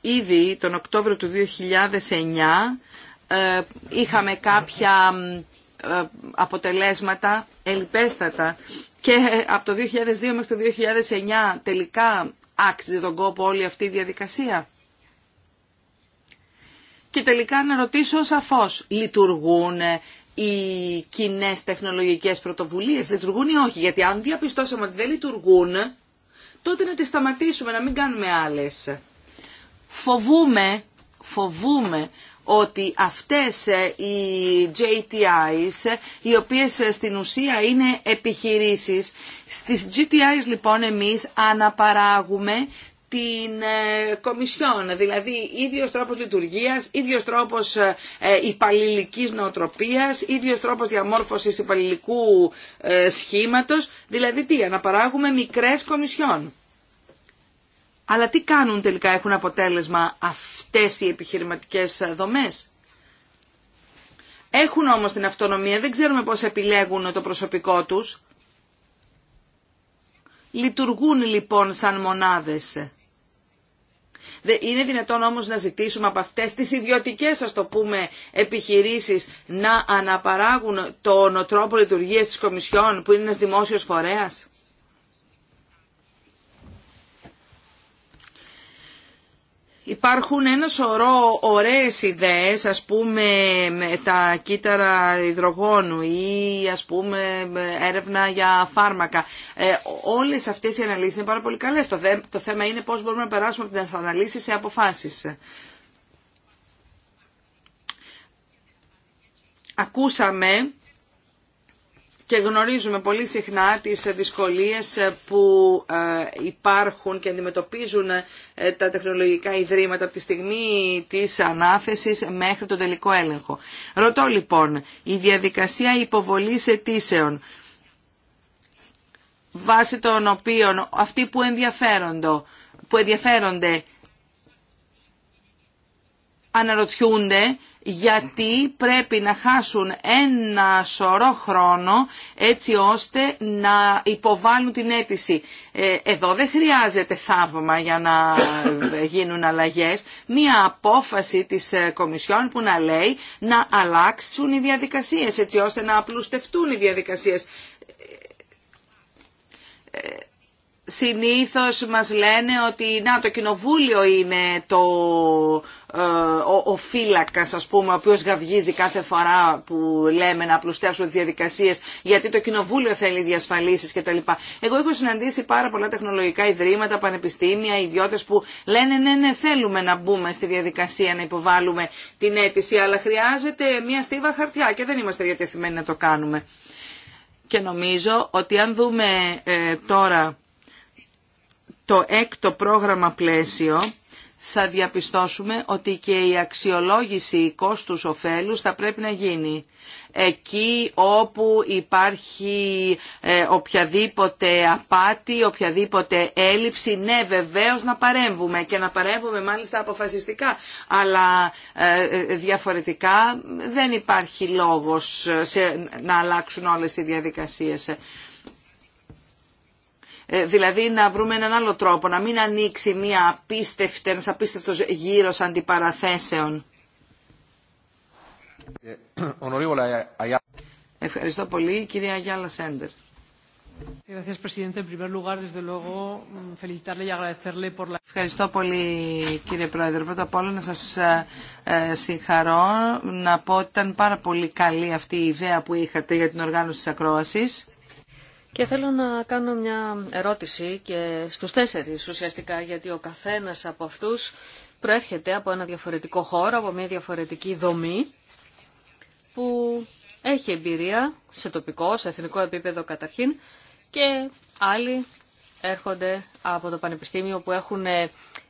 ήδη τον Οκτώβριο του 2009 είχαμε κάποια αποτελέσματα ελπέστατα και από το 2002 μέχρι το 2009 τελικά άξιζε τον κόπο όλη αυτή η διαδικασία και τελικά να ρωτήσω σαφώς, λειτουργούν οι κοινέ τεχνολογικές πρωτοβουλίες, λειτουργούν ή όχι, γιατί αν διαπιστώσαμε ότι δεν λειτουργούν, τότε να τι σταματήσουμε, να μην κάνουμε άλλες. Φοβούμε, φοβούμε ότι αυτές ε, οι JTIs, οι οποίες ε, στην ουσία είναι επιχειρήσεις, στις JTIs λοιπόν εμείς αναπαράγουμε την ε, Κομισιόν. Δηλαδή, ίδιος τρόπος λειτουργίας, ίδιος τρόπος ε, ε, υπαλληλικής νοοτροπίας, ίδιος τρόπος διαμόρφωσης υπαλληλικού σχήματος. Δηλαδή, τι, αναπαράγουμε μικρές Κομισιόν. Αλλά τι κάνουν τελικά, έχουν αποτέλεσμα αυτές οι επιχειρηματικές δομές. Έχουν όμως την αυτονομία, δεν ξέρουμε πώς επιλέγουν το προσωπικό τους. Λειτουργούν λοιπόν σαν μονάδες. Είναι δυνατόν όμως να ζητήσουμε από αυτές τις ιδιωτικέ, ας το πούμε επιχειρήσεις να αναπαράγουν τον τρόπο λειτουργία τη Κομισιόν που είναι ένα δημόσιο φορέα. Υπάρχουν ένα σωρό ωραίες ιδέες, ας πούμε με τα κύτταρα υδρογόνου ή ας πούμε έρευνα για φάρμακα. Ε, όλες αυτές οι αναλύσεις είναι πάρα πολύ καλές. Το, το θέμα είναι πώς μπορούμε να περάσουμε από τις αναλύσεις σε αποφάσεις. Ακούσαμε και γνωρίζουμε πολύ συχνά τις δυσκολίες ε, που ε, υπάρχουν και αντιμετωπίζουν ε, τα τεχνολογικά ιδρύματα από τη στιγμή της ανάθεσης μέχρι τον τελικό έλεγχο. Ρωτώ λοιπόν, η διαδικασία υποβολής αιτήσεων βάσει των οποίων αυτοί που, ενδιαφέρονται, που ενδιαφέρονται αναρωτιούνται γιατί πρέπει να χάσουν ένα σωρό χρόνο έτσι ώστε να υποβάλουν την αίτηση. Ε, εδώ δεν χρειάζεται θαύμα για να γίνουν αλλαγές. Μία απόφαση της ε, Κομισιόν που να λέει να αλλάξουν οι διαδικασίες έτσι ώστε να απλουστευτούν οι διαδικασίες. Ε, συνήθως μας λένε ότι να, το κοινοβούλιο είναι το ε, ο, ο φύλακας ας πούμε ο οποίο γαυγίζει κάθε φορά που λέμε να απλουστεύσουμε τι διαδικασίες γιατί το κοινοβούλιο θέλει διασφαλίσεις κτλ. Εγώ έχω συναντήσει πάρα πολλά τεχνολογικά ιδρύματα, πανεπιστήμια, ιδιώτες που λένε ναι ναι θέλουμε να μπούμε στη διαδικασία να υποβάλουμε την αίτηση αλλά χρειάζεται μια στίβα χαρτιά και δεν είμαστε διατεθειμένοι να το κάνουμε. Και νομίζω ότι αν δούμε ε, τώρα το έκτο πρόγραμμα πλαίσιο θα διαπιστώσουμε ότι και η αξιολόγηση κόστους ωφέλους θα πρέπει να γίνει. Εκεί όπου υπάρχει ε, οποιαδήποτε απάτη, οποιαδήποτε έλλειψη, ναι βεβαίως να παρέμβουμε και να παρέμβουμε μάλιστα αποφασιστικά. Αλλά ε, ε, διαφορετικά δεν υπάρχει λόγος να αλλάξουν όλες οι διαδικασίες. Ε, δηλαδή να βρούμε έναν άλλο τρόπο, να μην ανοίξει μια απίστευτη, ένας απίστευτος γύρος αντιπαραθέσεων. Ευχαριστώ πολύ. Κυρία Γιάλα Σέντερ. Ευχαριστώ πολύ κύριε Πρόεδρε. Πρώτα απ' όλα να σας ε, ε, συγχαρώ, να πω ότι ήταν πάρα πολύ καλή αυτή η ιδέα που είχατε για την οργάνωση της ακρόασης και θέλω να κάνω μια ερώτηση και στους τέσσερις ουσιαστικά, γιατί ο καθένας από αυτούς προέρχεται από ένα διαφορετικό χώρο, από μια διαφορετική δομή, που έχει εμπειρία σε τοπικό, σε εθνικό επίπεδο καταρχήν, και άλλοι έρχονται από το Πανεπιστήμιο που έχουν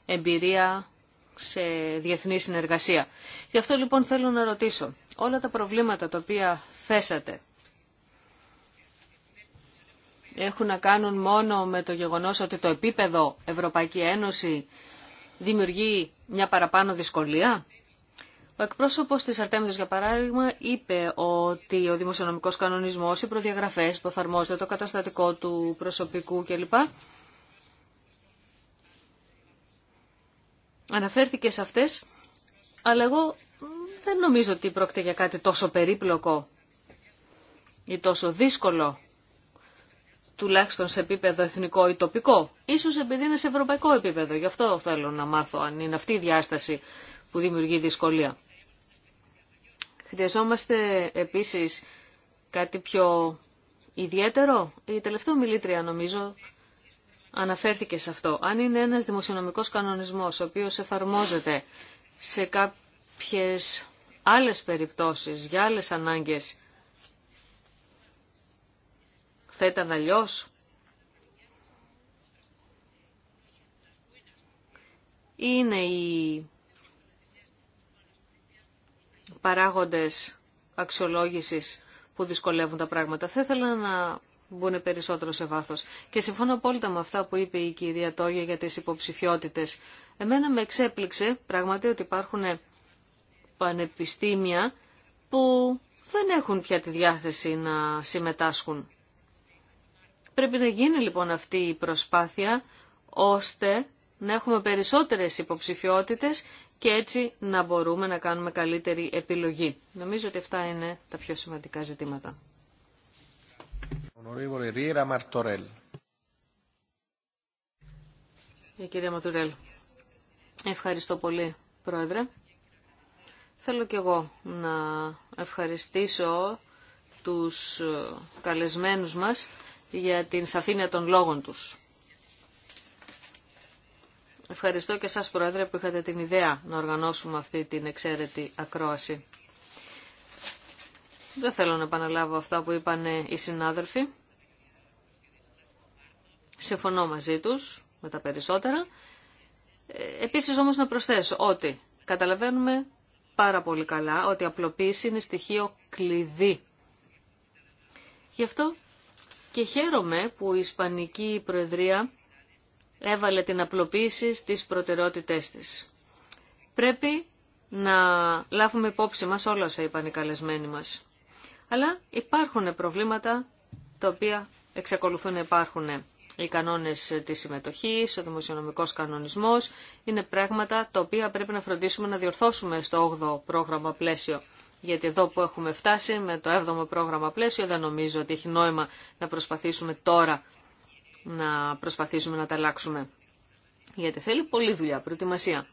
εμπειρία σε διεθνή συνεργασία. Γι' αυτό λοιπόν θέλω να ρωτήσω, όλα τα προβλήματα τα οποία θέσατε έχουν να κάνουν μόνο με το γεγονός ότι το επίπεδο Ευρωπαϊκή Ένωση δημιουργεί μια παραπάνω δυσκολία. Ο εκπρόσωπος της Αρτέμιδος, για παράδειγμα, είπε ότι ο δημοσιονομικός κανονισμός, οι προδιαγραφές που εφαρμόζεται, το καταστατικό του προσωπικού κλπ. Αναφέρθηκε σε αυτές, αλλά εγώ δεν νομίζω ότι πρόκειται για κάτι τόσο περίπλοκο ή τόσο δύσκολο τουλάχιστον σε επίπεδο εθνικό ή τοπικό. Ίσως επειδή είναι σε ευρωπαϊκό επίπεδο. Γι' αυτό θέλω να μάθω αν είναι αυτή η διάσταση που δημιουργεί δυσκολία. Χρειαζόμαστε επίσης κάτι πιο ιδιαίτερο. Η τελευταία μιλήτρια νομίζω αναφέρθηκε σε αυτό. Αν είναι ένας δημοσιονομικός κανονισμός ο οποίος εφαρμόζεται σε κάποιες άλλες περιπτώσεις, για άλλες ανάγκες, θα ήταν αλλιώς. Είναι οι παράγοντες αξιολόγησης που δυσκολεύουν τα πράγματα. Θα ήθελα να μπουν περισσότερο σε βάθος. Και συμφωνώ απόλυτα με αυτά που είπε η κυρία Τόγια για τις υποψηφιότητες. Εμένα με εξέπληξε πράγματι ότι υπάρχουν πανεπιστήμια που δεν έχουν πια τη διάθεση να συμμετάσχουν. Πρέπει να γίνει λοιπόν αυτή η προσπάθεια ώστε να έχουμε περισσότερες υποψηφιότητες και έτσι να μπορούμε να κάνουμε καλύτερη επιλογή. Νομίζω ότι αυτά είναι τα πιο σημαντικά ζητήματα. Η ε, κυρία Ματουρέλ. Ευχαριστώ πολύ, Πρόεδρε. Θέλω και εγώ να ευχαριστήσω τους ε, καλεσμένους μας για την σαφήνεια των λόγων τους. Ευχαριστώ και σας Πρόεδρε που είχατε την ιδέα να οργανώσουμε αυτή την εξαίρετη ακρόαση. Δεν θέλω να επαναλάβω αυτά που είπαν οι συνάδελφοι. Συμφωνώ μαζί τους με τα περισσότερα. Ε, επίσης όμως να προσθέσω ότι καταλαβαίνουμε πάρα πολύ καλά ότι η απλοποίηση είναι στοιχείο κλειδί. Γι' αυτό και χαίρομαι που η Ισπανική Προεδρία έβαλε την απλοποίηση στις προτεραιότητές της. Πρέπει να λάβουμε υπόψη μας όλα σε είπαν οι καλεσμένοι μας. Αλλά υπάρχουν προβλήματα τα οποία εξακολουθούν να υπάρχουν. Οι κανόνες της συμμετοχής, ο δημοσιονομικός κανονισμός είναι πράγματα τα οποία πρέπει να φροντίσουμε να διορθώσουμε στο 8ο πρόγραμμα πλαίσιο γιατί εδώ που έχουμε φτάσει με το 7ο πρόγραμμα πλαίσιο δεν νομίζω ότι έχει νόημα να προσπαθήσουμε τώρα να προσπαθήσουμε να τα αλλάξουμε. Γιατί θέλει πολλή δουλειά, προετοιμασία.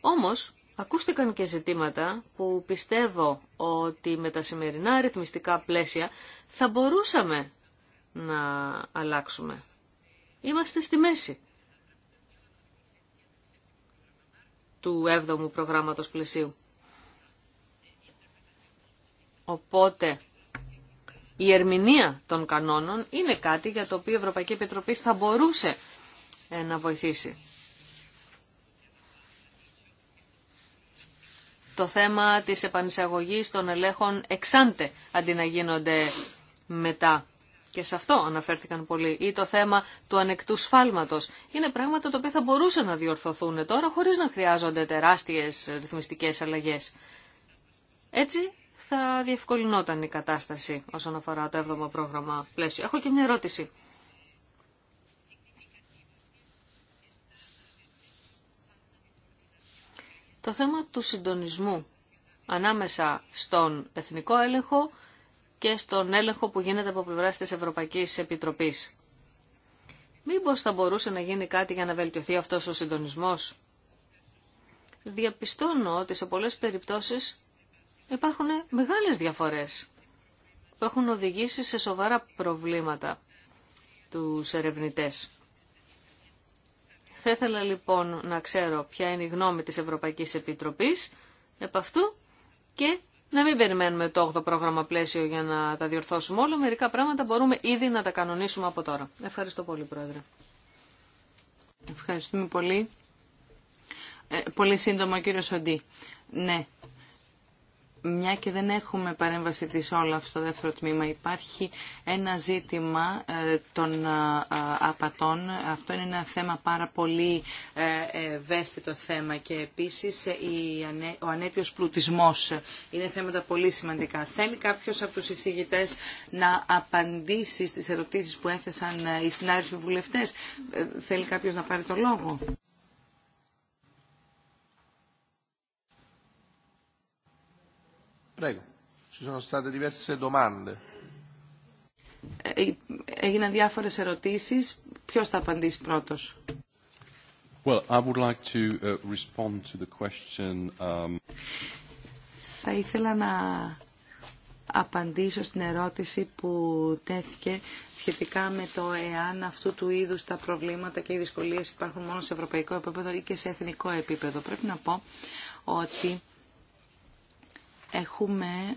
Όμως, ακούστηκαν και ζητήματα που πιστεύω ότι με τα σημερινά ρυθμιστικά πλαίσια θα μπορούσαμε να αλλάξουμε. Είμαστε στη μέση του 7ου προγράμματος πλαισίου. Οπότε η ερμηνεία των κανόνων είναι κάτι για το οποίο η Ευρωπαϊκή Επιτροπή θα μπορούσε ε, να βοηθήσει. Το θέμα της επανεισαγωγής των ελέγχων εξάντε αντί να γίνονται μετά. Και σε αυτό αναφέρθηκαν πολλοί. Ή το θέμα του ανεκτού σφάλματος. Είναι πράγματα τα οποία θα μπορούσαν να διορθωθούν τώρα χωρίς να χρειάζονται τεράστιες ρυθμιστικές αλλαγές. Έτσι θα διευκολυνόταν η κατάσταση όσον αφορά το 7ο πρόγραμμα πλαίσιο. Έχω και μια ερώτηση. Το θέμα του συντονισμού ανάμεσα στον εθνικό έλεγχο και στον έλεγχο που γίνεται από πλευρά της Ευρωπαϊκής Επιτροπής. Μήπως θα μπορούσε να γίνει κάτι για να βελτιωθεί αυτός ο συντονισμός. Διαπιστώνω ότι σε πολλές περιπτώσεις υπάρχουν μεγάλες διαφορές που έχουν οδηγήσει σε σοβαρά προβλήματα τους ερευνητές. Θα ήθελα λοιπόν να ξέρω ποια είναι η γνώμη της Ευρωπαϊκής Επιτροπής επ' αυτού και να μην περιμένουμε το 8ο πρόγραμμα πλαίσιο για να τα διορθώσουμε όλα. Μερικά πράγματα μπορούμε ήδη να τα κανονίσουμε από τώρα. Ευχαριστώ πολύ, Πρόεδρε. Ευχαριστούμε πολύ. Ε, πολύ σύντομα, κύριο Σοντή. Ναι, μια και δεν έχουμε παρέμβαση της όλα στο δεύτερο τμήμα, υπάρχει ένα ζήτημα ε, των ε, απατών. Αυτό είναι ένα θέμα πάρα πολύ ε, ευαίσθητο θέμα και επίσης ο ανέτιος πλουτισμός είναι θέματα πολύ σημαντικά. Θέλει κάποιος από τους εισηγητές να απαντήσει στις ερωτήσεις που έθεσαν οι συνάδελφοι βουλευτές. Θέλει κάποιος να πάρει το λόγο. Prego. Ci sono state diverse domande. Ε, έγιναν διάφορες ερωτήσεις. Ποιος θα απαντήσει πρώτος. Well, I would like to uh, respond to the question. Um, θα ήθελα να απαντήσω στην ερώτηση που τέθηκε σχετικά με το εάν αυτού του είδους τα προβλήματα και οι δυσκολίες υπάρχουν μόνο σε ευρωπαϊκό επίπεδο ή και σε εθνικό επίπεδο. Πρέπει να πω ότι Έχουμε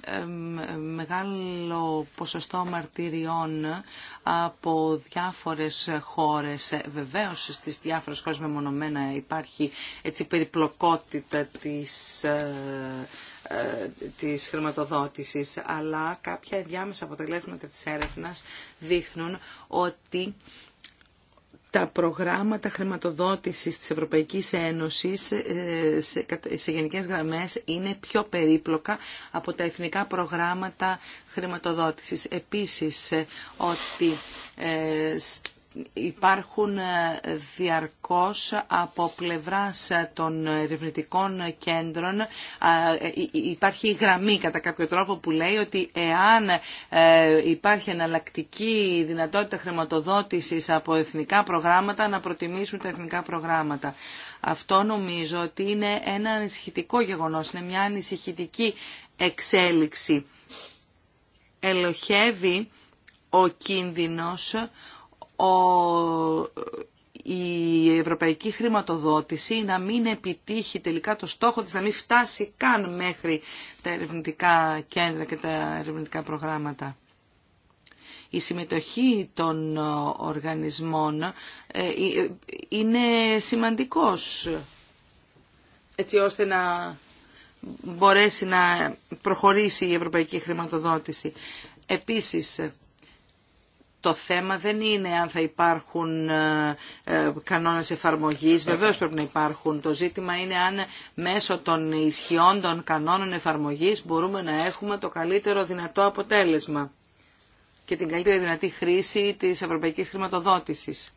μεγάλο ποσοστό μαρτυριών από διάφορες χώρες. Βεβαίως στις διάφορες χώρες μεμονωμένα υπάρχει έτσι περιπλοκότητα της ε, ε, της χρηματοδότησης, αλλά κάποια διάμεσα αποτελέσματα της έρευνας δείχνουν ότι τα προγράμματα χρηματοδότησης της Ευρωπαϊκής Ένωσης ε, σε γενικές γραμμές είναι πιο περίπλοκα από τα εθνικά προγράμματα χρηματοδότησης. Επίσης, ε, ότι ε, υπάρχουν ε, διαρκώς από πλευράς ε, των ερευνητικών κέντρων ε, υπάρχει γραμμή κατά κάποιο τρόπο που λέει ότι εάν υπάρχει εναλλακτική δυνατότητα χρηματοδότησης από εθνικά προγράμματα να προτιμήσουν τα εθνικά προγράμματα. Αυτό νομίζω ότι είναι ένα ανησυχητικό γεγονός, είναι μια ανησυχητική εξέλιξη. Ελοχεύει ο κίνδυνος ο, η ευρωπαϊκή χρηματοδότηση να μην επιτύχει τελικά το στόχο της, να μην φτάσει καν μέχρι τα ερευνητικά κέντρα και τα ερευνητικά προγράμματα. Η συμμετοχή των οργανισμών ε, ε, είναι σημαντικός έτσι ώστε να μπορέσει να προχωρήσει η ευρωπαϊκή χρηματοδότηση. Επίσης, το θέμα δεν είναι αν θα υπάρχουν ε, ε, κανόνες εφαρμογής, βεβαίως πρέπει να υπάρχουν. Το ζήτημα είναι αν μέσω των ισχυών των κανόνων εφαρμογής μπορούμε να έχουμε το καλύτερο δυνατό αποτέλεσμα και την καλύτερη δυνατή χρήση της ευρωπαϊκής χρηματοδότησης.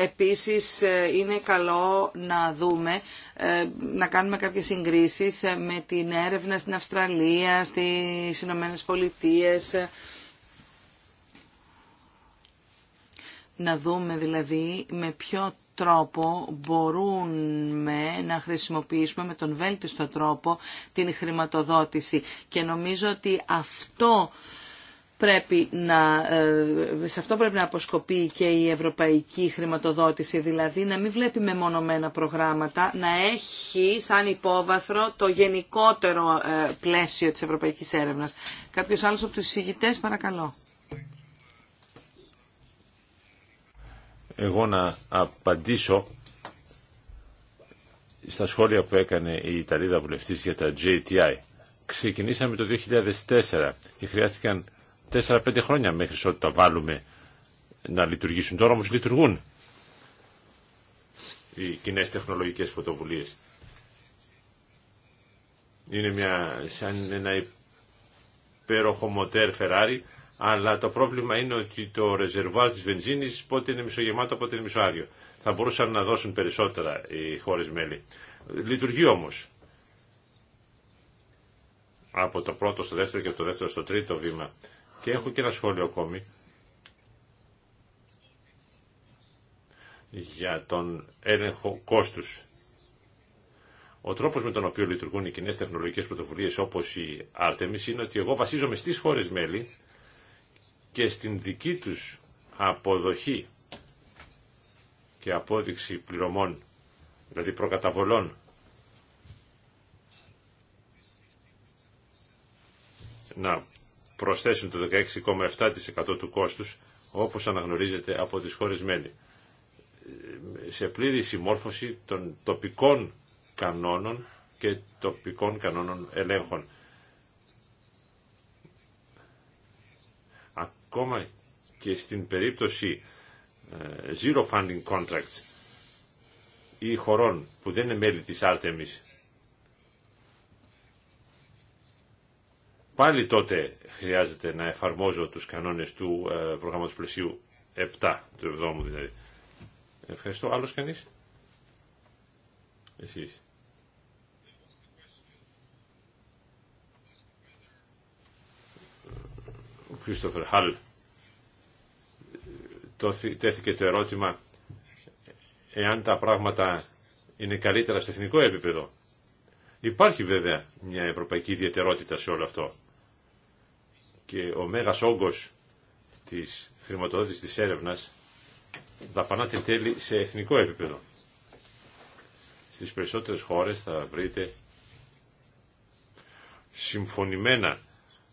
Επίσης ε, είναι καλό να δούμε, ε, να κάνουμε κάποιες συγκρίσεις ε, με την έρευνα στην Αυστραλία, στις Ηνωμένε Πολιτείες. Να δούμε δηλαδή με ποιο τρόπο μπορούμε να χρησιμοποιήσουμε με τον βέλτιστο τρόπο την χρηματοδότηση. Και νομίζω ότι αυτό πρέπει να, ε, σε αυτό πρέπει να αποσκοπεί και η ευρωπαϊκή χρηματοδότηση, δηλαδή να μην βλέπει μεμονωμένα προγράμματα, να έχει σαν υπόβαθρο το γενικότερο ε, πλαίσιο της ευρωπαϊκής έρευνας. Κάποιος άλλος από τους συγητές, παρακαλώ. Εγώ να απαντήσω στα σχόλια που έκανε η Ιταλίδα βουλευτής για τα JTI. Ξεκινήσαμε το 2004 και χρειάστηκαν Τέσσερα-πέντε χρόνια μέχρι ό,τι τα βάλουμε να λειτουργήσουν. Τώρα όμως λειτουργούν οι κοινέ τεχνολογικές πρωτοβουλίες. Είναι μια, σαν ένα υπέροχο μοτέρ Φεράρι, αλλά το πρόβλημα είναι ότι το ρεζερβάρ της βενζίνης πότε είναι μισογεμάτο, πότε είναι μισοάδιο. Θα μπορούσαν να δώσουν περισσότερα οι χώρες μέλη. Λειτουργεί όμως. Από το πρώτο στο δεύτερο και από το δεύτερο στο τρίτο βήμα και έχω και ένα σχόλιο ακόμη για τον έλεγχο κόστους. Ο τρόπος με τον οποίο λειτουργούν οι κοινέ τεχνολογικές πρωτοβουλίες όπως η Artemis είναι ότι εγώ βασίζομαι στις χώρες μέλη και στην δική τους αποδοχή και απόδειξη πληρωμών, δηλαδή προκαταβολών να προσθέσουν το 16,7% του κόστους, όπως αναγνωρίζεται από τις χώρες μέλη. Σε πλήρη συμμόρφωση των τοπικών κανόνων και τοπικών κανόνων ελέγχων. Ακόμα και στην περίπτωση ε, zero funding contracts ή χωρών που δεν είναι μέλη της Άρτεμις πάλι τότε χρειάζεται να εφαρμόζω τους κανόνες του ε, προγράμματος πλαισίου 7, του 7ου δηλαδή. Ευχαριστώ. Άλλος κανείς? Εσείς. Ο Κρίστοφερ Χάλ. Τέθηκε το ερώτημα εάν τα πράγματα είναι καλύτερα στο εθνικό επίπεδο Υπάρχει βέβαια μια ευρωπαϊκή ιδιαιτερότητα σε όλο αυτό. Και ο μέγας όγκος της χρηματοδότησης της έρευνας δαπανάται τέλει σε εθνικό επίπεδο. Στις περισσότερες χώρες θα βρείτε συμφωνημένα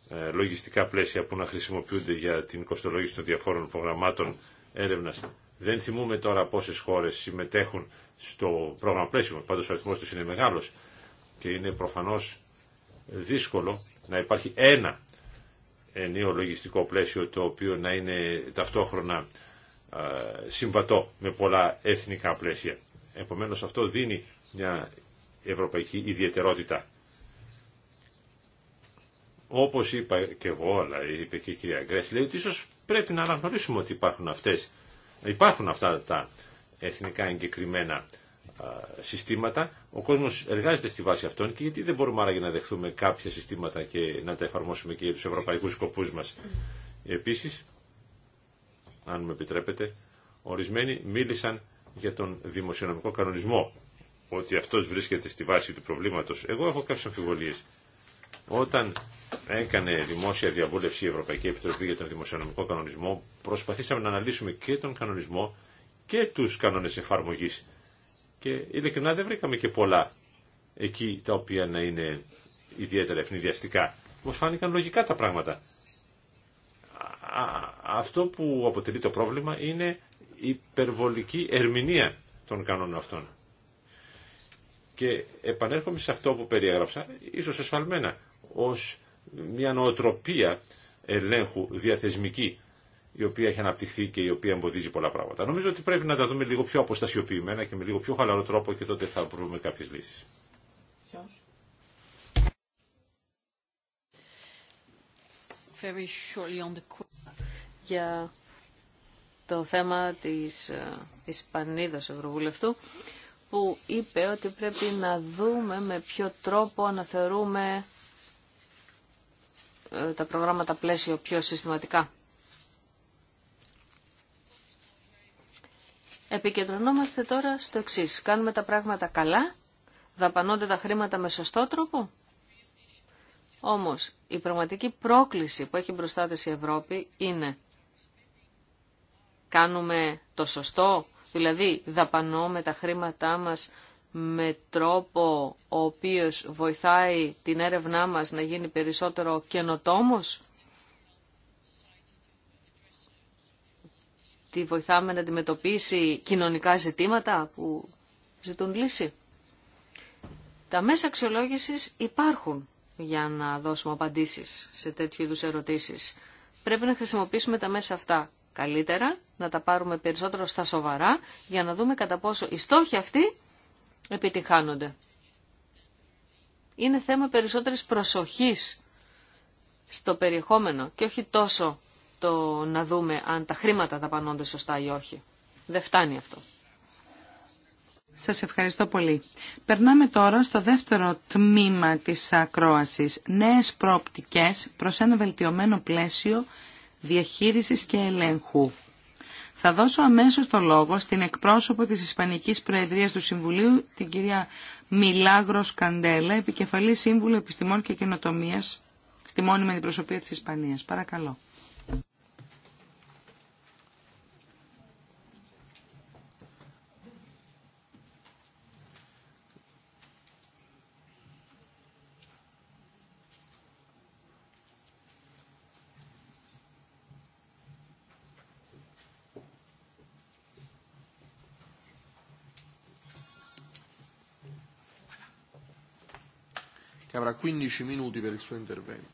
ε, λογιστικά πλαίσια που να χρησιμοποιούνται για την κοστολόγηση των διαφόρων προγραμμάτων έρευνας. Δεν θυμούμε τώρα πόσες χώρες συμμετέχουν στο πρόγραμμα πλαίσιο, πάντως ο αριθμός τους είναι μεγάλος και είναι προφανώς δύσκολο να υπάρχει ένα ενίο λογιστικό πλαίσιο το οποίο να είναι ταυτόχρονα συμβατό με πολλά εθνικά πλαίσια. Επομένως αυτό δίνει μια ευρωπαϊκή ιδιαιτερότητα. Όπως είπα και εγώ, αλλά είπε και η κυρία Γκρέση, λέει ότι ίσως πρέπει να αναγνωρίσουμε ότι υπάρχουν αυτές, υπάρχουν αυτά τα εθνικά εγκεκριμένα συστήματα, ο κόσμος εργάζεται στη βάση αυτών και γιατί δεν μπορούμε άραγε να δεχθούμε κάποια συστήματα και να τα εφαρμόσουμε και για τους ευρωπαϊκούς σκοπούς μας. Επίσης, αν μου επιτρέπετε, ορισμένοι μίλησαν για τον δημοσιονομικό κανονισμό, ότι αυτός βρίσκεται στη βάση του προβλήματος. Εγώ έχω κάποιες αμφιβολίες. Όταν έκανε δημόσια διαβούλευση η Ευρωπαϊκή Επιτροπή για τον δημοσιονομικό κανονισμό, προσπαθήσαμε να αναλύσουμε και τον κανονισμό και τους κανόνες εφαρμογής και ειλικρινά δεν βρήκαμε και πολλά εκεί τα οποία να είναι ιδιαίτερα ευνηδιαστικά. Μα φάνηκαν λογικά τα πράγματα. Αυτό που αποτελεί το πρόβλημα είναι η υπερβολική ερμηνεία των κανόνων αυτών. Και επανέρχομαι σε αυτό που περιέγραψα, ίσως εσφαλμένα, ως μια νοοτροπία ελέγχου διαθεσμική η οποία έχει αναπτυχθεί και η οποία εμποδίζει πολλά πράγματα. Νομίζω ότι πρέπει να τα δούμε λίγο πιο αποστασιοποιημένα και με λίγο πιο χαλαρό τρόπο και τότε θα βρούμε κάποιες λύσεις. Very shortly on the... Για το θέμα της Ισπανίδας ε, Ευρωβουλευτού που είπε ότι πρέπει να δούμε με ποιο τρόπο αναθερούμε ε, τα προγράμματα πλαίσιο πιο συστηματικά. Επικεντρωνόμαστε τώρα στο εξή. Κάνουμε τα πράγματα καλά, δαπανώνται τα χρήματα με σωστό τρόπο. Όμως η πραγματική πρόκληση που έχει μπροστά της η Ευρώπη είναι κάνουμε το σωστό, δηλαδή δαπανώμε τα χρήματά μας με τρόπο ο οποίος βοηθάει την έρευνά μας να γίνει περισσότερο καινοτόμος τη βοηθάμε να αντιμετωπίσει κοινωνικά ζητήματα που ζητούν λύση. Τα μέσα αξιολόγησης υπάρχουν για να δώσουμε απαντήσεις σε τέτοιου είδους ερωτήσεις. Πρέπει να χρησιμοποιήσουμε τα μέσα αυτά καλύτερα, να τα πάρουμε περισσότερο στα σοβαρά, για να δούμε κατά πόσο οι στόχοι αυτοί επιτυχάνονται. Είναι θέμα περισσότερης προσοχής στο περιεχόμενο και όχι τόσο το να δούμε αν τα χρήματα δαπανώνται σωστά ή όχι. Δεν φτάνει αυτό. Σας ευχαριστώ πολύ. Περνάμε τώρα στο δεύτερο τμήμα της ακρόασης. Νέες πρόπτικες προς ένα βελτιωμένο πλαίσιο διαχείρισης και ελέγχου. Θα δώσω αμέσως το λόγο στην εκπρόσωπο της Ισπανικής Προεδρίας του Συμβουλίου, την κυρία Μιλάγρο Καντέλα, επικεφαλή Σύμβουλο Επιστημών και Καινοτομίας στη μόνιμη αντιπροσωπεία της Ισπανίας. Παρακαλώ.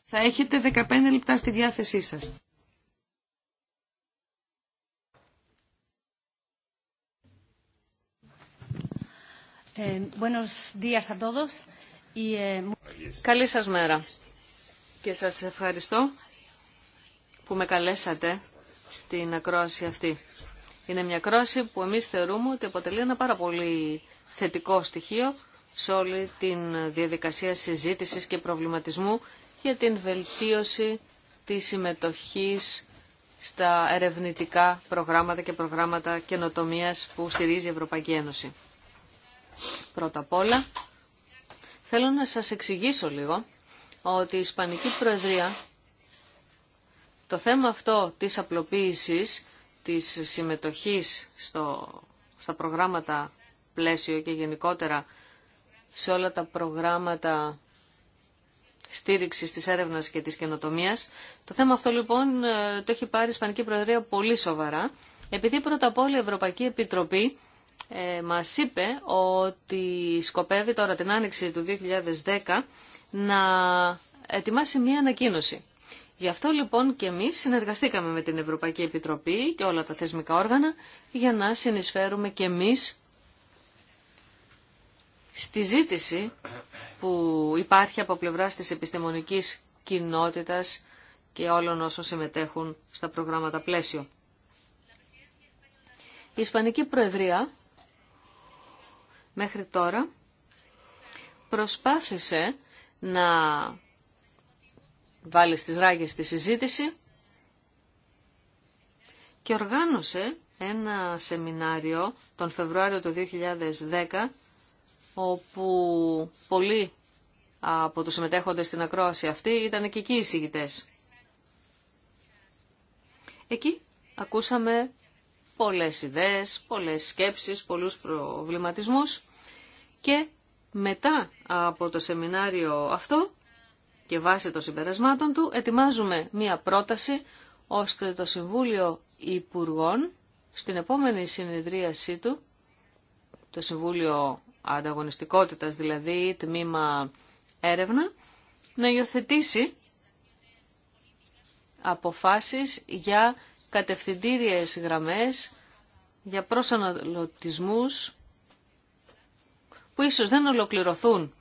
Θα έχετε 15 λεπτά στη διάθεσή σας. Ε, ε, Καλή σας μέρα και σας ευχαριστώ που με καλέσατε στην ακρόαση αυτή. Είναι μια ακρόαση που εμείς θεωρούμε ότι αποτελεί ένα πάρα πολύ θετικό στοιχείο σε όλη την διαδικασία συζήτησης και προβληματισμού για την βελτίωση της συμμετοχής στα ερευνητικά προγράμματα και προγράμματα καινοτομίας που στηρίζει η Ευρωπαϊκή Ένωση. Πρώτα απ' όλα, θέλω να σας εξηγήσω λίγο ότι η Ισπανική Προεδρία το θέμα αυτό της απλοποίησης, της συμμετοχής στο, στα προγράμματα πλαίσιο και γενικότερα σε όλα τα προγράμματα στήριξης της έρευνας και της καινοτομίας. Το θέμα αυτό λοιπόν ε, το έχει πάρει η Ισπανική Προεδρία πολύ σοβαρά, επειδή πρώτα απ' όλα η Ευρωπαϊκή Επιτροπή ε, μας είπε ότι σκοπεύει τώρα την άνοιξη του 2010 να ετοιμάσει μία ανακοίνωση. Γι' αυτό λοιπόν και εμείς συνεργαστήκαμε με την Ευρωπαϊκή Επιτροπή και όλα τα θεσμικά όργανα για να συνεισφέρουμε και εμείς στη ζήτηση που υπάρχει από πλευράς της επιστημονικής κοινότητας και όλων όσων συμμετέχουν στα προγράμματα πλαίσιο. Η Ισπανική Προεδρία μέχρι τώρα προσπάθησε να βάλει στις ράγες τη συζήτηση και οργάνωσε ένα σεμινάριο τον Φεβρουάριο του 2010 όπου πολλοί από τους συμμετέχοντες στην ακρόαση αυτή ήταν και εκεί οι Εκεί ακούσαμε πολλές ιδέες, πολλές σκέψεις, πολλούς προβληματισμούς και μετά από το σεμινάριο αυτό και βάσει των συμπερασμάτων του ετοιμάζουμε μία πρόταση ώστε το Συμβούλιο Υπουργών στην επόμενη συνεδρίασή του, το Συμβούλιο ανταγωνιστικότητας, δηλαδή τμήμα έρευνα, να υιοθετήσει αποφάσεις για κατευθυντήριες γραμμές, για προσαναλωτισμούς που ίσως δεν ολοκληρωθούν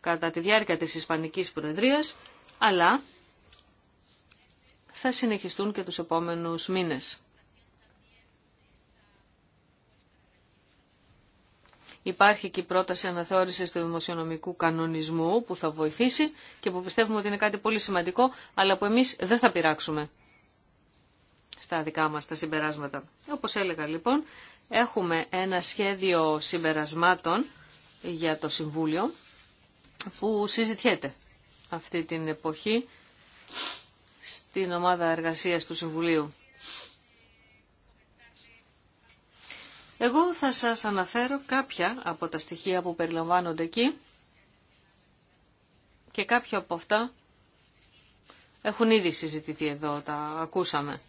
κατά τη διάρκεια της Ισπανικής Προεδρίας, αλλά θα συνεχιστούν και τους επόμενους μήνες. Υπάρχει και η πρόταση αναθεώρησης του δημοσιονομικού κανονισμού που θα βοηθήσει και που πιστεύουμε ότι είναι κάτι πολύ σημαντικό, αλλά που εμείς δεν θα πειράξουμε στα δικά μας τα συμπεράσματα. Όπως έλεγα λοιπόν, έχουμε ένα σχέδιο συμπερασμάτων για το Συμβούλιο που συζητιέται αυτή την εποχή στην ομάδα εργασίας του Συμβουλίου. Εγώ θα σας αναφέρω κάποια από τα στοιχεία που περιλαμβάνονται εκεί και κάποια από αυτά έχουν ήδη συζητηθεί εδώ, τα ακούσαμε.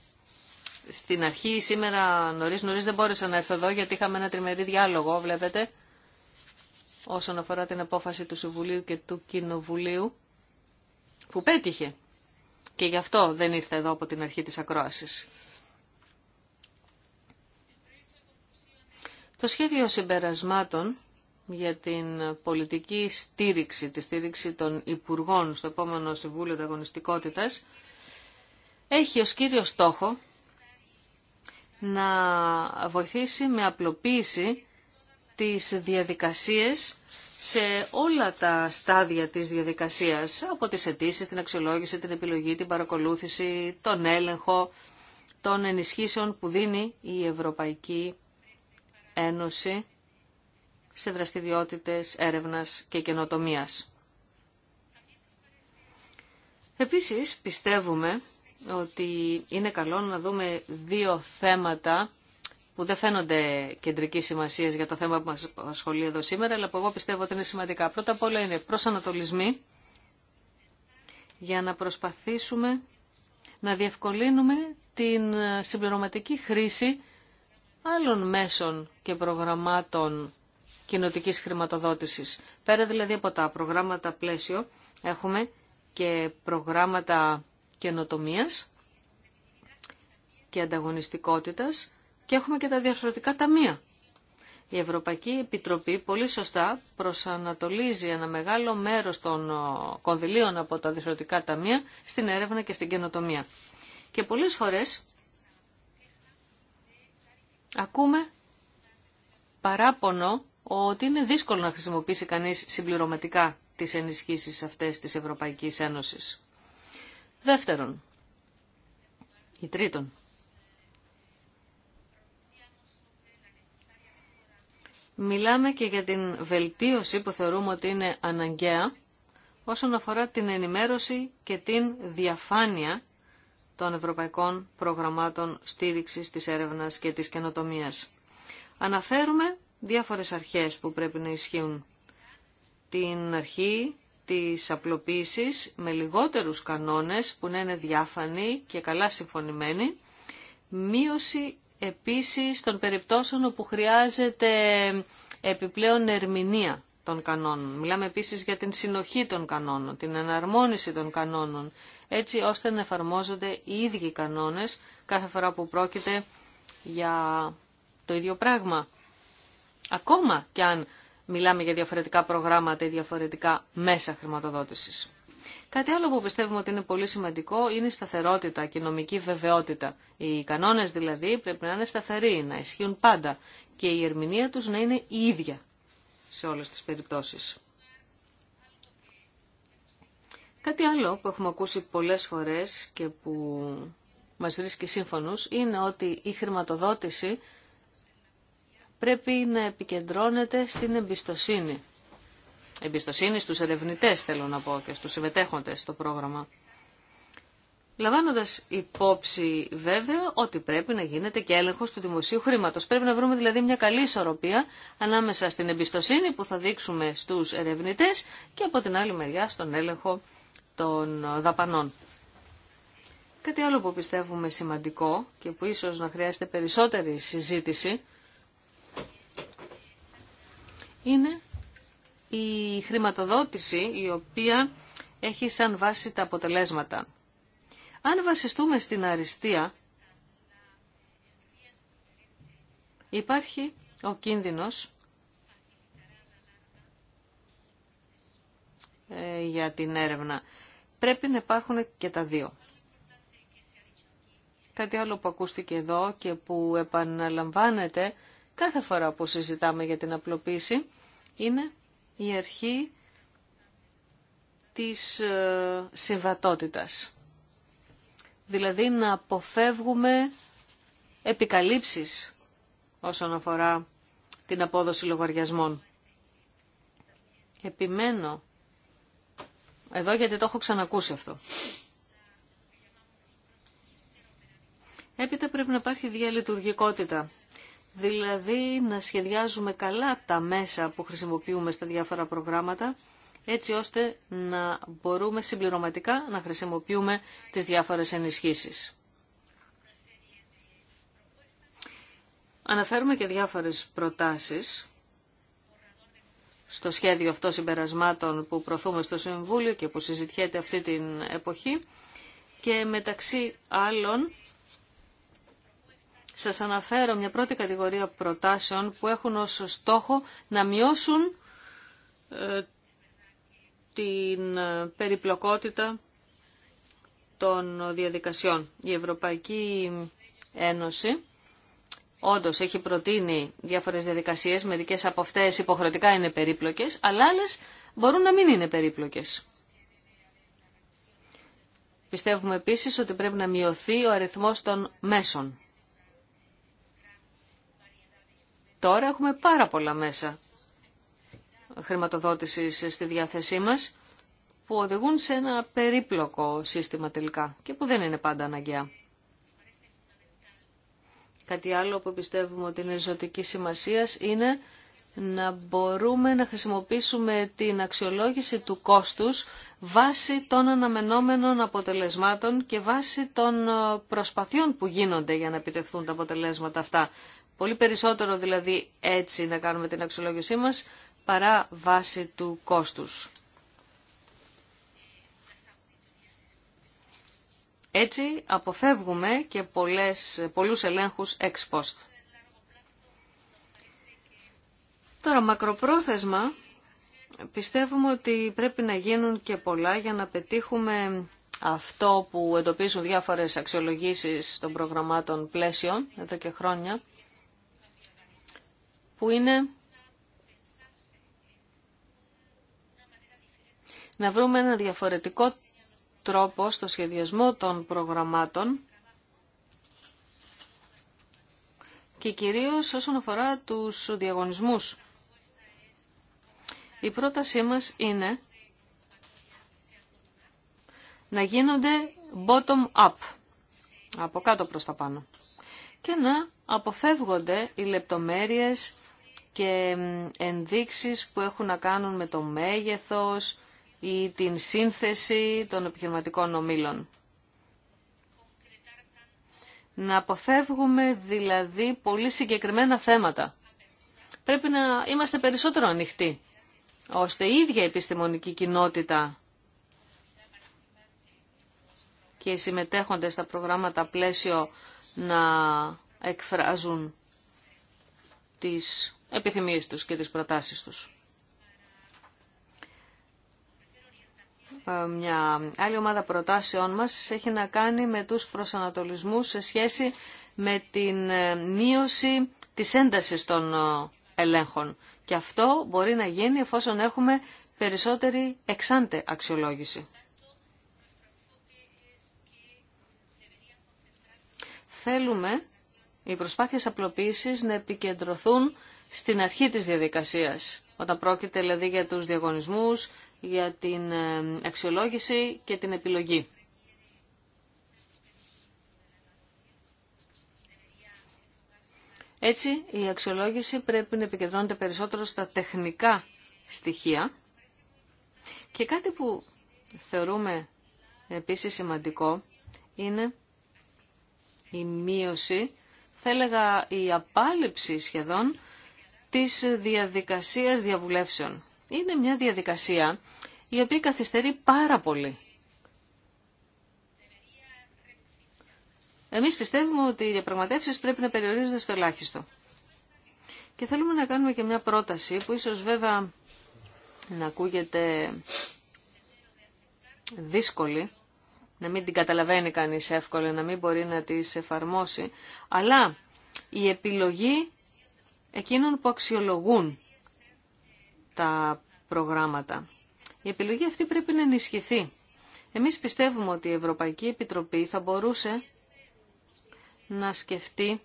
Στην αρχή σήμερα νωρίς νωρίς δεν μπόρεσα να έρθω εδώ γιατί είχαμε ένα τριμερή διάλογο, βλέπετε, όσον αφορά την απόφαση του Συμβουλίου και του Κοινοβουλίου που πέτυχε. Και γι' αυτό δεν ήρθα εδώ από την αρχή της ακρόασης. Το σχέδιο συμπερασμάτων για την πολιτική στήριξη, τη στήριξη των Υπουργών στο επόμενο Συμβούλιο Ανταγωνιστικότητας, έχει ως κύριο στόχο να βοηθήσει με απλοποίηση τις διαδικασίες σε όλα τα στάδια της διαδικασίας, από τις αιτήσει, την αξιολόγηση, την επιλογή, την παρακολούθηση, τον έλεγχο των ενισχύσεων που δίνει η Ευρωπαϊκή Ένωση σε δραστηριότητες έρευνας και καινοτομίας. Επίσης πιστεύουμε ότι είναι καλό να δούμε δύο θέματα που δεν φαίνονται κεντρική σημασία για το θέμα που μας ασχολεί εδώ σήμερα, αλλά που εγώ πιστεύω ότι είναι σημαντικά. Πρώτα απ' όλα είναι προσανατολισμοί για να προσπαθήσουμε να διευκολύνουμε την συμπληρωματική χρήση άλλων μέσων και προγραμμάτων κοινοτική χρηματοδότησης. Πέρα δηλαδή από τα προγράμματα πλαίσιο έχουμε και προγράμματα καινοτομία και ανταγωνιστικότητα και έχουμε και τα διαφορετικά ταμεία. Η Ευρωπαϊκή Επιτροπή πολύ σωστά προσανατολίζει ένα μεγάλο μέρος των ε, κονδυλίων από τα διαφροντικά ταμεία στην έρευνα και στην καινοτομία. Και πολλές φορές ακούμε παράπονο ότι είναι δύσκολο να χρησιμοποιήσει κανείς συμπληρωματικά τις ενισχύσεις αυτές της Ευρωπαϊκής Ένωσης. Δεύτερον, ή τρίτον, μιλάμε και για την βελτίωση που θεωρούμε ότι είναι αναγκαία όσον αφορά την ενημέρωση και την διαφάνεια των ευρωπαϊκών προγραμμάτων στήριξης της έρευνας και της καινοτομίας. Αναφέρουμε διάφορες αρχές που πρέπει να ισχύουν. Την αρχή της απλοποίησης με λιγότερους κανόνες που να είναι διάφανοι και καλά συμφωνημένοι. Μείωση επίσης των περιπτώσεων όπου χρειάζεται επιπλέον ερμηνεία των κανόνων. Μιλάμε επίσης για την συνοχή των κανόνων, την εναρμόνιση των κανόνων, έτσι ώστε να εφαρμόζονται οι ίδιοι κανόνες κάθε φορά που πρόκειται για το ίδιο πράγμα. Ακόμα και αν μιλάμε για διαφορετικά προγράμματα ή διαφορετικά μέσα χρηματοδότησης. Κάτι άλλο που πιστεύουμε ότι είναι πολύ σημαντικό είναι η σταθερότητα και η νομική βεβαιότητα. Οι κανόνες δηλαδή πρέπει να είναι σταθεροί, να ισχύουν πάντα και η ερμηνεία τους να είναι η ίδια σε όλες τις περιπτώσεις. Κάτι άλλο που έχουμε ακούσει πολλές φορές και που μας βρίσκει σύμφωνος είναι ότι η χρηματοδότηση πρέπει να επικεντρώνεται στην εμπιστοσύνη. Εμπιστοσύνη στους ερευνητές θέλω να πω και στους συμμετέχοντες στο πρόγραμμα. Λαμβάνοντας υπόψη βέβαια ότι πρέπει να γίνεται και έλεγχος του δημοσίου χρήματος. Πρέπει να βρούμε δηλαδή μια καλή ισορροπία ανάμεσα στην εμπιστοσύνη που θα δείξουμε στους ερευνητές και από την άλλη μεριά στον έλεγχο των δαπανών. Κάτι άλλο που πιστεύουμε σημαντικό και που ίσως να χρειάζεται περισσότερη συζήτηση είναι η χρηματοδότηση η οποία έχει σαν βάση τα αποτελέσματα. Αν βασιστούμε στην αριστεία, υπάρχει ο κίνδυνος ε, για την έρευνα. Πρέπει να υπάρχουν και τα δύο. Κάτι άλλο που ακούστηκε εδώ και που επαναλαμβάνεται κάθε φορά που συζητάμε για την απλοποίηση είναι η αρχή της ε, συμβατότητας. Δηλαδή να αποφεύγουμε επικαλύψεις όσον αφορά την απόδοση λογαριασμών. Επιμένω εδώ γιατί το έχω ξανακούσει αυτό. Έπειτα πρέπει να υπάρχει διαλειτουργικότητα. Δηλαδή να σχεδιάζουμε καλά τα μέσα που χρησιμοποιούμε στα διάφορα προγράμματα έτσι ώστε να μπορούμε συμπληρωματικά να χρησιμοποιούμε τις διάφορες ενισχύσεις. Αναφέρουμε και διάφορες προτάσεις στο σχέδιο αυτό συμπερασμάτων που προωθούμε στο Συμβούλιο και που συζητιέται αυτή την εποχή. Και μεταξύ άλλων σας αναφέρω μια πρώτη κατηγορία προτάσεων που έχουν ως στόχο να μειώσουν ε, την ε, περιπλοκότητα των διαδικασιών. Η Ευρωπαϊκή Ένωση όντω έχει προτείνει διάφορε διαδικασίε. Μερικέ από αυτέ υποχρεωτικά είναι περίπλοκε, αλλά άλλε μπορούν να μην είναι περίπλοκε. Πιστεύουμε επίση ότι πρέπει να μειωθεί ο αριθμό των μέσων. Τώρα έχουμε πάρα πολλά μέσα χρηματοδότησης στη διάθεσή μας που οδηγούν σε ένα περίπλοκο σύστημα τελικά και που δεν είναι πάντα αναγκαία. Κάτι άλλο που πιστεύουμε ότι είναι ζωτική σημασία είναι να μπορούμε να χρησιμοποιήσουμε την αξιολόγηση του κόστους βάσει των αναμενόμενων αποτελεσμάτων και βάσει των ε, προσπαθειών που γίνονται για να επιτευχθούν τα αποτελέσματα αυτά. Πολύ περισσότερο δηλαδή έτσι να κάνουμε την αξιολόγησή μας παρά βάσει του κόστους. Έτσι αποφεύγουμε και πολλές, πολλούς ελέγχους ex post. Τώρα μακροπρόθεσμα πιστεύουμε ότι πρέπει να γίνουν και πολλά για να πετύχουμε αυτό που εντοπίζουν διάφορες αξιολογήσεις των προγραμμάτων πλαίσιων εδώ και χρόνια που είναι να βρούμε ένα διαφορετικό τρόπο στο σχεδιασμό των προγραμμάτων και κυρίως όσον αφορά τους διαγωνισμούς. Η πρότασή μας είναι να γίνονται bottom-up, από κάτω προς τα πάνω, και να αποφεύγονται οι λεπτομέρειες και ενδείξεις που έχουν να κάνουν με το μέγεθος, ή την σύνθεση των επιχειρηματικών ομίλων. Να αποφεύγουμε δηλαδή πολύ συγκεκριμένα θέματα. Πρέπει να είμαστε περισσότερο ανοιχτοί, ώστε η την συνθεση των επιχειρηματικων ομηλων να αποφευγουμε επιστημονική κοινότητα και οι συμμετέχοντες στα προγράμματα πλαίσιο να εκφράζουν τις επιθυμίες τους και τις προτάσεις τους. Ε, μια άλλη ομάδα προτάσεών μας έχει να κάνει με τους προσανατολισμούς σε σχέση με την ε, μείωση της έντασης των ε, ελέγχων. Και αυτό μπορεί να γίνει εφόσον έχουμε περισσότερη εξάντε αξιολόγηση. Θέλουμε οι προσπάθειες απλοποίησης να επικεντρωθούν στην αρχή της διαδικασίας, όταν πρόκειται δηλαδή για τους διαγωνισμούς, για την ε, αξιολόγηση και την επιλογή. Έτσι, η αξιολόγηση πρέπει να επικεντρώνεται περισσότερο στα τεχνικά στοιχεία και κάτι που θεωρούμε επίσης σημαντικό είναι η μείωση, θα έλεγα η απάλληψη σχεδόν, της διαδικασίας διαβουλεύσεων είναι μια διαδικασία η οποία καθυστερεί πάρα πολύ. Εμείς πιστεύουμε ότι οι διαπραγματεύσεις πρέπει να περιορίζονται στο ελάχιστο. Και θέλουμε να κάνουμε και μια πρόταση που ίσως βέβαια να ακούγεται δύσκολη, να μην την καταλαβαίνει κανείς εύκολα, να μην μπορεί να τις εφαρμόσει, αλλά η επιλογή εκείνων που αξιολογούν τα προγράμματα. Η επιλογή αυτή πρέπει να ενισχυθεί. Εμείς πιστεύουμε ότι η Ευρωπαϊκή Επιτροπή θα μπορούσε να σκεφτεί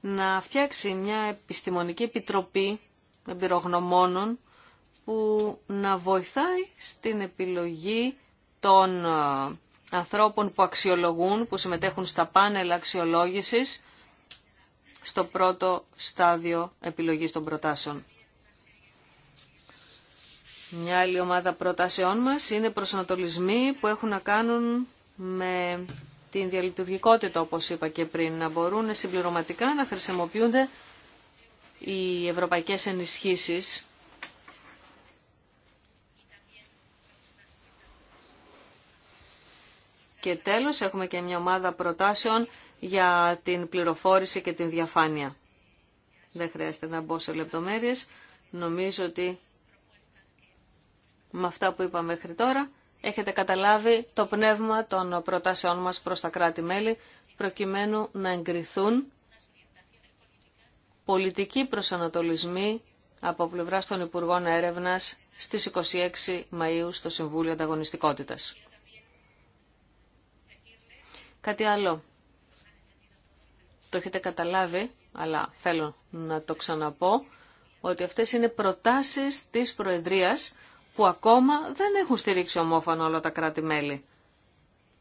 να φτιάξει μια επιστημονική επιτροπή εμπειρογνωμόνων που να βοηθάει στην επιλογή των ε, ανθρώπων που αξιολογούν, που συμμετέχουν στα πάνελ αξιολόγησης στο πρώτο στάδιο επιλογής των προτάσεων. Μια άλλη ομάδα προτάσεών μας είναι προσανατολισμοί που έχουν να κάνουν με την διαλειτουργικότητα, όπως είπα και πριν, να μπορούν συμπληρωματικά να χρησιμοποιούνται οι ευρωπαϊκές ενισχύσεις Και τέλος έχουμε και μια ομάδα προτάσεων για την πληροφόρηση και την διαφάνεια. Δεν χρειάζεται να μπω σε λεπτομέρειες. Νομίζω ότι με αυτά που είπα μέχρι τώρα έχετε καταλάβει το πνεύμα των προτάσεών μας προς τα κράτη-μέλη προκειμένου να εγκριθούν πολιτικοί προσανατολισμοί από πλευρά των Υπουργών Έρευνα στις 26 Μαΐου στο Συμβούλιο Ανταγωνιστικότητας. Κάτι άλλο το έχετε καταλάβει, αλλά θέλω να το ξαναπώ, ότι αυτές είναι προτάσεις της Προεδρίας που ακόμα δεν έχουν στηρίξει ομόφωνα όλα τα κράτη-μέλη.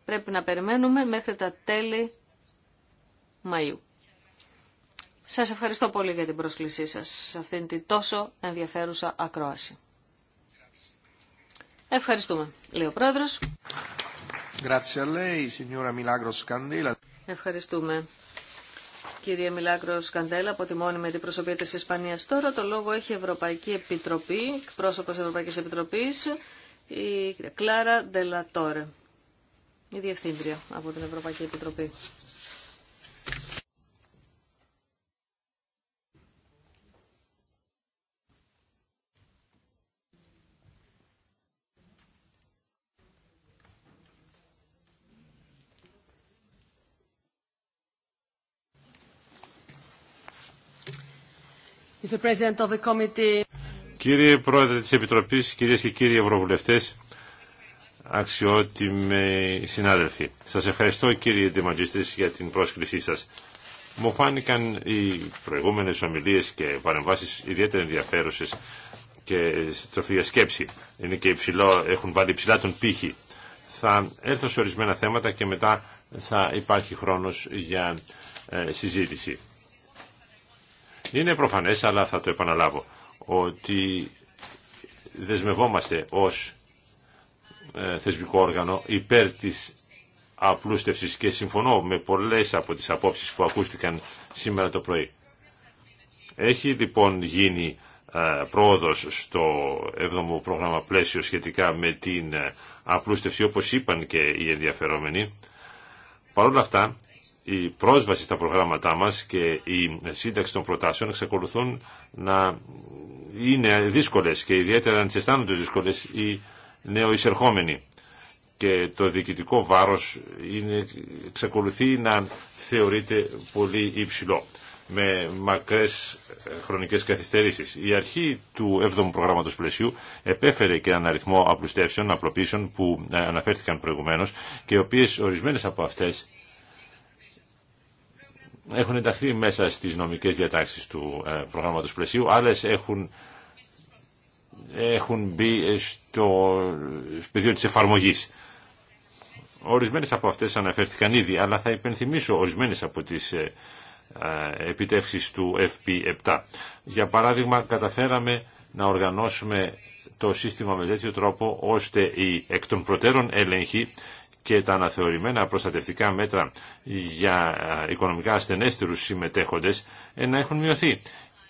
Πρέπει να περιμένουμε μέχρι τα τέλη Μαΐου. Σας ευχαριστώ πολύ για την πρόσκλησή σας σε αυτήν την τόσο ενδιαφέρουσα ακρόαση. Ευχαριστούμε, λέει ο Πρόεδρος. Ευχαριστούμε, Κύριε Μιλάκρο Σκαντέλα από τη μόνιμη αντιπροσωπεία της Ισπανίας. Τώρα το λόγο έχει η Ευρωπαϊκή Επιτροπή, πρόσωπος Ευρωπαϊκής Επιτροπής, η Κλάρα Ντελατόρε, η Διευθύντρια από την Ευρωπαϊκή Επιτροπή. Κύριε Πρόεδρε της Επιτροπής, κυρίες και κύριοι Ευρωβουλευτές, αξιότιμοι συνάδελφοι, σας ευχαριστώ κύριε Δημαντζίστης για την πρόσκλησή σας. Μου φάνηκαν οι προηγούμενες ομιλίες και παρεμβάσεις ιδιαίτερα ενδιαφέρουσες και στροφή σκέψη. Είναι και υψηλό, έχουν βάλει υψηλά τον πύχη. Θα έρθω σε ορισμένα θέματα και μετά θα υπάρχει χρόνος για ε, συζήτηση. Είναι προφανές, αλλά θα το επαναλάβω, ότι δεσμευόμαστε ως ε, θεσμικό όργανο υπέρ της απλούστευσης και συμφωνώ με πολλές από τις απόψεις που ακούστηκαν σήμερα το πρωί. Έχει λοιπόν γίνει ε, πρόοδος στο 7ο πρόγραμμα πλαίσιο σχετικά με την ε, απλούστευση όπως είπαν και οι ενδιαφερόμενοι. Παρ' όλα αυτά η πρόσβαση στα προγράμματά μας και η σύνταξη των προτάσεων εξακολουθούν να είναι δύσκολες και ιδιαίτερα να τις αισθάνονται δύσκολες οι νεοεισερχόμενοι. Και το διοικητικό βάρος είναι, εξακολουθεί να θεωρείται πολύ υψηλό με μακρές χρονικές καθυστερήσεις. Η αρχή του 7ου προγράμματος πλαισίου επέφερε και έναν αριθμό απλουστεύσεων, απλοποίησεων που αναφέρθηκαν προηγουμένως και οι οποίες ορισμένες από αυτές έχουν ενταχθεί μέσα στις νομικές διατάξεις του ε, προγράμματος πλαισίου, άλλες έχουν, έχουν μπει στο πεδίο της εφαρμογής. Ορισμένες από αυτές αναφέρθηκαν ήδη, αλλά θα υπενθυμίσω ορισμένες από τις ε, ε, επιτεύξεις του FP7. Για παράδειγμα, καταφέραμε να οργανώσουμε το σύστημα με τέτοιο τρόπο ώστε η εκ των προτέρων έλεγχοι και τα αναθεωρημένα προστατευτικά μέτρα για οικονομικά ασθενέστερους συμμετέχοντες ε, να έχουν μειωθεί.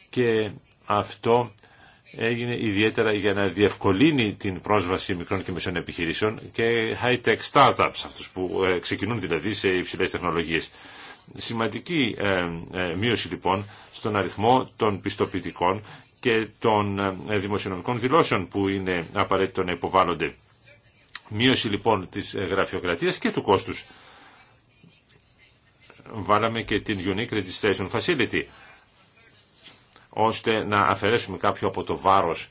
Και αυτό έγινε ιδιαίτερα για να διευκολύνει την πρόσβαση μικρών και μεσών επιχειρήσεων και high-tech startups, αυτούς που ε, ξεκινούν δηλαδή σε υψηλές τεχνολογίες. Σημαντική ε, μείωση λοιπόν στον αριθμό των πιστοποιητικών και των δημοσιονομικών δηλώσεων που είναι απαραίτητο να υποβάλλονται. Μείωση λοιπόν της ε, γραφειοκρατίας και του κόστους. Βάλαμε και την Unique Registration Facility ώστε να αφαιρέσουμε κάποιο από το βάρος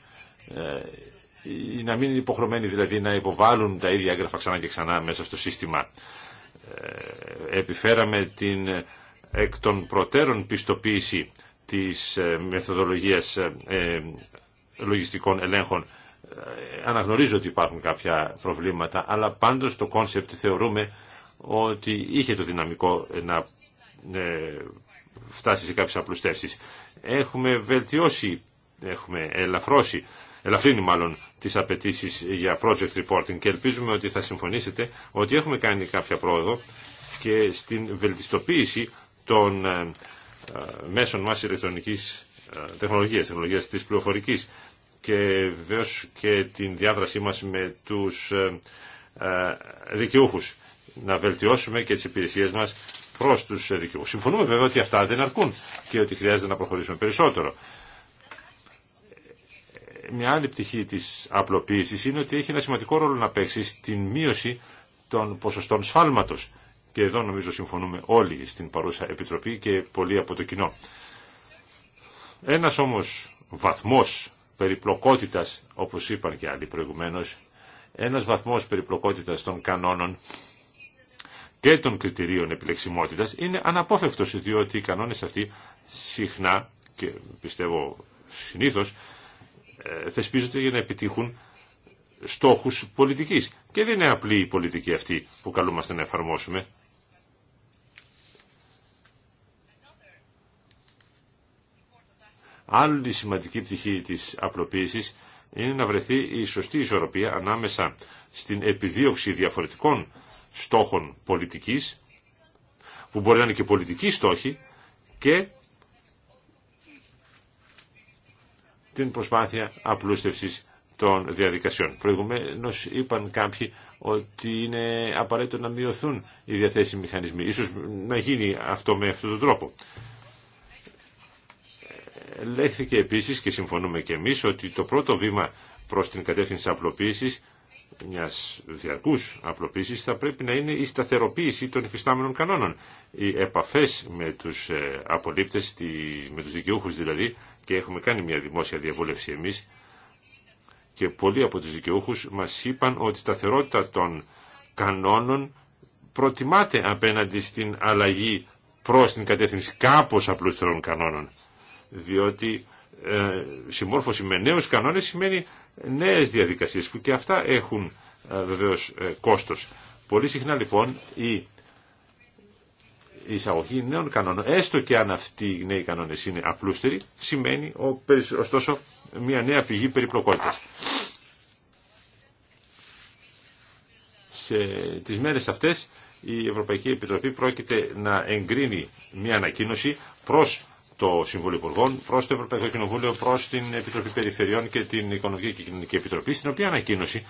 ε, να μην είναι υποχρεωμένοι δηλαδή να υποβάλουν τα ίδια έγγραφα ξανά και ξανά μέσα στο σύστημα. Ε, επιφέραμε την εκ των προτέρων πιστοποίηση της μεθοδολογίας λογιστικών ελέγχων αναγνωρίζω ότι υπάρχουν κάποια προβλήματα, αλλά πάντως το κόνσεπτ θεωρούμε ότι είχε το δυναμικό να ε, φτάσει σε κάποιες απλουστεύσεις. Έχουμε βελτιώσει, έχουμε ελαφρώσει, ελαφρύνει μάλλον τις απαιτήσει για project reporting και ελπίζουμε ότι θα συμφωνήσετε ότι έχουμε κάνει κάποια πρόοδο και στην βελτιστοποίηση των ε, ε, μέσων μας ηλεκτρονικής τεχνολογίας, τεχνολογίας της πληροφορικής και βεβαίω και την διάδρασή μας με τους ε, ε, δικαιούχους. Να βελτιώσουμε και τις υπηρεσίες μας προς τους ε, δικαιούχους. Συμφωνούμε βέβαια ότι αυτά δεν αρκούν και ότι χρειάζεται να προχωρήσουμε περισσότερο. Μια άλλη πτυχή της απλοποίησης είναι ότι έχει ένα σημαντικό ρόλο να παίξει στην μείωση των ποσοστών σφάλματος. Και εδώ νομίζω συμφωνούμε όλοι στην παρούσα Επιτροπή και πολλοί από το κοινό. Ένας όμως βαθμός περιπλοκότητας, όπως είπαν και άλλοι προηγουμένως, ένας βαθμός περιπλοκότητας των κανόνων και των κριτηρίων επιλεξιμότητας είναι αναπόφευκτος, διότι οι κανόνες αυτοί συχνά και πιστεύω συνήθως ε, θεσπίζονται για να επιτύχουν στόχους πολιτικής. Και δεν είναι απλή η πολιτική αυτή που καλούμαστε να εφαρμόσουμε. Άλλη σημαντική πτυχή της απλοποίησης είναι να βρεθεί η σωστή ισορροπία ανάμεσα στην επιδίωξη διαφορετικών στόχων πολιτικής, που μπορεί να είναι και πολιτική στόχοι, και την προσπάθεια απλούστευσης των διαδικασιών. Προηγουμένως είπαν κάποιοι ότι είναι απαραίτητο να μειωθούν οι διαθέσιμοι μηχανισμοί. Ίσως να γίνει αυτό με αυτόν τον τρόπο. Λέχθηκε επίσης και συμφωνούμε και εμείς ότι το πρώτο βήμα προς την κατεύθυνση απλοποίησης μιας διαρκούς απλοποίησης θα πρέπει να είναι η σταθεροποίηση των υφιστάμενων κανόνων. Οι επαφές με τους ε, απολύπτες, με τους δικαιούχους δηλαδή, και έχουμε κάνει μια δημόσια διαβούλευση εμείς, και πολλοί από τους δικαιούχους μας είπαν ότι η σταθερότητα των κανόνων προτιμάται απέναντι στην αλλαγή προς την κατεύθυνση κάπως απλούστερων κανόνων διότι ε, συμμόρφωση με νέους κανόνες σημαίνει νέες διαδικασίες που και αυτά έχουν ε, βεβαίως ε, κόστος. Πολύ συχνά λοιπόν η εισαγωγή νέων κανόνων, έστω και αν αυτοί οι νέοι κανόνε είναι απλούστεροι, σημαίνει ωστόσο μια νέα πηγή περιπλοκότητα. Σε τις μέρες αυτές η Ευρωπαϊκή Επιτροπή πρόκειται να εγκρίνει μια ανακοίνωση προς το Συμβούλιο Υπουργών, προ το Ευρωπαϊκό Κοινοβούλιο, προ την Επιτροπή Περιφερειών και την Οικονομική και Κοινωνική Επιτροπή, στην οποία ανακοίνωση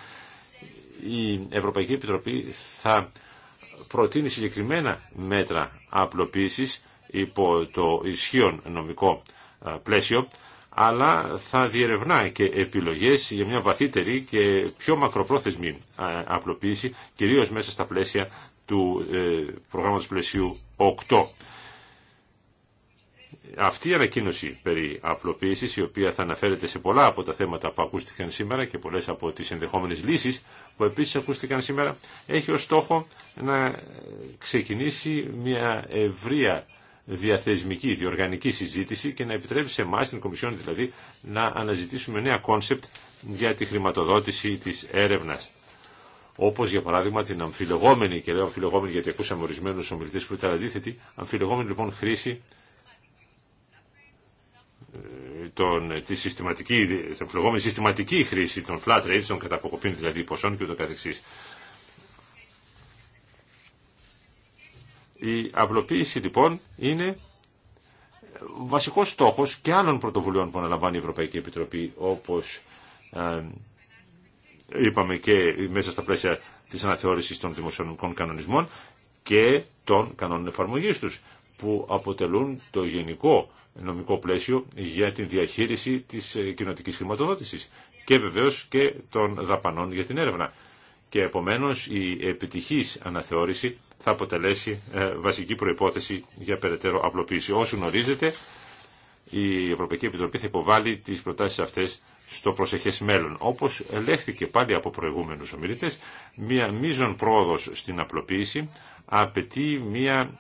η Ευρωπαϊκή Επιτροπή θα προτείνει συγκεκριμένα μέτρα απλοποίηση υπό το ισχύον νομικό πλαίσιο, αλλά θα διερευνά και επιλογές για μια βαθύτερη και πιο μακροπρόθεσμη απλοποίηση, κυρίως μέσα στα πλαίσια του ε, προγράμματος πλαισίου 8 αυτή η ανακοίνωση περί απλοποίησης, η οποία θα αναφέρεται σε πολλά από τα θέματα που ακούστηκαν σήμερα και πολλές από τις ενδεχόμενες λύσεις που επίσης ακούστηκαν σήμερα, έχει ως στόχο να ξεκινήσει μια ευρεία διαθεσμική, διοργανική συζήτηση και να επιτρέψει σε εμάς, την Κομισιόν δηλαδή, να αναζητήσουμε νέα κόνσεπτ για τη χρηματοδότηση της έρευνας. Όπως για παράδειγμα την αμφιλεγόμενη, και λέω αμφιλεγόμενη γιατί ακούσαμε ορισμένου ομιλητέ που ήταν αντίθετοι, αμφιλεγόμενη λοιπόν χρήση τον, τη συστηματική, την συστηματική χρήση των flat rates, των καταποκοπήν δηλαδή ποσών και ούτω καθεξής. Η απλοποίηση λοιπόν είναι βασικός στόχος και άλλων πρωτοβουλειών που αναλαμβάνει η Ευρωπαϊκή Επιτροπή όπως ε, είπαμε και μέσα στα πλαίσια της αναθεώρησης των δημοσιονομικών κανονισμών και των κανόνων εφαρμογής τους που αποτελούν το γενικό νομικό πλαίσιο για την διαχείριση της ε, κοινοτικής χρηματοδότησης και βεβαίως και των δαπανών για την έρευνα. Και επομένως η επιτυχής αναθεώρηση θα αποτελέσει ε, βασική προϋπόθεση για περαιτέρω απλοποίηση. Όσοι γνωρίζετε, η Ευρωπαϊκή Επιτροπή θα υποβάλει τις προτάσεις αυτές στο προσεχές μέλλον. Όπως ελέγχθηκε πάλι από προηγούμενους ομιλητές, μία μείζον πρόοδος στην απλοποίηση απαιτεί μία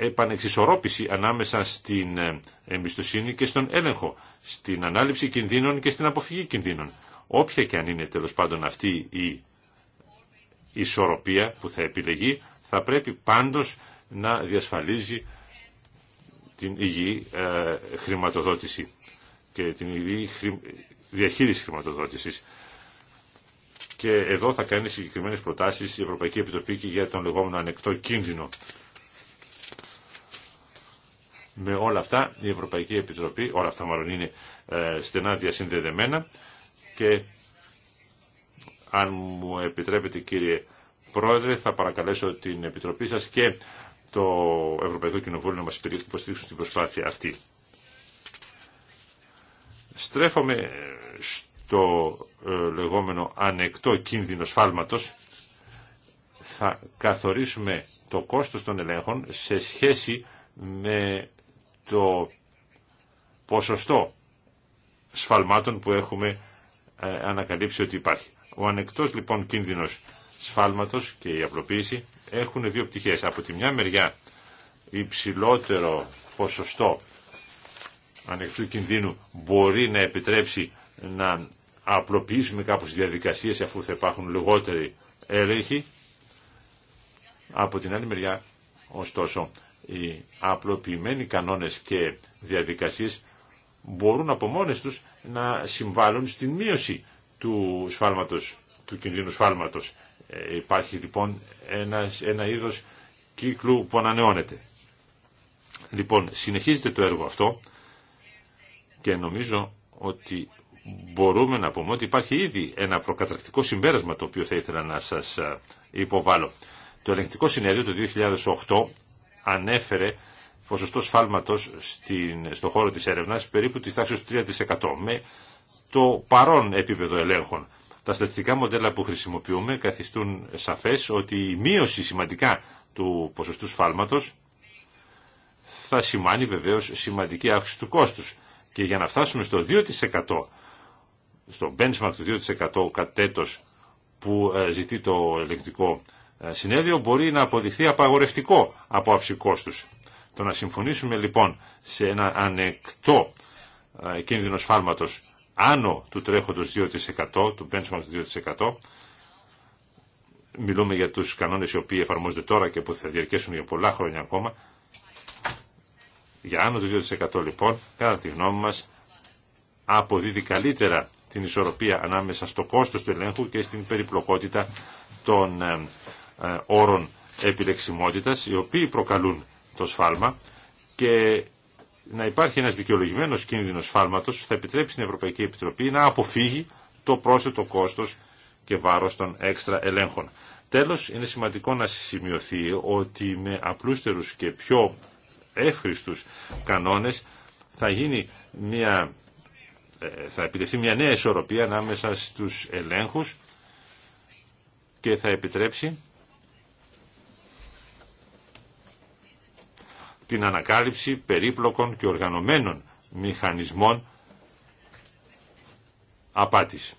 επανεξισορρόπηση ανάμεσα στην ε, εμπιστοσύνη και στον έλεγχο, στην ανάληψη κινδύνων και στην αποφυγή κινδύνων. Όποια και αν είναι τέλος πάντων αυτή η ισορροπία που θα επιλεγεί, θα πρέπει πάντως να διασφαλίζει την υγιή ε, χρηματοδότηση και την υγιή διαχείριση χρηματοδότησης. Και εδώ θα κάνει συγκεκριμένες προτάσεις η Ευρωπαϊκή Επιτροπή και για τον λεγόμενο ανεκτό κίνδυνο. Με όλα αυτά η Ευρωπαϊκή Επιτροπή, όλα αυτά μάλλον είναι ε, στενά διασυνδεδεμένα και αν μου επιτρέπετε κύριε Πρόεδρε θα παρακαλέσω την Επιτροπή σας και το Ευρωπαϊκό Κοινοβούλιο να μας υποστηρίξουν την προσπάθεια αυτή. Στρέφομαι στο ε, λεγόμενο ανεκτό κίνδυνο σφάλματος. Θα καθορίσουμε το κόστος των ελέγχων σε σχέση με το ποσοστό σφαλμάτων που έχουμε ε, ανακαλύψει ότι υπάρχει. Ο ανεκτός λοιπόν κίνδυνος σφάλματος και η απλοποίηση έχουν δύο πτυχές. Από τη μια μεριά υψηλότερο ποσοστό ανεκτού κινδύνου μπορεί να επιτρέψει να απλοποιήσουμε κάπως διαδικασίες αφού θα υπάρχουν λιγότεροι έλεγχοι. Από την άλλη μεριά, ωστόσο, οι απλοποιημένοι κανόνες και διαδικασίες μπορούν από μόνες τους να συμβάλλουν στην μείωση του σφάλματος, του κινδύνου σφάλματος. Ε, υπάρχει λοιπόν ένας, ένα είδος κύκλου που ανανεώνεται. Λοιπόν, συνεχίζεται το έργο αυτό και νομίζω ότι μπορούμε να πούμε ότι υπάρχει ήδη ένα προκαταρκτικό συμπέρασμα το οποίο θα ήθελα να σας ε, υποβάλω. Το ελεγκτικό συνέδριο του 2008 ανέφερε ποσοστό σφάλματος στην, στο χώρο της έρευνας περίπου της τάξης του 3% με το παρόν επίπεδο ελέγχων. Τα στατιστικά μοντέλα που χρησιμοποιούμε καθιστούν σαφές ότι η μείωση σημαντικά του ποσοστού σφάλματος θα σημάνει βεβαίως σημαντική αύξηση του κόστου. Και για να φτάσουμε στο 2%, στο benchmark του 2% κατέτος που ε, ζητεί το ελεγκτικό ε, συνέδριο μπορεί να αποδειχθεί απαγορευτικό από αψη κόστους. Το να συμφωνήσουμε λοιπόν σε ένα ανεκτό ε, κίνδυνο σφάλματος άνω του τρέχοντος 2%, του benchmark του 2%, μιλούμε για τους κανόνες οι οποίοι εφαρμόζονται τώρα και που θα διαρκέσουν για πολλά χρόνια ακόμα, για άνω του 2% λοιπόν, κατά τη γνώμη μας, αποδίδει καλύτερα την ισορροπία ανάμεσα στο κόστος του ελέγχου και στην περιπλοκότητα των ε, ε, όρων επιλεξιμότητας οι οποίοι προκαλούν το σφάλμα και να υπάρχει ένας δικαιολογημένος κίνδυνος σφάλματος θα επιτρέψει στην Ευρωπαϊκή Επιτροπή να αποφύγει το πρόσθετο κόστος και βάρος των έξτρα ελέγχων. Τέλος, είναι σημαντικό να σημειωθεί ότι με απλούστερους και πιο εύχριστους κανόνες θα γίνει μια ε, θα επιτευχθεί μια νέα ισορροπία ανάμεσα στους ελέγχους και θα επιτρέψει την ανακάλυψη περίπλοκων και οργανωμένων μηχανισμών απάτης,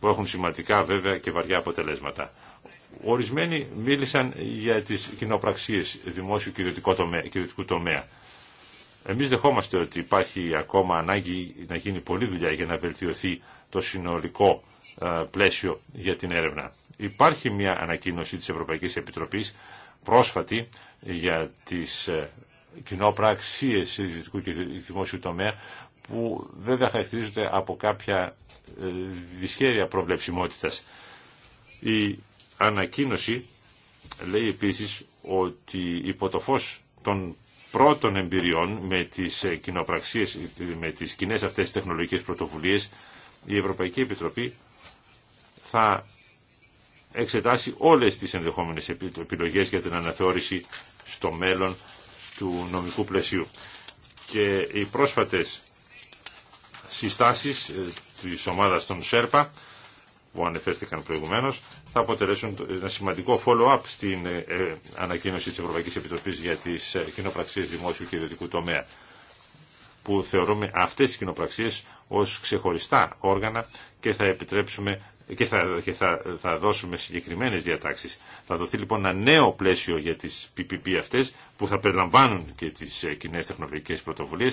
που έχουν σημαντικά βέβαια και βαριά αποτελέσματα. Ορισμένοι μίλησαν για τις κοινοπραξίες δημόσιου και ιδιωτικού τομέα. Εμείς δεχόμαστε ότι υπάρχει ακόμα ανάγκη να γίνει πολλή δουλειά για να βελτιωθεί το συνολικό ε, πλαίσιο για την έρευνα. Υπάρχει μια ανακοίνωση της Ευρωπαϊκής Επιτροπής πρόσφατη για τις ε, κοινόπραξίες ιδιωτικού και δημόσιου τομέα που βέβαια χαρακτηρίζονται από κάποια ε, δυσχέρεια προβλεψιμότητας. Η ανακοίνωση λέει επίσης ότι υπό το φως των πρώτων εμπειριών με τις ε, κοινοπραξίες, με τις κοινέ αυτές τεχνολογικές πρωτοβουλίες, η Ευρωπαϊκή Επιτροπή θα εξετάσει όλες τις ενδεχόμενες επιλογές για την αναθεώρηση στο μέλλον του νομικού πλαισίου. Και οι πρόσφατες συστάσεις ε, της ομάδας των ΣΕΡΠΑ που ανεφέρθηκαν προηγουμένως θα αποτελέσουν ένα σημαντικό follow-up στην ε, ε, ανακοίνωση της Ευρωπαϊκής Επιτροπής για τις κοινοπραξίες δημόσιου και ιδιωτικού τομέα που θεωρούμε αυτές τις κοινοπραξίες ως ξεχωριστά όργανα και θα επιτρέψουμε και, θα, θα, δώσουμε συγκεκριμένες διατάξεις. Θα δοθεί λοιπόν ένα νέο πλαίσιο για τις PPP αυτές που θα περιλαμβάνουν και τις ε, κοινέ τεχνολογικέ πρωτοβουλίε,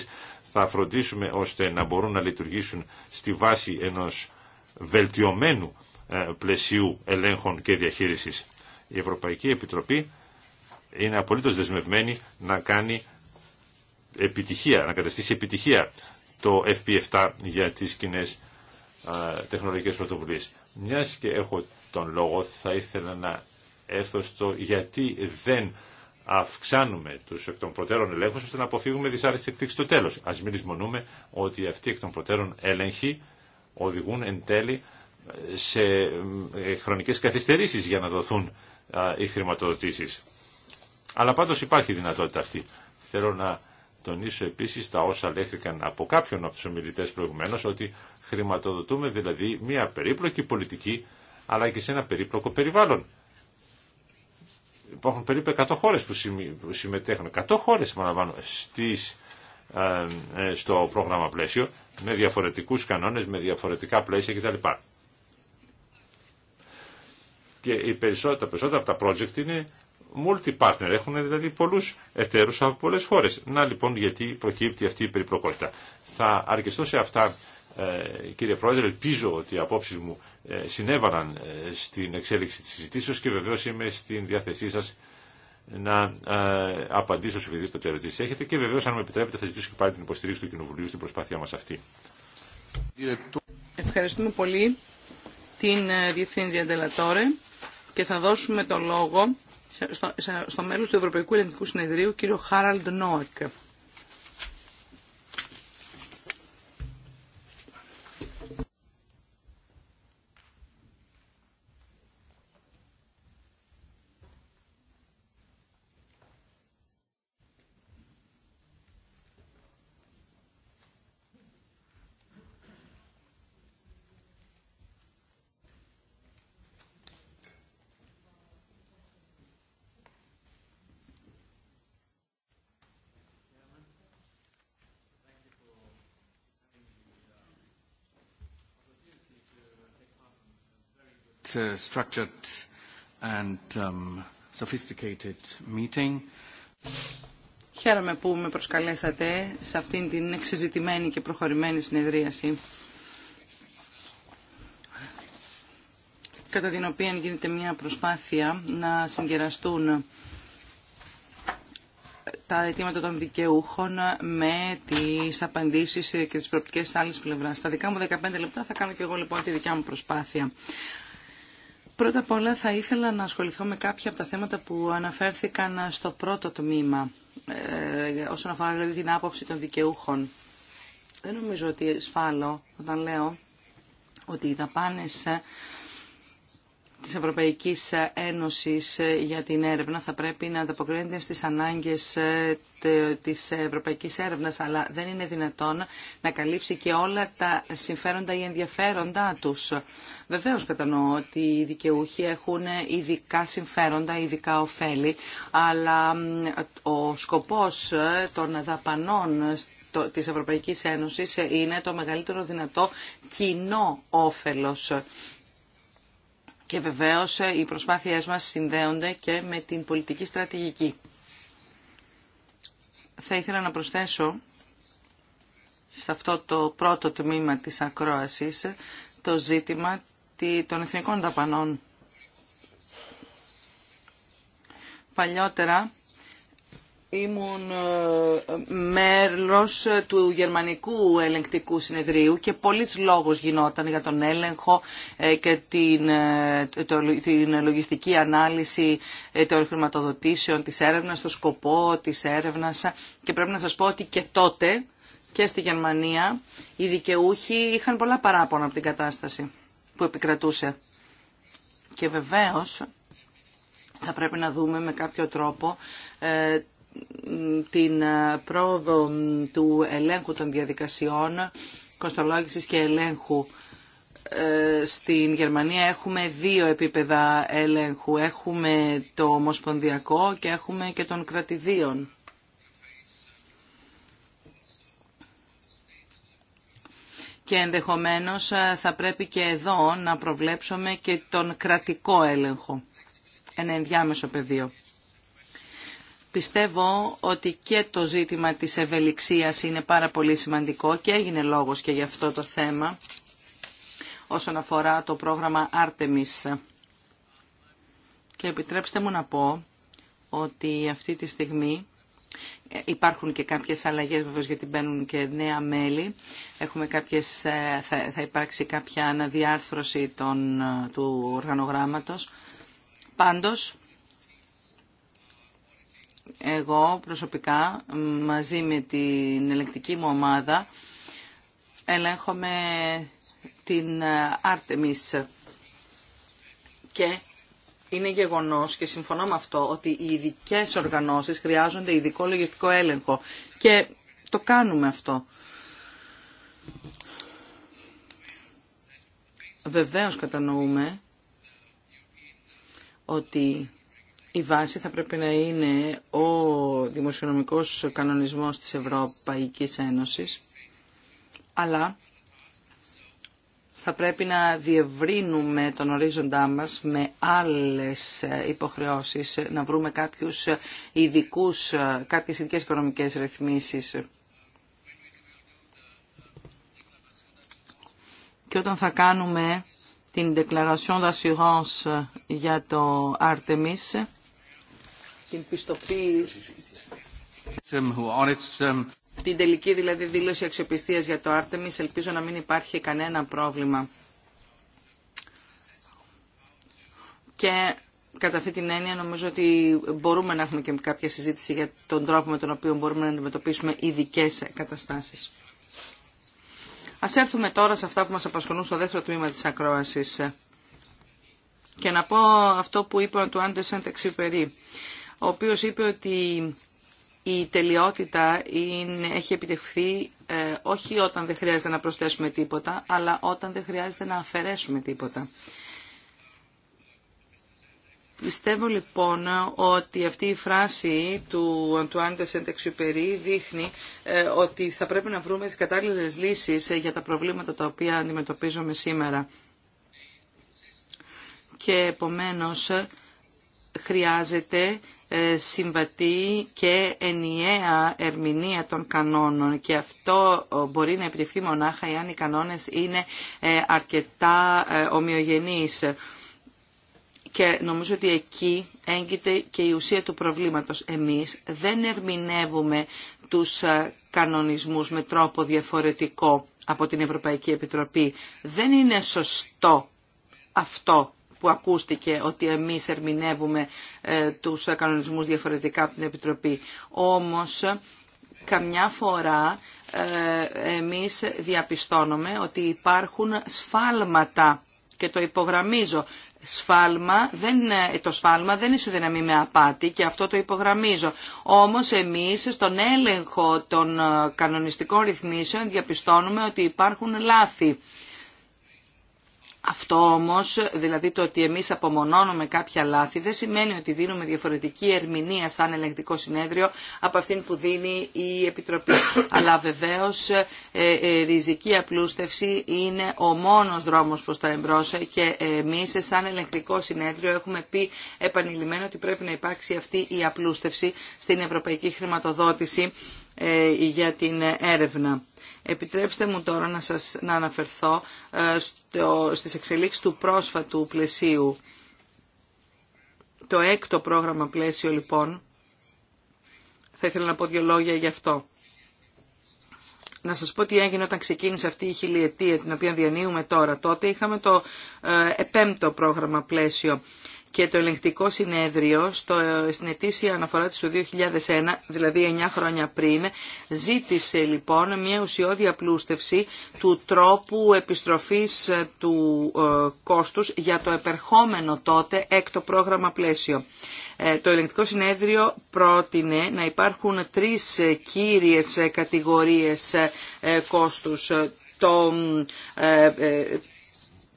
Θα φροντίσουμε ώστε να μπορούν να λειτουργήσουν στη βάση ενός βελτιωμένου ε, πλαισίου ελέγχων και διαχείρισης. Η Ευρωπαϊκή Επιτροπή είναι απολύτω δεσμευμένη να κάνει επιτυχία, να καταστήσει επιτυχία το FP7 για τις κοινέ ε, τεχνολογικές πρωτοβουλίες. Μιας και έχω τον λόγο θα ήθελα να έρθω στο γιατί δεν αυξάνουμε τους εκ των προτέρων ελέγχους ώστε να αποφύγουμε δυσάρεστη εκπλήξη στο τέλος. Ας μην λησμονούμε ότι αυτοί εκ των προτέρων έλεγχοι οδηγούν εν τέλει ε, σε ε, χρονικές καθυστερήσεις για να δοθούν οι χρηματοδοτήσεις. Αλλά πάντως υπάρχει δυνατότητα αυτή. Θέλω να τονίσω επίσης τα όσα λέχθηκαν από κάποιον από τους ομιλητές προηγουμένως, ότι χρηματοδοτούμε δηλαδή μια περίπλοκη πολιτική, αλλά και σε ένα περίπλοκο περιβάλλον. Υπάρχουν περίπου 100 χώρες που συμμετέχουν, 100 χώρες παραλαμβάνω, στις, ε, ε, στο πρόγραμμα πλαίσιο, με διαφορετικούς κανόνες, με διαφορετικά πλαίσια κτλ. Και οι τα περισσότερα από τα project είναι multi-partner, έχουν δηλαδή πολλούς εταίρους από πολλές χώρες. Να λοιπόν γιατί προκύπτει αυτή η περιπλοκότητα. Θα αρκεστώ σε αυτά ε, κύριε Πρόεδρε, ελπίζω ότι οι απόψεις μου ε, συνέβαλαν ε, στην εξέλιξη της συζητήσεως και βεβαίως είμαι στην διάθεσή σας να απαντήσω σε οποιαδήποτε ερωτήσει έχετε και βεβαίως αν με επιτρέπετε θα ζητήσω και πάλι την υποστηρίξη του Κοινοβουλίου στην προσπάθειά μας αυτή. Ευχαριστούμε πολύ την Διευθύντρια Ντελατόρε και θα δώσουμε το λόγο στο, στο μέλος του Ευρωπαϊκού Ελληνικού Συνεδρίου, κύριο Χάραλντ Νόακ. Uh, structured and um, sophisticated meeting. Χαίρομαι που με προσκαλέσατε σε αυτήν την εξειζητημένη και προχωρημένη συνεδρίαση κατά την οποία γίνεται μια προσπάθεια να συγκεραστούν τα αιτήματα των δικαιούχων με τις απαντήσεις και τις προοπτικές της άλλης πλευράς. Στα δικά μου 15 λεπτά θα κάνω και εγώ λοιπόν τη δικιά μου προσπάθεια. Πρώτα απ' όλα θα ήθελα να ασχοληθώ με κάποια από τα θέματα που αναφέρθηκαν στο πρώτο τμήμα, ε, όσον αφορά δηλαδή την άποψη των δικαιούχων. Δεν νομίζω ότι εσφάλω όταν λέω ότι οι δαπάνες της Ευρωπαϊκής Ένωσης για την έρευνα θα πρέπει να ανταποκρίνεται στις ανάγκες ε, της ευρωπαϊκής έρευνας, αλλά δεν είναι δυνατόν να καλύψει και όλα τα συμφέροντα ή ενδιαφέροντά τους. Βεβαίως κατανοώ ότι οι δικαιούχοι έχουν ειδικά συμφέροντα, ειδικά ωφέλη, αλλά ο σκοπός ε, των δαπανών της Ευρωπαϊκής Ένωσης ε, είναι το μεγαλύτερο δυνατό κοινό όφελος. Και βεβαίως ε, οι προσπάθειές μας συνδέονται και με την πολιτική στρατηγική. Θα ήθελα να προσθέσω σε αυτό το πρώτο τμήμα της ακρόασης το ζήτημα των εθνικών δαπανών. Παλιότερα Ήμουν ε, μέλος ε, του Γερμανικού Ελεγκτικού Συνεδρίου και πολλοί λόγος γινόταν για τον έλεγχο ε, και την, την λογιστική ανάλυση των χρηματοδοτήσεων της έρευνας, το σκοπό της έρευνας και πρέπει να σας πω ότι και τότε και στη Γερμανία οι δικαιούχοι είχαν πολλά παράπονα από την κατάσταση που επικρατούσε. Και βεβαίως θα πρέπει να δούμε με κάποιο τρόπο την ε, πρόοδο του ελέγχου των διαδικασιών, κοστολόγησης και ελέγχου. Ε, στην Γερμανία έχουμε δύο επίπεδα ελέγχου. Έχουμε το ομοσπονδιακό και έχουμε και των κρατηδίων. και ενδεχομένως ε, θα πρέπει και εδώ να προβλέψουμε και τον κρατικό έλεγχο, ένα ενδιάμεσο πεδίο. Πιστεύω ότι και το ζήτημα της ευελιξίας είναι πάρα πολύ σημαντικό και έγινε λόγος και για αυτό το θέμα όσον αφορά το πρόγραμμα Artemis. Και επιτρέψτε μου να πω ότι αυτή τη στιγμή ε, Υπάρχουν και κάποιες αλλαγές βέβαια γιατί μπαίνουν και νέα μέλη. Έχουμε κάποιες, ε, θα, υπάρξει κάποια αναδιάρθρωση των, ε, του οργανογράμματος. Πάντως, εγώ προσωπικά μαζί με την ελεκτική μου ομάδα ελέγχομαι την ε, Artemis και είναι γεγονός και συμφωνώ με αυτό ότι οι ειδικέ οργανώσεις χρειάζονται ειδικό λογιστικό έλεγχο και το κάνουμε αυτό. Βεβαίως κατανοούμε ότι η βάση θα πρέπει να είναι ο δημοσιονομικός κανονισμός της Ευρωπαϊκής Ένωσης, αλλά θα πρέπει να διευρύνουμε τον ορίζοντά μας με άλλες υποχρεώσεις, να βρούμε κάποιους ειδικούς, κάποιες ειδικές οικονομικές ρυθμίσεις. Και όταν θα κάνουμε την Declaration d'assurance για το Artemis, την πιστοποίηση την τελική δηλαδή δήλωση αξιοπιστίας για το Άρτεμις. Ελπίζω να μην υπάρχει κανένα πρόβλημα. Και κατά αυτή την έννοια νομίζω ότι μπορούμε να έχουμε και κάποια συζήτηση για τον τρόπο με τον οποίο μπορούμε να αντιμετωπίσουμε ειδικέ καταστάσεις. Ας έρθουμε τώρα σε αυτά που μας απασχολούν στο δεύτερο τμήμα της ακρόασης. Και να πω αυτό που είπε ο Αντε Σεντεξιπερί ο οποίος είπε ότι η τελειότητα είναι, έχει επιτευχθεί ε, όχι όταν δεν χρειάζεται να προσθέσουμε τίποτα, αλλά όταν δεν χρειάζεται να αφαιρέσουμε τίποτα. Πιστεύω λοιπόν ότι αυτή η φράση του Αντουάν Τεσεντεξιουπερί δείχνει ε, ότι θα πρέπει να βρούμε τις κατάλληλες λύσεις ε, για τα προβλήματα τα οποία αντιμετωπίζουμε σήμερα. Και επομένως χρειάζεται ε, συμβατεί και ενιαία ερμηνεία των κανόνων και αυτό ε, μπορεί να επιτευχθεί μονάχα εάν οι κανόνες είναι ε, αρκετά ομοιογενείς. Και νομίζω ότι εκεί έγκυται και η ουσία του προβλήματος. Εμείς δεν ερμηνεύουμε τους κανονισμούς με τρόπο διαφορετικό από την Ευρωπαϊκή Επιτροπή. Δεν είναι σωστό αυτό που ακούστηκε ότι εμείς ερμηνεύουμε ε, τους κανονισμούς διαφορετικά από την Επιτροπή. Όμως, καμιά φορά ε, εμείς διαπιστώνουμε ότι υπάρχουν σφάλματα και το υπογραμμίζω. Σφάλμα, δεν, ε, το σφάλμα δεν συνδυναμή με απάτη και αυτό το υπογραμμίζω. Όμως εμείς στον έλεγχο των κανονιστικών ρυθμίσεων διαπιστώνουμε ότι υπάρχουν λάθη. Αυτό όμως, δηλαδή το ότι εμείς απομονώνουμε κάποια λάθη, δεν σημαίνει ότι δίνουμε διαφορετική ερμηνεία σαν ελεγκτικό συνέδριο από αυτήν που δίνει η Επιτροπή. Αλλά βεβαίως ε, ε, ριζική απλούστευση είναι ο μόνος δρόμος προς τα εμπρός και εμείς σαν ελεγκτικό συνέδριο έχουμε πει επανειλημμένο ότι πρέπει να υπάρξει αυτή η απλούστευση στην ευρωπαϊκή χρηματοδότηση ε, για την έρευνα. Επιτρέψτε μου τώρα να, σας, να αναφερθώ ε, στο, στις εξελίξεις του πρόσφατου πλαισίου. Το έκτο πρόγραμμα πλαίσιο λοιπόν, θα ήθελα να πω δύο λόγια γι' αυτό. Να σας πω τι έγινε όταν ξεκίνησε αυτή η χιλιετία την οποία διανύουμε τώρα. Τότε είχαμε το ε, επέμπτο πρόγραμμα πλαίσιο και το ελεγκτικό συνέδριο στο, στην ετήσια αναφορά της του 2001, δηλαδή 9 χρόνια πριν, ζήτησε λοιπόν μια ουσιώδη απλούστευση του τρόπου επιστροφής του ε, κόστους για το επερχόμενο τότε έκτο πρόγραμμα πλαίσιο. Ε, το ελεγκτικό συνέδριο πρότεινε να υπάρχουν τρεις ε, κύριες ε, κατηγορίες ε, κόστους το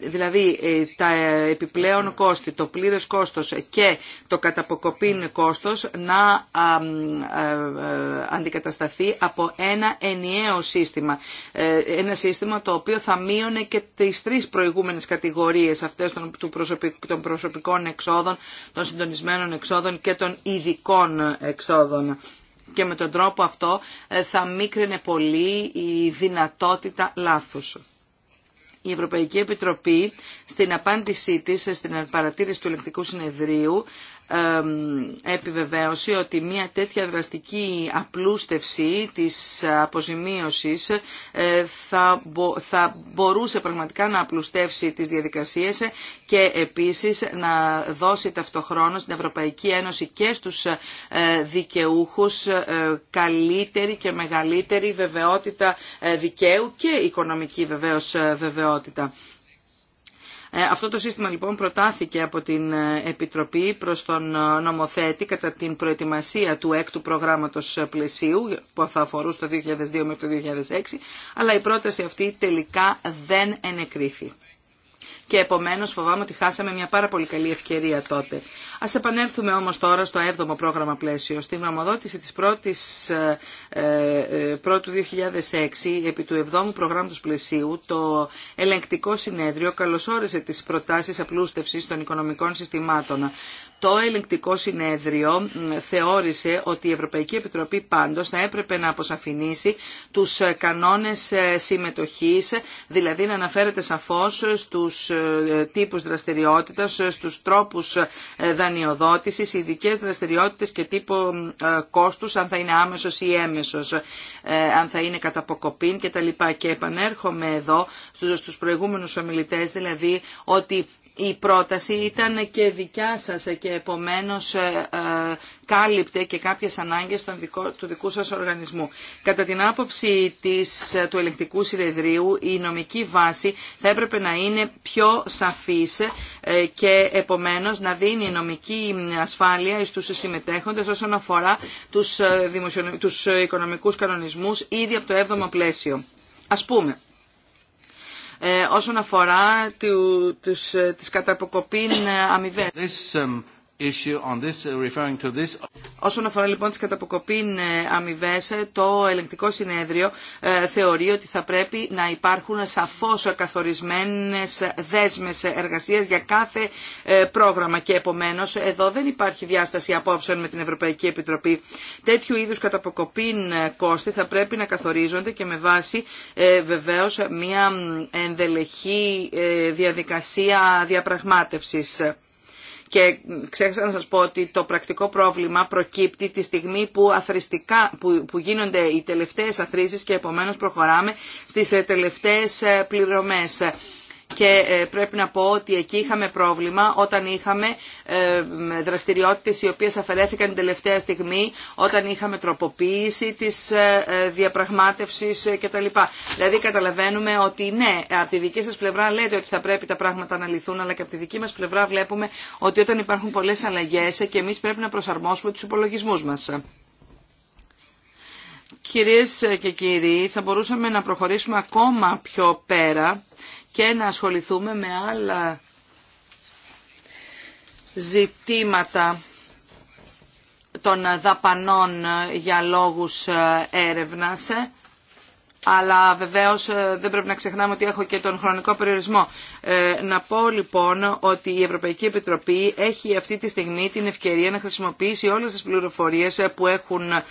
δηλαδή ε, τα επιπλέον κόστη, το πλήρες κόστος και το καταποκοπήν κόστος να ε, ε, αντικατασταθεί από ένα ενιαίο σύστημα. Ένα σύστημα το οποίο θα μείωνε και τις τρεις προηγούμενες κατηγορίες αυτές των προσωπικών εξόδων, των συντονισμένων εξόδων και των ειδικών εξόδων και με τον τρόπο αυτό θα μίκρινε πολύ η δυνατότητα λάθους η Ευρωπαϊκή Επιτροπή στην απάντησή της στην παρατήρηση του ελεκτικού συνεδρίου επιβεβαίωση ότι μια τέτοια δραστική απλούστευση της αποζημίωσης ε, θα, θα μπορούσε πραγματικά να απλουστεύσει τις διαδικασίες και επίσης να δώσει ταυτοχρόνω στην Ευρωπαϊκή Ένωση και στους ε, δικαιούχους ε, καλύτερη και μεγαλύτερη βεβαιότητα δικαίου και οικονομική βεβαιότητα. Ε, αυτό το σύστημα λοιπόν προτάθηκε από την ε, Επιτροπή προς τον ε, νομοθέτη κατά την προετοιμασία του έκτου προγράμματος πλαισίου που θα αφορούσε το 2002 με το 2006, αλλά η πρόταση αυτή τελικά δεν ενεκρίθη. Και επομένως φοβάμαι ότι χάσαμε μια πάρα πολύ καλή ευκαιρία τότε. Α επανέλθουμε όμω τώρα στο 7ο πρόγραμμα πλαίσιο. Στην γνωμοδότηση της πρώτης, ε, ε, πρώτου 2006 επί του 7ου προγράμματος πλαισίου το ελεγκτικό συνέδριο καλωσόρισε τι προτάσει απλούστευση των οικονομικών συστημάτων. Το ελεγκτικό συνέδριο θεώρησε ότι η Ευρωπαϊκή Επιτροπή πάντως θα έπρεπε να αποσαφηνίσει τους ε, κανόνες συμμετοχής, δηλαδή να αναφέρεται σαφώς στους τύπους δραστηριότητας, στους τρόπους ειδικέ ειδικέ δραστηριότητες και τύπο ε, κόστου, αν θα είναι άμεσο ή έμεσος, ε, αν θα είναι κατά αποκοπήν κτλ. Και επανέρχομαι εδώ στου προηγούμενου ομιλητέ, δηλαδή ότι η πρόταση ήταν και δικιά σας και επομένως ε, ε, κάλυπτε και κάποιες ανάγκες του δικού σας οργανισμού. Κατά την άποψη της, ε, του ελεκτικού συνεδρίου, η νομική βάση θα έπρεπε να είναι πιο σαφής και επομένως να δίνει νομική ασφάλεια στους συμμετέχοντες όσον αφορά τους, οικονομικού τους οικονομικούς κανονισμούς ήδη από το 7ο πλαίσιο. Ας πούμε, ε, όσον αφορά του, τους, ε, τις καταποκοπήν ε, αμοιβές. Um, Uh, Όσον αφορά λοιπόν τις καταποκοπήν ε, αμοιβέ, ε, το ελεγκτικό συνέδριο ε, θεωρεί ότι θα πρέπει να υπάρχουν σαφώς καθορισμένες δέσμες εργασίας για κάθε πρόγραμμα και επομένως εδώ δεν υπάρχει διάσταση απόψεων με την Ευρωπαϊκή Επιτροπή. Τέτοιου είδους καταποκοπήν κόστη θα πρέπει να καθορίζονται και με βάση βεβαίως μια ενδελεχή διαδικασία διαπραγμάτευσης. Και ξέχασα να σας πω ότι το πρακτικό πρόβλημα προκύπτει τη στιγμή που, αθρηστικά, που, γίνονται οι τελευταίες αθροίσεις και επομένως προχωράμε στις ε, τελευταίες ε, πληρωμές και ε, πρέπει να πω ότι εκεί είχαμε πρόβλημα όταν είχαμε ε, δραστηριότητες οι οποίες αφαιρέθηκαν την τελευταία στιγμή, όταν είχαμε τροποποίηση της ε, διαπραγμάτευσης κτλ. Δηλαδή καταλαβαίνουμε ότι ναι, από τη δική σας πλευρά λέτε ότι θα πρέπει τα πράγματα να λυθούν, αλλά και από τη δική μας πλευρά βλέπουμε ότι όταν υπάρχουν πολλές αλλαγές και εμείς πρέπει να προσαρμόσουμε τους υπολογισμούς μας. Κυρίες και κύριοι, θα μπορούσαμε να προχωρήσουμε ακόμα πιο πέρα και να ασχοληθούμε με άλλα ζητήματα των δαπανών για λόγους έρευνας αλλά βεβαίω ε, δεν πρέπει να ξεχνάμε ότι έχω και τον χρονικό περιορισμό. Ε, να πω λοιπόν ότι η Ευρωπαϊκή Επιτροπή έχει αυτή τη στιγμή την ευκαιρία να χρησιμοποιήσει όλες τις πληροφορίες που έχουν ε,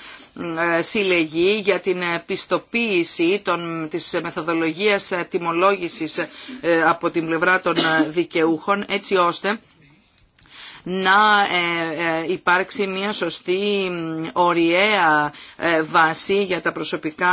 συλλεγεί για την πιστοποίηση των, της μεθοδολογίας τιμολόγησης από την πλευρά των δικαιούχων έτσι ώστε να ε, ε, υπάρξει μια σωστή οριέα ε, βάση για τα προσωπικά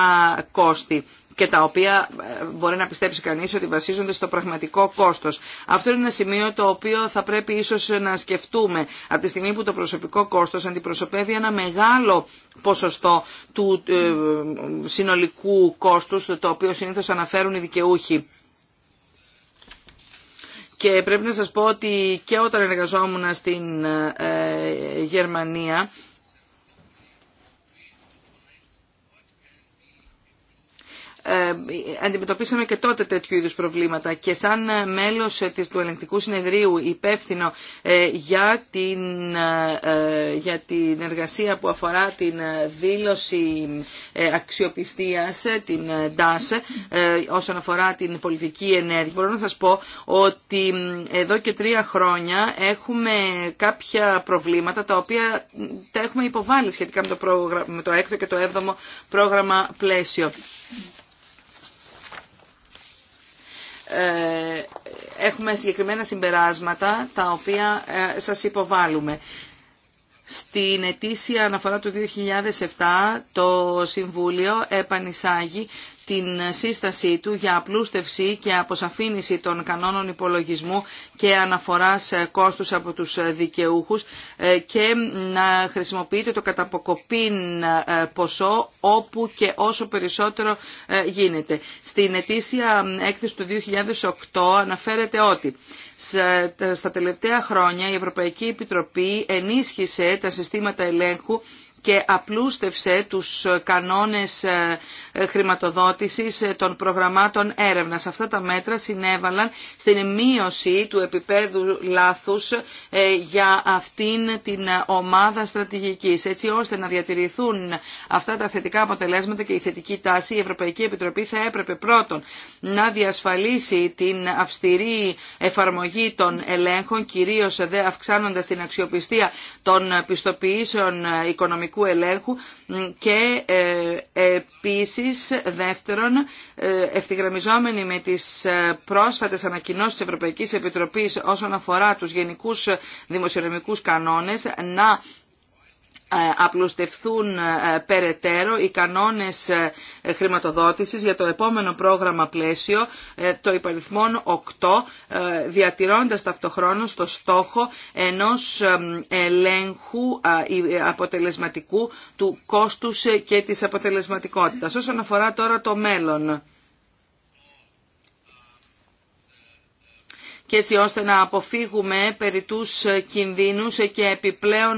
κόστη και τα οποία μπορεί να πιστέψει κανείς ότι βασίζονται στο πραγματικό κόστος. Αυτό είναι ένα σημείο το οποίο θα πρέπει ίσως να σκεφτούμε από τη στιγμή που το προσωπικό κόστος αντιπροσωπεύει ένα μεγάλο ποσοστό του συνολικού κόστους το οποίο συνήθως αναφέρουν οι δικαιούχοι. Και πρέπει να σας πω ότι και όταν εργαζόμουν στην ε, Γερμανία αντιμετωπίσαμε και τότε τέτοιου είδους προβλήματα και σαν μέλος της, του ελεγκτικού συνεδρίου υπεύθυνο ε, για, την, ε, ε, για την εργασία που αφορά την δήλωση αξιοπιστίας, την DAS, όσον αφορά την πολιτική ενέργεια. Μπορώ να σας πω ότι εδώ και τρία χρόνια έχουμε κάποια προβλήματα τα οποία τα έχουμε υποβάλει σχετικά με το, πρόγραμμα, με το και το 7 πρόγραμμα πλαίσιο. Ε, έχουμε συγκεκριμένα συμπεράσματα τα οποία ε, σας υποβάλλουμε. Στην ετήσια αναφορά του 2007 το Συμβούλιο επανεισάγει την σύστασή του για απλούστευση και αποσαφήνιση των κανόνων υπολογισμού και αναφοράς ε, κόστους από τους ε, δικαιούχους ε, και να χρησιμοποιείται το καταποκοπήν ποσό όπου και όσο περισσότερο γίνεται. Στην ετήσια έκθεση του 2008 αναφέρεται ότι στα τελευταία χρόνια η Ευρωπαϊκή Επιτροπή ενίσχυσε τα συστήματα ελέγχου και απλούστευσε τους κανόνες ε, ε, χρηματοδότησης ε, των προγραμμάτων έρευνας. Αυτά τα μέτρα συνέβαλαν στην μείωση του επίπεδου λάθους για αυτήν την ομάδα στρατηγικής, έτσι ώστε να διατηρηθούν αυτά τα θετικά αποτελέσματα και η θετική τάση. Η Ευρωπαϊκή Επιτροπή θα έπρεπε πρώτον να διασφαλίσει την αυστηρή εφαρμογή των ελέγχων, κυρίως δε αυξάνοντας την αξιοπιστία των πιστοποιήσεων οικονομικών ελέγχου και ε, επίσης δεύτερον ε, ευθυγραμμιζόμενοι με τις ε, πρόσφατες ανακοινώσεις της Ευρωπαϊκής Επιτροπής όσον αφορά τους γενικούς δημοσιονομικούς κανόνες να ε, απλουστευθούν ε, περαιτέρω οι κανόνες ε, χρηματοδότησης για το επόμενο πρόγραμμα πλαίσιο, το υπαριθμόν 8, διατηρώντας ταυτοχρόνω το στόχο ενός ελέγχου αποτελεσματικού του κόστους και της αποτελεσματικότητας. Όσον αφορά τώρα το μέλλον. και έτσι ώστε να αποφύγουμε περί τους κινδύνους και επιπλέον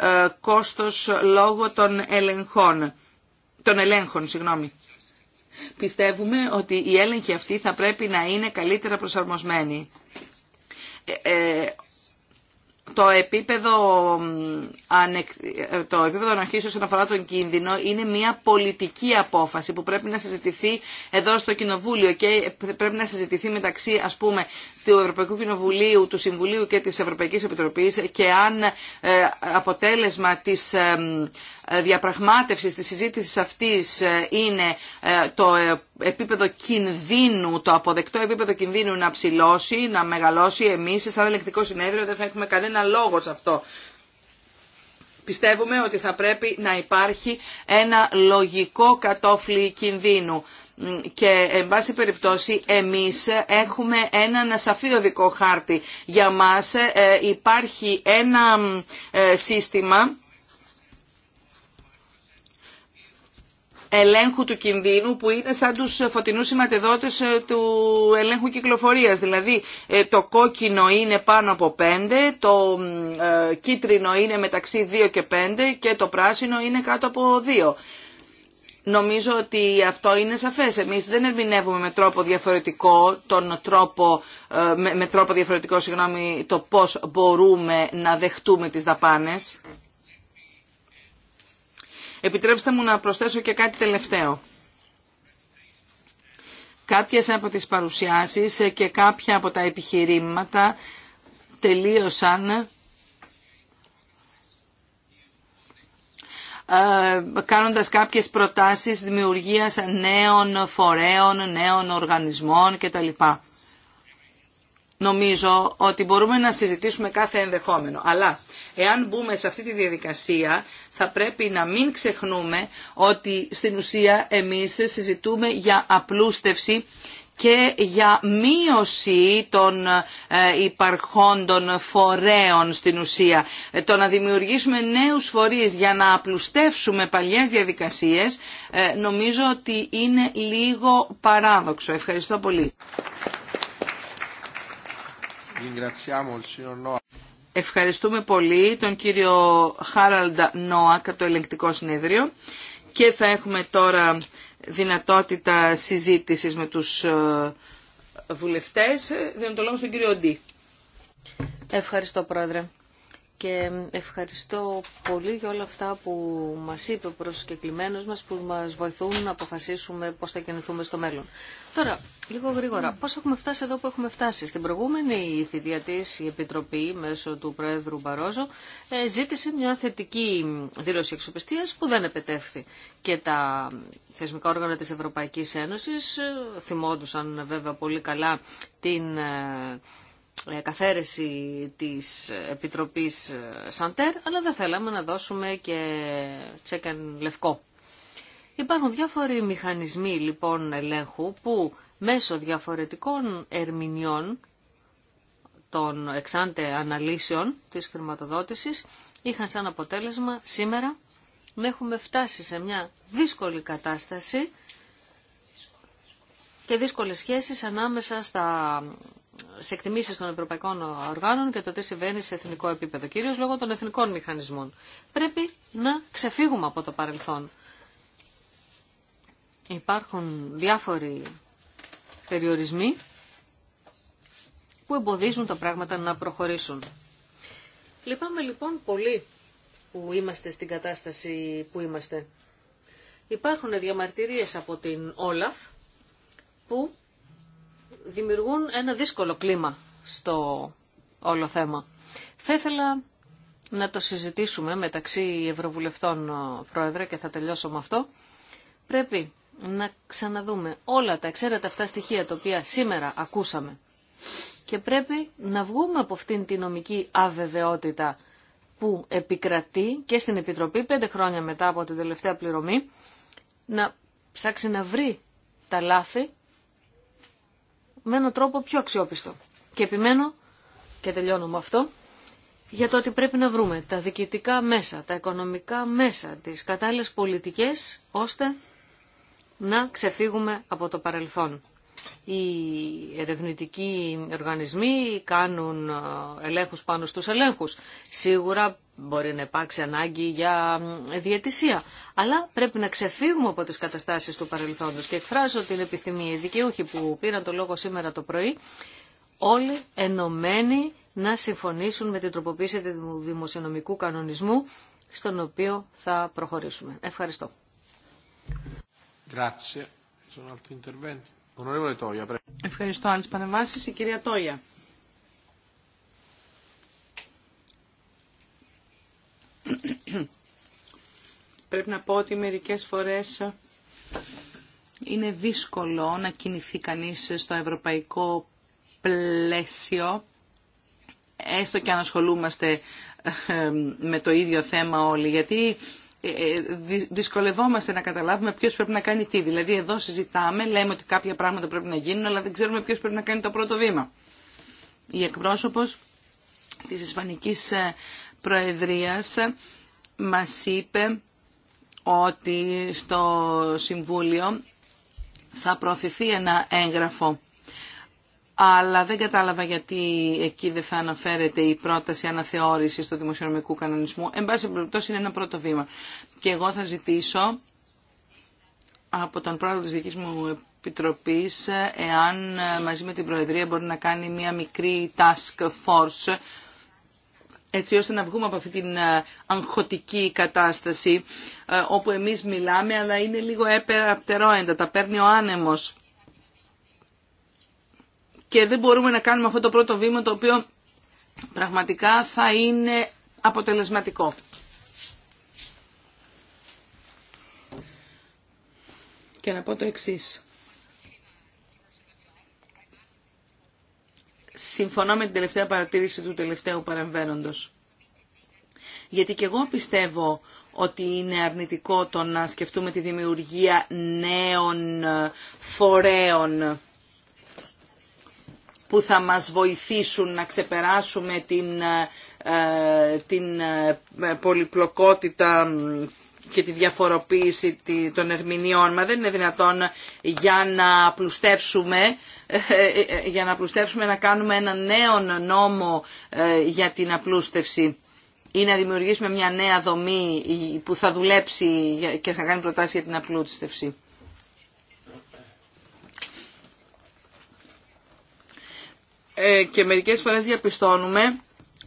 ε, κόστος λόγω των ελεγχών. Των ελέγχων, συγγνώμη. Πιστεύουμε ότι η έλεγχοι αυτή θα πρέπει να είναι καλύτερα προσαρμοσμένη ε, ε, το επίπεδο, ε, το επίπεδο ανοχής όσον αφορά τον κίνδυνο είναι μια πολιτική απόφαση που πρέπει να συζητηθεί εδώ στο Κοινοβούλιο και πρέπει να συζητηθεί μεταξύ ας πούμε του Ευρωπαϊκού Κοινοβουλίου, του Συμβουλίου και της Ευρωπαϊκής Επιτροπής και αν ε, αποτέλεσμα της ε, ε, διαπραγμάτευσης, της συζήτησης αυτής ε, είναι ε, το επίπεδο κινδύνου, το αποδεκτό επίπεδο κινδύνου να ψηλώσει, να μεγαλώσει εμείς σαν ελεκτικό συνέδριο δεν θα έχουμε κανένα λόγο σε αυτό. Πιστεύουμε ότι θα πρέπει να υπάρχει ένα λογικό κατόφλι κινδύνου και εν πάση περιπτώσει εμείς έχουμε έναν σαφή οδικό χάρτη. Για μας υπάρχει ένα σύστημα ελέγχου του κινδύνου που είναι σαν τους φωτεινούς σηματεδότες ε, του ελέγχου κυκλοφορίας. Δηλαδή ε, το κόκκινο είναι πάνω από 5, το ε, κίτρινο είναι μεταξύ 2 και 5 και το πράσινο είναι κάτω από 2. Νομίζω ότι αυτό είναι σαφές. Εμείς δεν ερμηνεύουμε με τρόπο διαφορετικό, τον τρόπο, με, τρόπο διαφορετικό συγγνώμη, το πώς μπορούμε να δεχτούμε τις δαπάνες. Επιτρέψτε μου να προσθέσω και κάτι τελευταίο. Κάποιες από τις παρουσιάσεις και κάποια από τα επιχειρήματα τελείωσαν ε, κάνοντας κάποιες προτάσεις δημιουργίας νέων φορέων, νέων οργανισμών κτλ. Νομίζω ότι μπορούμε να συζητήσουμε κάθε ενδεχόμενο. Αλλά εάν μπούμε σε αυτή τη διαδικασία θα πρέπει να μην ξεχνούμε ότι στην ουσία εμείς συζητούμε για απλούστευση και για μείωση των ε, υπαρχόντων φορέων στην ουσία. Ε, το να δημιουργήσουμε νέους φορείς για να απλουστεύσουμε παλιές διαδικασίες ε, νομίζω ότι είναι λίγο παράδοξο. Ευχαριστώ πολύ. Ευχαριστούμε πολύ τον κύριο Χάραλντα Νόακ από το Ελεγκτικό Συνέδριο και θα έχουμε τώρα δυνατότητα συζήτησης με τους ε, βουλευτές. Δίνω το λόγο στον κύριο Ντί. Ευχαριστώ πρόεδρε και ευχαριστώ πολύ για όλα αυτά που μας είπε ο προσκεκλημένος μας που μας βοηθούν να αποφασίσουμε πώς θα κινηθούμε στο μέλλον. Τώρα, λίγο γρήγορα, πώς έχουμε φτάσει εδώ που έχουμε φτάσει. Στην προηγούμενη θητεία της η Επιτροπή μέσω του Πρόεδρου Μπαρόζο ε, ζήτησε μια θετική δήλωση εξοπιστίας που δεν επετεύχθη. Και τα θεσμικά όργανα της Ευρωπαϊκής Ένωσης ε, θυμόντουσαν βέβαια πολύ καλά την ε, ε, καθαίρεση της Επιτροπής Σαντέρ, αλλά δεν θέλαμε να δώσουμε και τσέκαν λευκό. Υπάρχουν διάφοροι μηχανισμοί λοιπόν ελέγχου που μέσω διαφορετικών ερμηνιών των εξάντε αναλύσεων της χρηματοδότησης είχαν σαν αποτέλεσμα σήμερα να έχουμε φτάσει σε μια δύσκολη κατάσταση και δύσκολες σχέσεις ανάμεσα στα σε εκτιμήσει των ευρωπαϊκών οργάνων και το τι συμβαίνει σε εθνικό επίπεδο, Κυρίω λόγω των εθνικών μηχανισμών. Πρέπει να ξεφύγουμε από το παρελθόν. Υπάρχουν διάφοροι περιορισμοί που εμποδίζουν τα πράγματα να προχωρήσουν. Λυπάμαι λοιπόν πολύ που είμαστε στην κατάσταση που είμαστε. Υπάρχουν διαμαρτυρίες από την Όλαφ που δημιουργούν ένα δύσκολο κλίμα στο όλο θέμα. Θα ήθελα να το συζητήσουμε μεταξύ Ευρωβουλευτών, Πρόεδρε, και θα τελειώσω με αυτό. Πρέπει να ξαναδούμε όλα τα εξαίρετα αυτά στοιχεία τα οποία σήμερα ακούσαμε και πρέπει να βγούμε από αυτήν την νομική αβεβαιότητα που επικρατεί και στην Επιτροπή πέντε χρόνια μετά από την τελευταία πληρωμή να ψάξει να βρει τα λάθη με έναν τρόπο πιο αξιόπιστο. Και επιμένω, και τελειώνω με αυτό, για το ότι πρέπει να βρούμε τα διοικητικά μέσα, τα οικονομικά μέσα, τις κατάλληλες πολιτικές, ώστε να ξεφύγουμε από το παρελθόν. Οι ερευνητικοί οργανισμοί κάνουν ε, ελέγχους πάνω στους ελέγχους. Σίγουρα μπορεί να υπάρξει ανάγκη για διαιτησία. Αλλά πρέπει να ξεφύγουμε από τις καταστάσεις του παρελθόντος και εκφράζω την επιθυμία οι δικαιούχοι που πήραν το λόγο σήμερα το πρωί όλοι ενωμένοι να συμφωνήσουν με την τροποποίηση του δημοσιονομικού κανονισμού στον οποίο θα προχωρήσουμε. Ευχαριστώ. Grazie. Ευχαριστώ. Άλλες παρεμβάσεις. Η κυρία Τόγια. Πρέπει να πω ότι μερικές φορές είναι δύσκολο να κινηθεί κανείς στο ευρωπαϊκό πλαίσιο, έστω και αν ασχολούμαστε ε, με το ίδιο θέμα όλοι, γιατί ε, ε, δυσκολευόμαστε να καταλάβουμε ποιο πρέπει να κάνει τι. Δηλαδή εδώ συζητάμε, λέμε ότι κάποια πράγματα πρέπει να γίνουν, αλλά δεν ξέρουμε ποιο πρέπει να κάνει το πρώτο βήμα. Η εκπρόσωπο της Ισπανικής ε, Προεδρίας μα είπε ότι στο Συμβούλιο θα προωθηθεί ένα έγγραφο αλλά δεν κατάλαβα γιατί εκεί δεν θα αναφέρεται η πρόταση αναθεώρησης του δημοσιονομικού κανονισμού. Εν πάση περιπτώσει είναι ένα πρώτο βήμα. Και εγώ θα ζητήσω από τον πρόεδρο της δικής μου επιτροπής εάν μαζί με την Προεδρία μπορεί να κάνει μια μικρή task force έτσι ώστε να βγούμε από αυτή την ε, αγχωτική κατάσταση ε, όπου εμείς μιλάμε αλλά είναι λίγο έπερα απτερόεντα, τα παίρνει ο άνεμος και δεν μπορούμε να κάνουμε αυτό το πρώτο βήμα το οποίο πραγματικά θα είναι αποτελεσματικό. Και να πω το εξής. Συμφωνώ με την τελευταία παρατήρηση του τελευταίου παρεμβαίνοντος. Γιατί και εγώ πιστεύω ότι είναι αρνητικό το να σκεφτούμε τη δημιουργία νέων φορέων που θα μας βοηθήσουν να ξεπεράσουμε την, ε, ε, την ε, πολυπλοκότητα και τη διαφοροποίηση των ερμηνεών. Μα δεν είναι δυνατόν για να απλουστεύσουμε για να να κάνουμε ένα νέο νόμο για την απλούστευση ή να δημιουργήσουμε μια νέα δομή που θα δουλέψει και θα κάνει προτάσεις για την απλούστευση. Ε, και μερικές φορές διαπιστώνουμε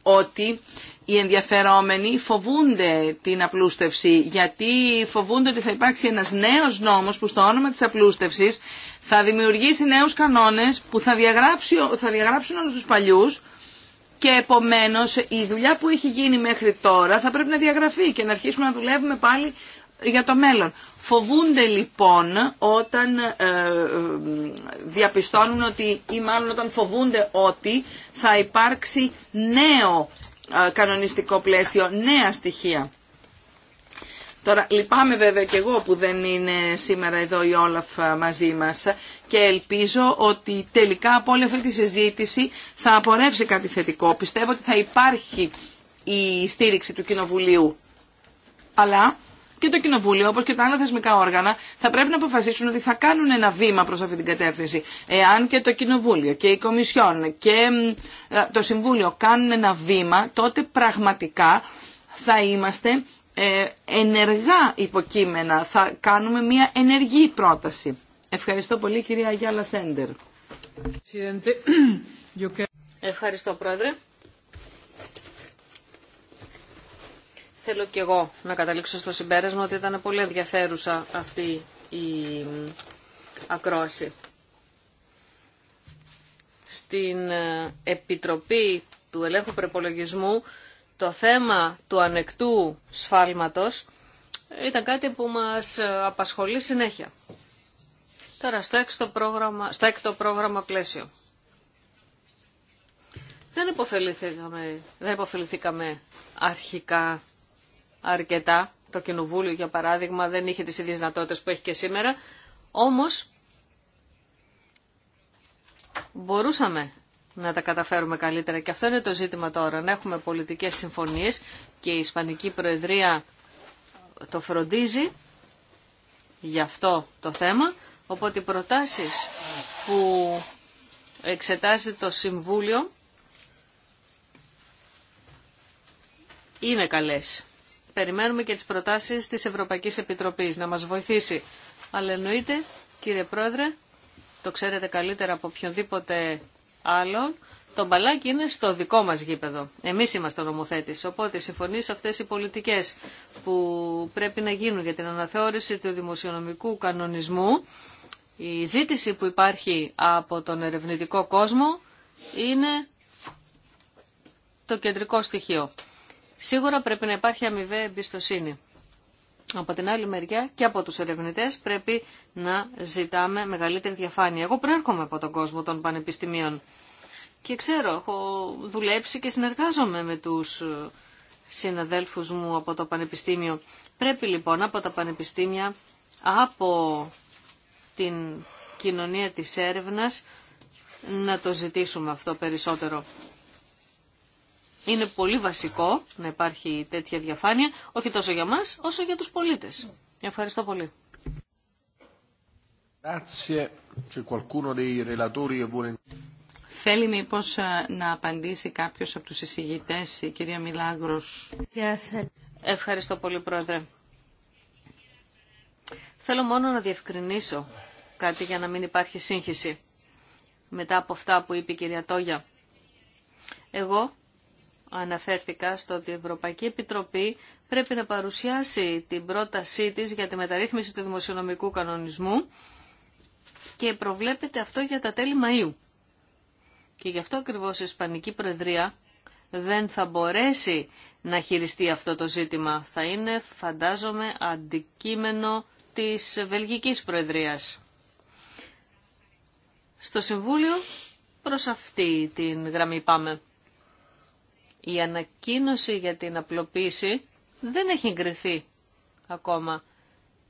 ότι οι ενδιαφερόμενοι φοβούνται την απλούστευση γιατί φοβούνται ότι θα υπάρξει ένας νέος νόμος που στο όνομα της απλούστευσης θα δημιουργήσει νέους κανόνες που θα, θα διαγράψουν όλους τους παλιούς και επομένως η δουλειά που έχει γίνει μέχρι τώρα θα πρέπει να διαγραφεί και να αρχίσουμε να δουλεύουμε πάλι για το μέλλον. Φοβούνται λοιπόν όταν ε, ε, διαπιστώνουν ότι ή μάλλον όταν φοβούνται ότι θα υπάρξει νέο ε, κανονιστικό πλαίσιο, νέα στοιχεία. Τώρα λυπάμαι βέβαια και εγώ που δεν είναι σήμερα εδώ η Όλαφ μαζί μας και ελπίζω ότι τελικά από όλη αυτή τη συζήτηση θα απορρεύσει κάτι θετικό. Πιστεύω ότι θα υπάρχει η στήριξη του Κοινοβουλίου. Αλλά και το Κοινοβούλιο όπω και τα άλλα θεσμικά όργανα θα πρέπει να αποφασίσουν ότι θα κάνουν ένα βήμα προ αυτή την κατεύθυνση. Εάν και το Κοινοβούλιο και η Κομισιόν και το Συμβούλιο κάνουν ένα βήμα τότε πραγματικά θα είμαστε ε, ενεργά υποκείμενα, θα κάνουμε μια ενεργή πρόταση. Ευχαριστώ πολύ κυρία Γιάλα Σέντερ. Ευχαριστώ πρόεδρε. Θέλω και εγώ να καταλήξω στο συμπέρασμα ότι ήταν πολύ ενδιαφέρουσα αυτή η ακρόαση. Στην ε, Επιτροπή του Ελέγχου Προπολογισμού το θέμα του ανεκτού σφάλματος ήταν κάτι που μας ε, απασχολεί συνέχεια. Τώρα στο έκτο πρόγραμμα, στο πρόγραμμα πλαίσιο. Δεν υποφεληθήκαμε, δεν υποφεληθήκαμε αρχικά αρκετά. Το Κοινοβούλιο, για παράδειγμα, δεν είχε τις ίδιες δυνατότητες που έχει και σήμερα. Όμως, μπορούσαμε να τα καταφέρουμε καλύτερα. Και αυτό είναι το ζήτημα τώρα. Να έχουμε πολιτικές συμφωνίες και η Ισπανική Προεδρία το φροντίζει για αυτό το θέμα. Οπότε οι προτάσεις που εξετάζει το Συμβούλιο είναι καλές περιμένουμε και τις προτάσεις της Ευρωπαϊκής Επιτροπής να μας βοηθήσει. Αλλά εννοείται, κύριε Πρόεδρε, το ξέρετε καλύτερα από οποιονδήποτε άλλον, το μπαλάκι είναι στο δικό μας γήπεδο. Εμείς είμαστε ο νομοθέτης, οπότε συμφωνεί σε αυτές οι πολιτικές που πρέπει να γίνουν για την αναθεώρηση του δημοσιονομικού κανονισμού. Η ζήτηση που υπάρχει από τον ερευνητικό κόσμο είναι το κεντρικό στοιχείο. Σίγουρα πρέπει να υπάρχει αμοιβαία εμπιστοσύνη. Από την άλλη μεριά και από τους ερευνητές πρέπει να ζητάμε μεγαλύτερη διαφάνεια. Εγώ προέρχομαι από τον κόσμο των πανεπιστημίων και ξέρω, έχω δουλέψει και συνεργάζομαι με τους ε, συναδέλφους μου από το πανεπιστήμιο. Πρέπει λοιπόν από τα πανεπιστήμια, από την κοινωνία της έρευνας να το ζητήσουμε αυτό περισσότερο. Είναι πολύ βασικό να υπάρχει τέτοια διαφάνεια, όχι τόσο για μας, όσο για τους πολίτες. Ευχαριστώ πολύ. Θέλει μήπω ε, να απαντήσει κάποιος από τους εισηγητές, η κυρία Ευχαριστώ πολύ, Πρόεδρε. Θέλω μόνο να διευκρινίσω κάτι για να μην υπάρχει σύγχυση μετά από αυτά που είπε η κυρία Τόγια. Εγώ αναφέρθηκα στο ότι η Ευρωπαϊκή Επιτροπή πρέπει να παρουσιάσει την πρότασή της για τη μεταρρύθμιση του δημοσιονομικού κανονισμού και προβλέπεται αυτό για τα τέλη Μαΐου. Και γι' αυτό ακριβώς η Ισπανική Προεδρία δεν θα μπορέσει να χειριστεί αυτό το ζήτημα. Θα είναι, φαντάζομαι, αντικείμενο της Βελγικής Προεδρίας. Στο Συμβούλιο προς αυτή την γραμμή πάμε. Η ανακοίνωση για την απλοποίηση δεν έχει εγκριθεί ακόμα.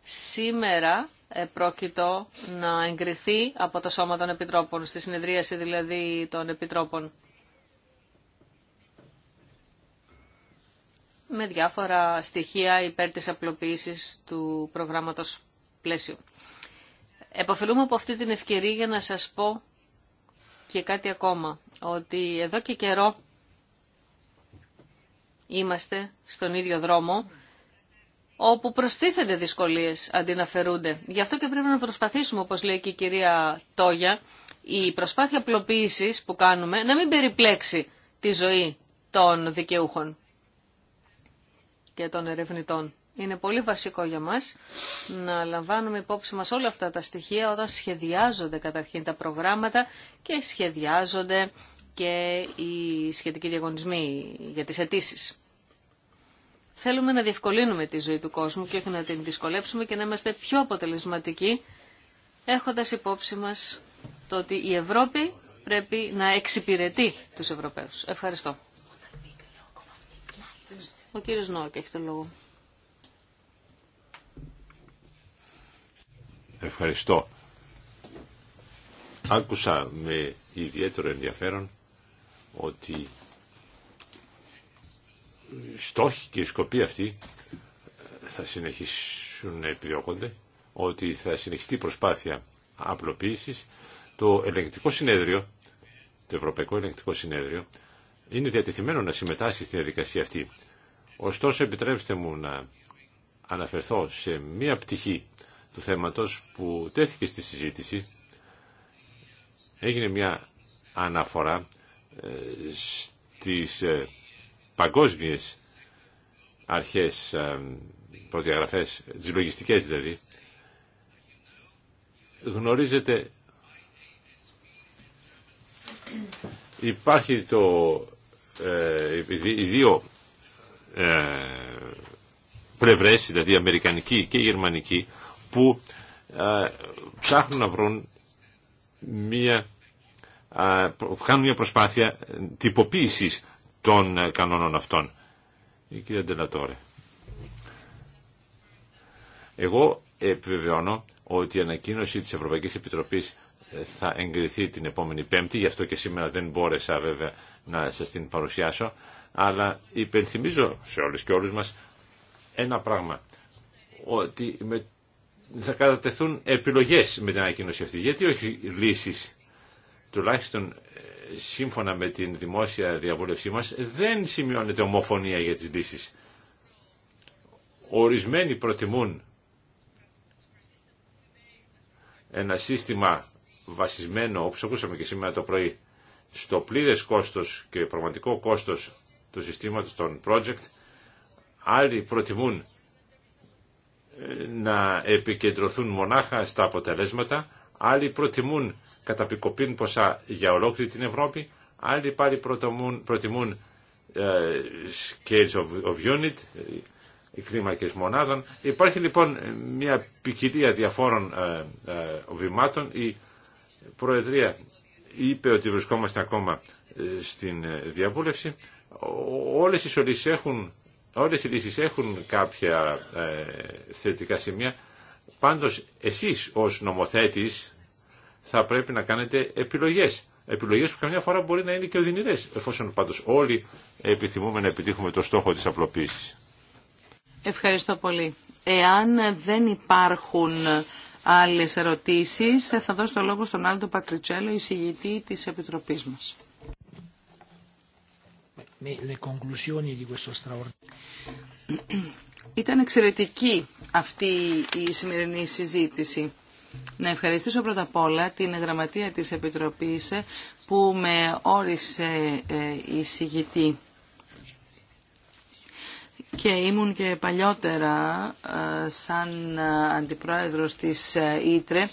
Σήμερα ε, πρόκειτο να εγκριθεί από το Σώμα των Επιτρόπων, στη συνεδρίαση δηλαδή των Επιτρόπων. με διάφορα στοιχεία υπέρ της απλοποίησης του προγράμματος πλαίσιου. Εποφελούμε από αυτή την ευκαιρία για να σας πω και κάτι ακόμα, ότι εδώ και καιρό είμαστε στον ίδιο δρόμο, όπου προστίθενται δυσκολίες αντί να Γι' αυτό και πρέπει να προσπαθήσουμε, όπως λέει και η κυρία Τόγια, η προσπάθεια απλοποίησης που κάνουμε να μην περιπλέξει τη ζωή των δικαιούχων και των ερευνητών. Είναι πολύ βασικό για μας να λαμβάνουμε υπόψη μας όλα αυτά τα στοιχεία όταν σχεδιάζονται καταρχήν τα προγράμματα και σχεδιάζονται και οι σχετικοί διαγωνισμοί για τις αιτήσει. Θέλουμε να διευκολύνουμε τη ζωή του κόσμου και όχι να την δυσκολέψουμε και να είμαστε πιο αποτελεσματικοί έχοντας υπόψη μας το ότι η Ευρώπη πρέπει να εξυπηρετεί τους Ευρωπαίους. Ευχαριστώ. Ο κύριος Νόκ έχει το λόγο. Ευχαριστώ. Άκουσα με ιδιαίτερο ενδιαφέρον ότι στόχοι και η σκοποί αυτοί ε, θα συνεχίσουν να επιδιώκονται, ότι θα συνεχιστεί προσπάθεια απλοποίησης. Το ελεγκτικό συνέδριο, το Ευρωπαϊκό Ελεγκτικό Συνέδριο, είναι διατεθειμένο να συμμετάσχει στην διαδικασία αυτή. Ωστόσο, επιτρέψτε μου να αναφερθώ σε μία πτυχή του θέματος που τέθηκε στη συζήτηση. Έγινε μια αναφορά ε, στις ε, παγκόσμιες αρχές, ε, προδιαγραφές, τι λογιστικέ, δηλαδή, γνωρίζετε υπάρχει το ε, οι δύο ε, πλευρές, δηλαδή αμερικανική και γερμανική, που ε, ψάχνουν να βρουν μία, ε, κάνουν μια προσπάθεια τυποποίησης των ε, κανόνων αυτών. Η κυρία Ντελατόρε. Εγώ επιβεβαιώνω ότι η ανακοίνωση της Ευρωπαϊκής Επιτροπής ε, θα εγκριθεί την επόμενη Πέμπτη, γι' αυτό και σήμερα δεν μπόρεσα βέβαια να σας την παρουσιάσω, αλλά υπενθυμίζω σε όλους και όλους μας ένα πράγμα, ότι θα κατατεθούν επιλογές με την ανακοίνωση αυτή, γιατί όχι λύσεις, τουλάχιστον σύμφωνα με την δημόσια διαβούλευσή μας, δεν σημειώνεται ομοφωνία για τις λύσεις. Ορισμένοι προτιμούν ένα σύστημα βασισμένο, όπως ακούσαμε και σήμερα το πρωί, στο πλήρες κόστος και πραγματικό κόστος του συστήματος των project. Άλλοι προτιμούν ε, να επικεντρωθούν μονάχα στα αποτελέσματα, Άλλοι προτιμούν καταπικοπήν ποσά για ολόκληρη την Ευρώπη, άλλοι πάλι προτιμούν, προτιμούν ε, scales of, of unit, ε, οι κλίμακε μονάδων. Υπάρχει λοιπόν μια ποικιλία διαφόρων ε, βημάτων. Η Προεδρία είπε ότι βρισκόμαστε ακόμα στην διαβούλευση. Όλες οι, έχουν, όλες οι λύσεις έχουν κάποια θετικά σημεία. Πάντως εσείς ως νομοθέτης θα πρέπει να κάνετε επιλογές. Επιλογές που καμιά φορά μπορεί να είναι και οδυνηρές, εφόσον πάντως όλοι επιθυμούμε να επιτύχουμε το στόχο της απλοποίησης. Ευχαριστώ πολύ. Εάν δεν υπάρχουν άλλες ερωτήσεις, θα δώσω το λόγο στον Άλντο Πατριτσέλο, εισηγητή της Επιτροπής μας. Ήταν εξαιρετική αυτή η σημερινή συζήτηση. Να ευχαριστήσω πρώτα απ' όλα την γραμματεία της Επιτροπής που με όρισε ε, η συγητή Και ήμουν και παλιότερα ε, σαν αντιπρόεδρος της ε, Ήτρε,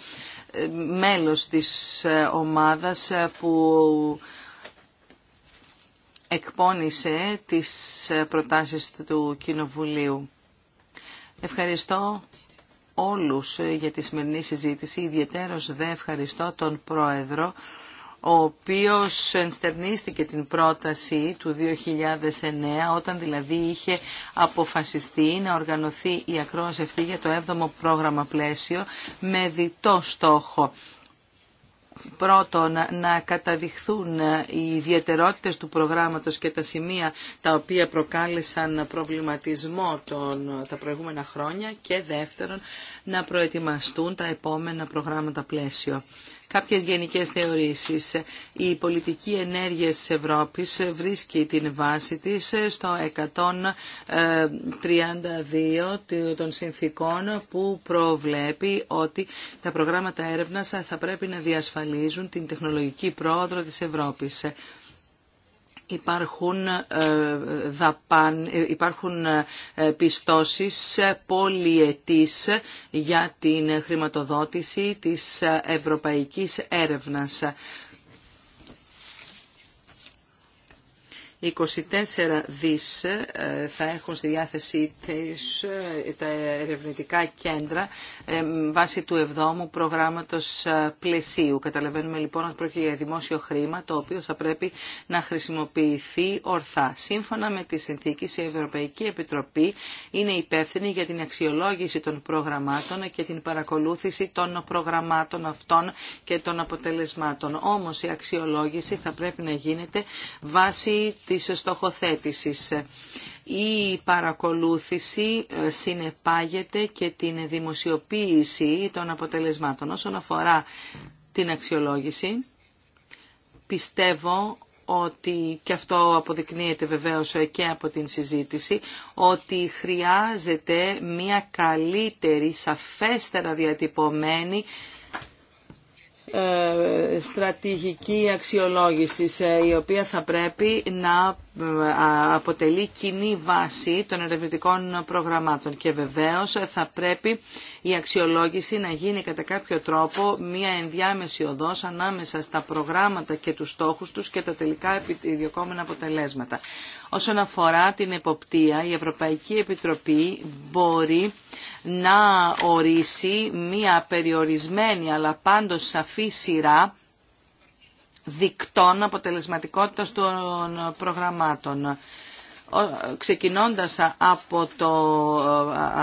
μέλος της ομάδας που εκπώνησε τις προτάσεις του Κοινοβουλίου. Ευχαριστώ όλους ε, για τη σημερινή συζήτηση, ιδιαίτερος δε ευχαριστώ τον Πρόεδρο, ο οποίος ενστερνίστηκε την πρόταση του 2009, όταν δηλαδή είχε αποφασιστεί να οργανωθεί η ακρόαση αυτή για το 7ο πρόγραμμα πλαίσιο με διτό στόχο πρώτον να καταδειχθούν οι ιδιαιτερότητες του προγράμματος και τα σημεία τα οποία προκάλεσαν προβληματισμό των, τα προηγούμενα χρόνια και δεύτερον να προετοιμαστούν τα επόμενα προγράμματα πλαίσιο κάποιες γενικές θεωρήσεις. Η πολιτική ενέργεια της Ευρώπης βρίσκει την βάση της στο 132 των συνθήκων που προβλέπει ότι τα προγράμματα έρευνας θα πρέπει να διασφαλίζουν την τεχνολογική πρόοδο της Ευρώπης. Υπάρχουν, ε, δαπάν, ε, υπάρχουν ε, πιστώσεις πολυετής για την χρηματοδότηση της ευρωπαϊκής έρευνας. 24 δις ε, θα έχουν στη διάθεσή της ε, τα ερευνητικά κέντρα ε, βάσει του 7ου προγράμματος πλαισίου. Καταλαβαίνουμε λοιπόν ότι πρόκειται για δημόσιο χρήμα το οποίο θα πρέπει να χρησιμοποιηθεί ορθά. Σύμφωνα με τη συνθήκη η Ευρωπαϊκή Επιτροπή είναι υπεύθυνη για την αξιολόγηση των προγραμμάτων και την παρακολούθηση των προγραμμάτων αυτών και των αποτελεσμάτων. Όμως η αξιολόγηση θα πρέπει να γίνεται βάσει της στοχοθέτησης. Η παρακολούθηση ε, συνεπάγεται και την δημοσιοποίηση των αποτελεσμάτων. Όσον αφορά την αξιολόγηση, πιστεύω ότι, και αυτό αποδεικνύεται βεβαίως και από την συζήτηση, ότι χρειάζεται μια καλύτερη, σαφέστερα διατυπωμένη ε, στρατηγική αξιολόγηση ε, η οποία θα πρέπει να ε, αποτελεί κοινή βάση των ερευνητικών προγραμμάτων και βεβαίως θα πρέπει η αξιολόγηση να γίνει κατά κάποιο τρόπο μια ενδιάμεση οδός ανάμεσα στα προγράμματα και τους στόχους τους και τα τελικά επιδιωκόμενα αποτελέσματα. Όσον αφορά την εποπτεία, η Ευρωπαϊκή Επιτροπή μπορεί να ορίσει μία περιορισμένη αλλά πάντως σαφή σειρά δικτών αποτελεσματικότητας των προγραμμάτων ξεκινώντας από, το,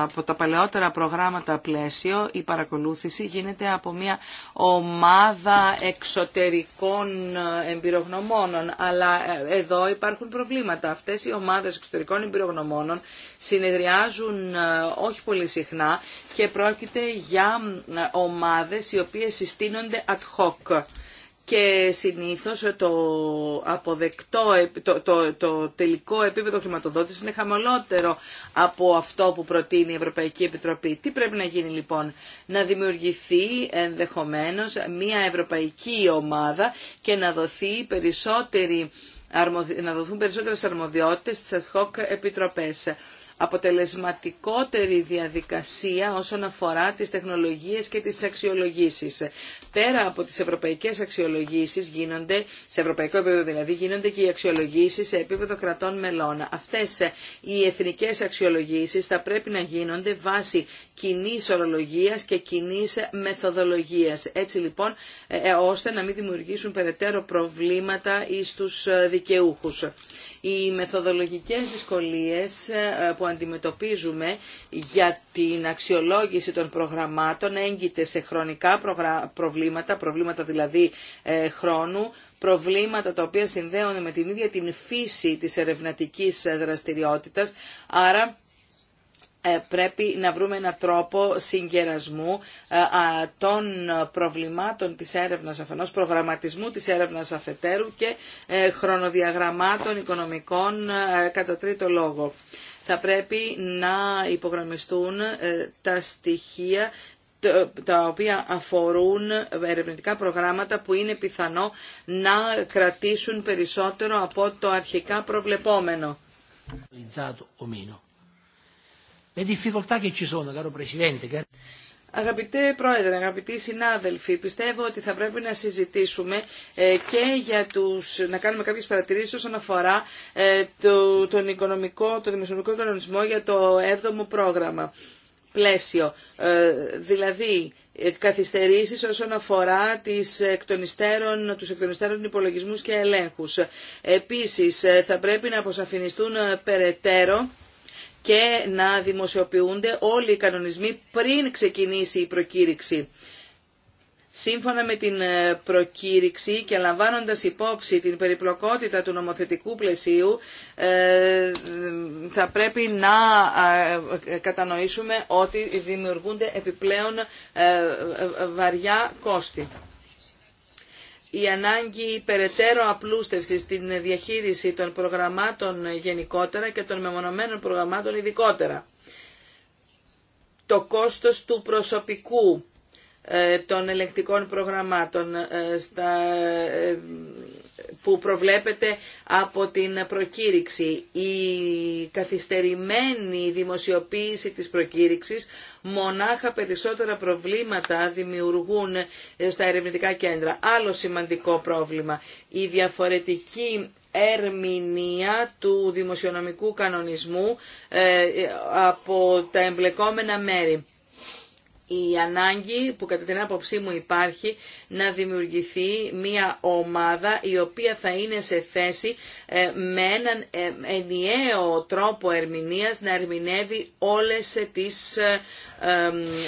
από τα παλαιότερα προγράμματα πλαίσιο, η παρακολούθηση γίνεται από μια ομάδα εξωτερικών ε, εμπειρογνωμόνων. Αλλά ε, εδώ υπάρχουν προβλήματα. Αυτές οι ομάδες εξωτερικών εμπειρογνωμόνων συνεδριάζουν ε, όχι πολύ συχνά και πρόκειται για ομάδες οι οποίες συστήνονται ad hoc και συνήθως το αποδεκτό, το, το, το, τελικό επίπεδο χρηματοδότησης είναι χαμηλότερο από αυτό που προτείνει η Ευρωπαϊκή Επιτροπή. Τι πρέπει να γίνει λοιπόν, να δημιουργηθεί ενδεχομένως μια ευρωπαϊκή ομάδα και να δοθεί περισσότερη να δοθούν περισσότερες αρμοδιότητες στις ad hoc επιτροπές αποτελεσματικότερη διαδικασία όσον αφορά τις τεχνολογίες και τις αξιολογήσεις. Πέρα από τις ευρωπαϊκές αξιολογήσεις γίνονται, σε ευρωπαϊκό επίπεδο δηλαδή, γίνονται και οι αξιολογήσεις σε επίπεδο κρατών μελών. Αυτές ε, οι εθνικές αξιολογήσεις θα πρέπει να γίνονται βάσει κοινή ορολογίας και κοινή μεθοδολογίας. Έτσι λοιπόν, ε, ε, ώστε να μην δημιουργήσουν περαιτέρω προβλήματα εις τους δικαιούχους οι μεθοδολογικές δυσκολίες ε, που αντιμετωπίζουμε για την αξιολόγηση των προγραμμάτων έγκυται σε χρονικά προβλήματα, προβλήματα δηλαδή ε, χρόνου, προβλήματα τα οποία συνδέονται με την ίδια την φύση της ερευνατικής δραστηριότητας, άρα ε, πρέπει να βρούμε έναν τρόπο συγκερασμού ε, των προβλημάτων της έρευνας αφενός, προγραμματισμού της έρευνας αφετέρου και ε, χρονοδιαγραμμάτων οικονομικών κατά τρίτο λόγο. Θα πρέπει να υπογραμμιστούν τα στοιχεία τα οποία αφορούν ερευνητικά προγράμματα που είναι πιθανό να κρατήσουν περισσότερο από το αρχικά προβλεπόμενο. Αγαπητέ Πρόεδρε, αγαπητοί συνάδελφοι, πιστεύω ότι θα πρέπει να συζητήσουμε ε, και για τους, να κάνουμε κάποιες παρατηρήσεις όσον αφορά ε, το, τον οικονομικό, δημοσιονομικό κανονισμό για το 7ο πρόγραμμα πλαίσιο. Ε, δηλαδή, καθυστερήσεις όσον αφορά τις εκτονιστέρων, τους εκτονιστέρων υπολογισμούς και ελέγχους. Επίσης, θα πρέπει να αποσαφινιστούν περαιτέρω και να δημοσιοποιούνται όλοι οι κανονισμοί πριν ξεκινήσει η προκήρυξη. Σύμφωνα με την ε, προκήρυξη και λαμβάνοντας υπόψη την περιπλοκότητα του νομοθετικού πλαισίου ε, θα πρέπει να ε, κατανοήσουμε ότι δημιουργούνται επιπλέον βαριά κόστη η ανάγκη περαιτέρω απλούστευσης στην διαχείριση των προγραμμάτων γενικότερα και των μεμονωμένων προγραμμάτων ειδικότερα. Το κόστος του προσωπικού ε, των ελεγκτικών προγραμμάτων ε, στα ε, που προβλέπεται από την προκήρυξη. Η καθυστερημένη δημοσιοποίηση της προκήρυξης μονάχα περισσότερα προβλήματα δημιουργούν στα ερευνητικά κέντρα. Άλλο σημαντικό πρόβλημα, η διαφορετική ερμηνεία του δημοσιονομικού κανονισμού ε, από τα εμπλεκόμενα μέρη η ανάγκη που κατά την άποψή μου υπάρχει να δημιουργηθεί μια ομάδα η οποία θα είναι σε θέση ε, με έναν ε, ενιαίο τρόπο ερμηνείας να ερμηνεύει όλες τις ε,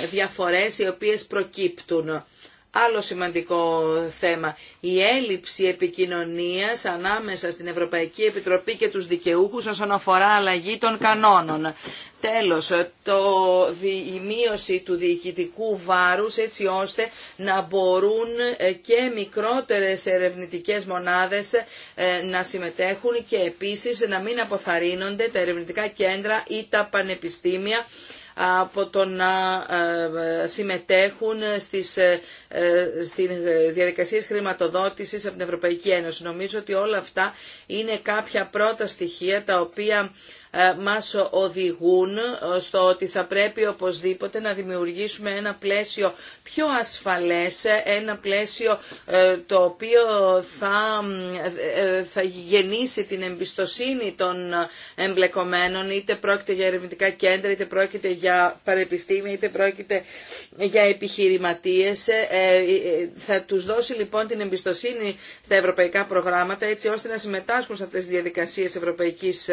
διαφορές οι οποίες προκύπτουν. Άλλο σημαντικό θέμα, η έλλειψη επικοινωνίας ανάμεσα στην Ευρωπαϊκή Επιτροπή και τους δικαιούχους όσον αφορά αλλαγή των κανόνων. Τέλος, το, η μείωση του διοικητικού βάρους έτσι ώστε να μπορούν ε, και μικρότερες ερευνητικές μονάδες ε, να συμμετέχουν και επίσης να μην αποθαρρύνονται τα ερευνητικά κέντρα ή τα πανεπιστήμια από το να ε, συμμετέχουν στις, στις διαδικασίες χρηματοδότησης από την Ευρωπαϊκή Ένωση. Νομίζω ότι όλα αυτά είναι κάποια πρώτα στοιχεία τα οποία ε, μας οδηγούν ε, στο ότι θα πρέπει οπωσδήποτε να δημιουργήσουμε ένα πλαίσιο πιο ασφαλές, ε, ένα πλαίσιο το οποίο θα, θα γεννήσει την εμπιστοσύνη των εμπλεκομένων, είτε πρόκειται για ερευνητικά κέντρα, είτε πρόκειται για παρεπιστήμια είτε πρόκειται για επιχειρηματίες. Θα τους δώσει λοιπόν την εμπιστοσύνη στα ευρωπαϊκά προγράμματα έτσι ώστε να συμμετάσχουν σε αυτές τις διαδικασίες ευρωπαϊκής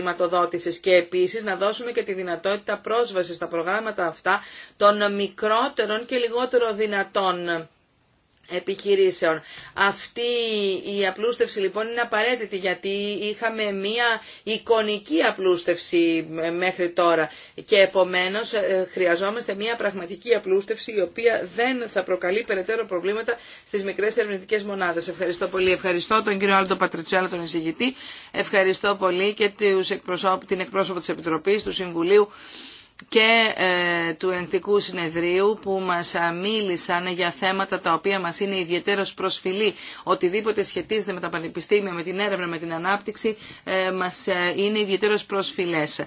χρηματοδότησης και επίσης να δώσουμε και τη δυνατότητα πρόσβασης στα προγράμματα αυτά των μικρότερων και λιγότερο δυνατών επιχειρήσεων. Αυτή η απλούστευση λοιπόν είναι απαραίτητη γιατί είχαμε μία εικονική απλούστευση ε, μέχρι τώρα και επομένως ε, χρειαζόμαστε μία πραγματική απλούστευση η οποία δεν θα προκαλεί περαιτέρω προβλήματα στις μικρές ερευνητικέ μονάδες. Ευχαριστώ πολύ. Ευχαριστώ τον κύριο Άλτο Πατριτσέλα, τον εισηγητή. Ευχαριστώ πολύ και την εκπρόσωπο της Επιτροπής, του Συμβουλίου και ε, του ενεκτικού Συνεδρίου που μας ε, μίλησαν για θέματα τα οποία μας είναι ιδιαίτερως προσφυλή. Οτιδήποτε σχετίζεται με τα πανεπιστήμια, με την έρευνα, με την ανάπτυξη ε, μας είναι ιδιαίτερος προσφυλές.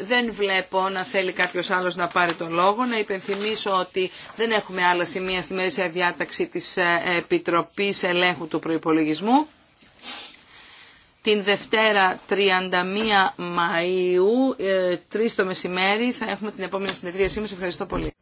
Δεν βλέπω να θέλει κάποιος άλλος να πάρει τον λόγο. Να υπενθυμίσω ότι δεν έχουμε άλλα σημεία στη μερήσα διάταξη της Επιτροπής Ελέγχου του Προϋπολογισμού. Την Δευτέρα 31 Μαΐου, 3 ε, το μεσημέρι, θα έχουμε την επόμενη συνεδρίασή μας. Ευχαριστώ πολύ.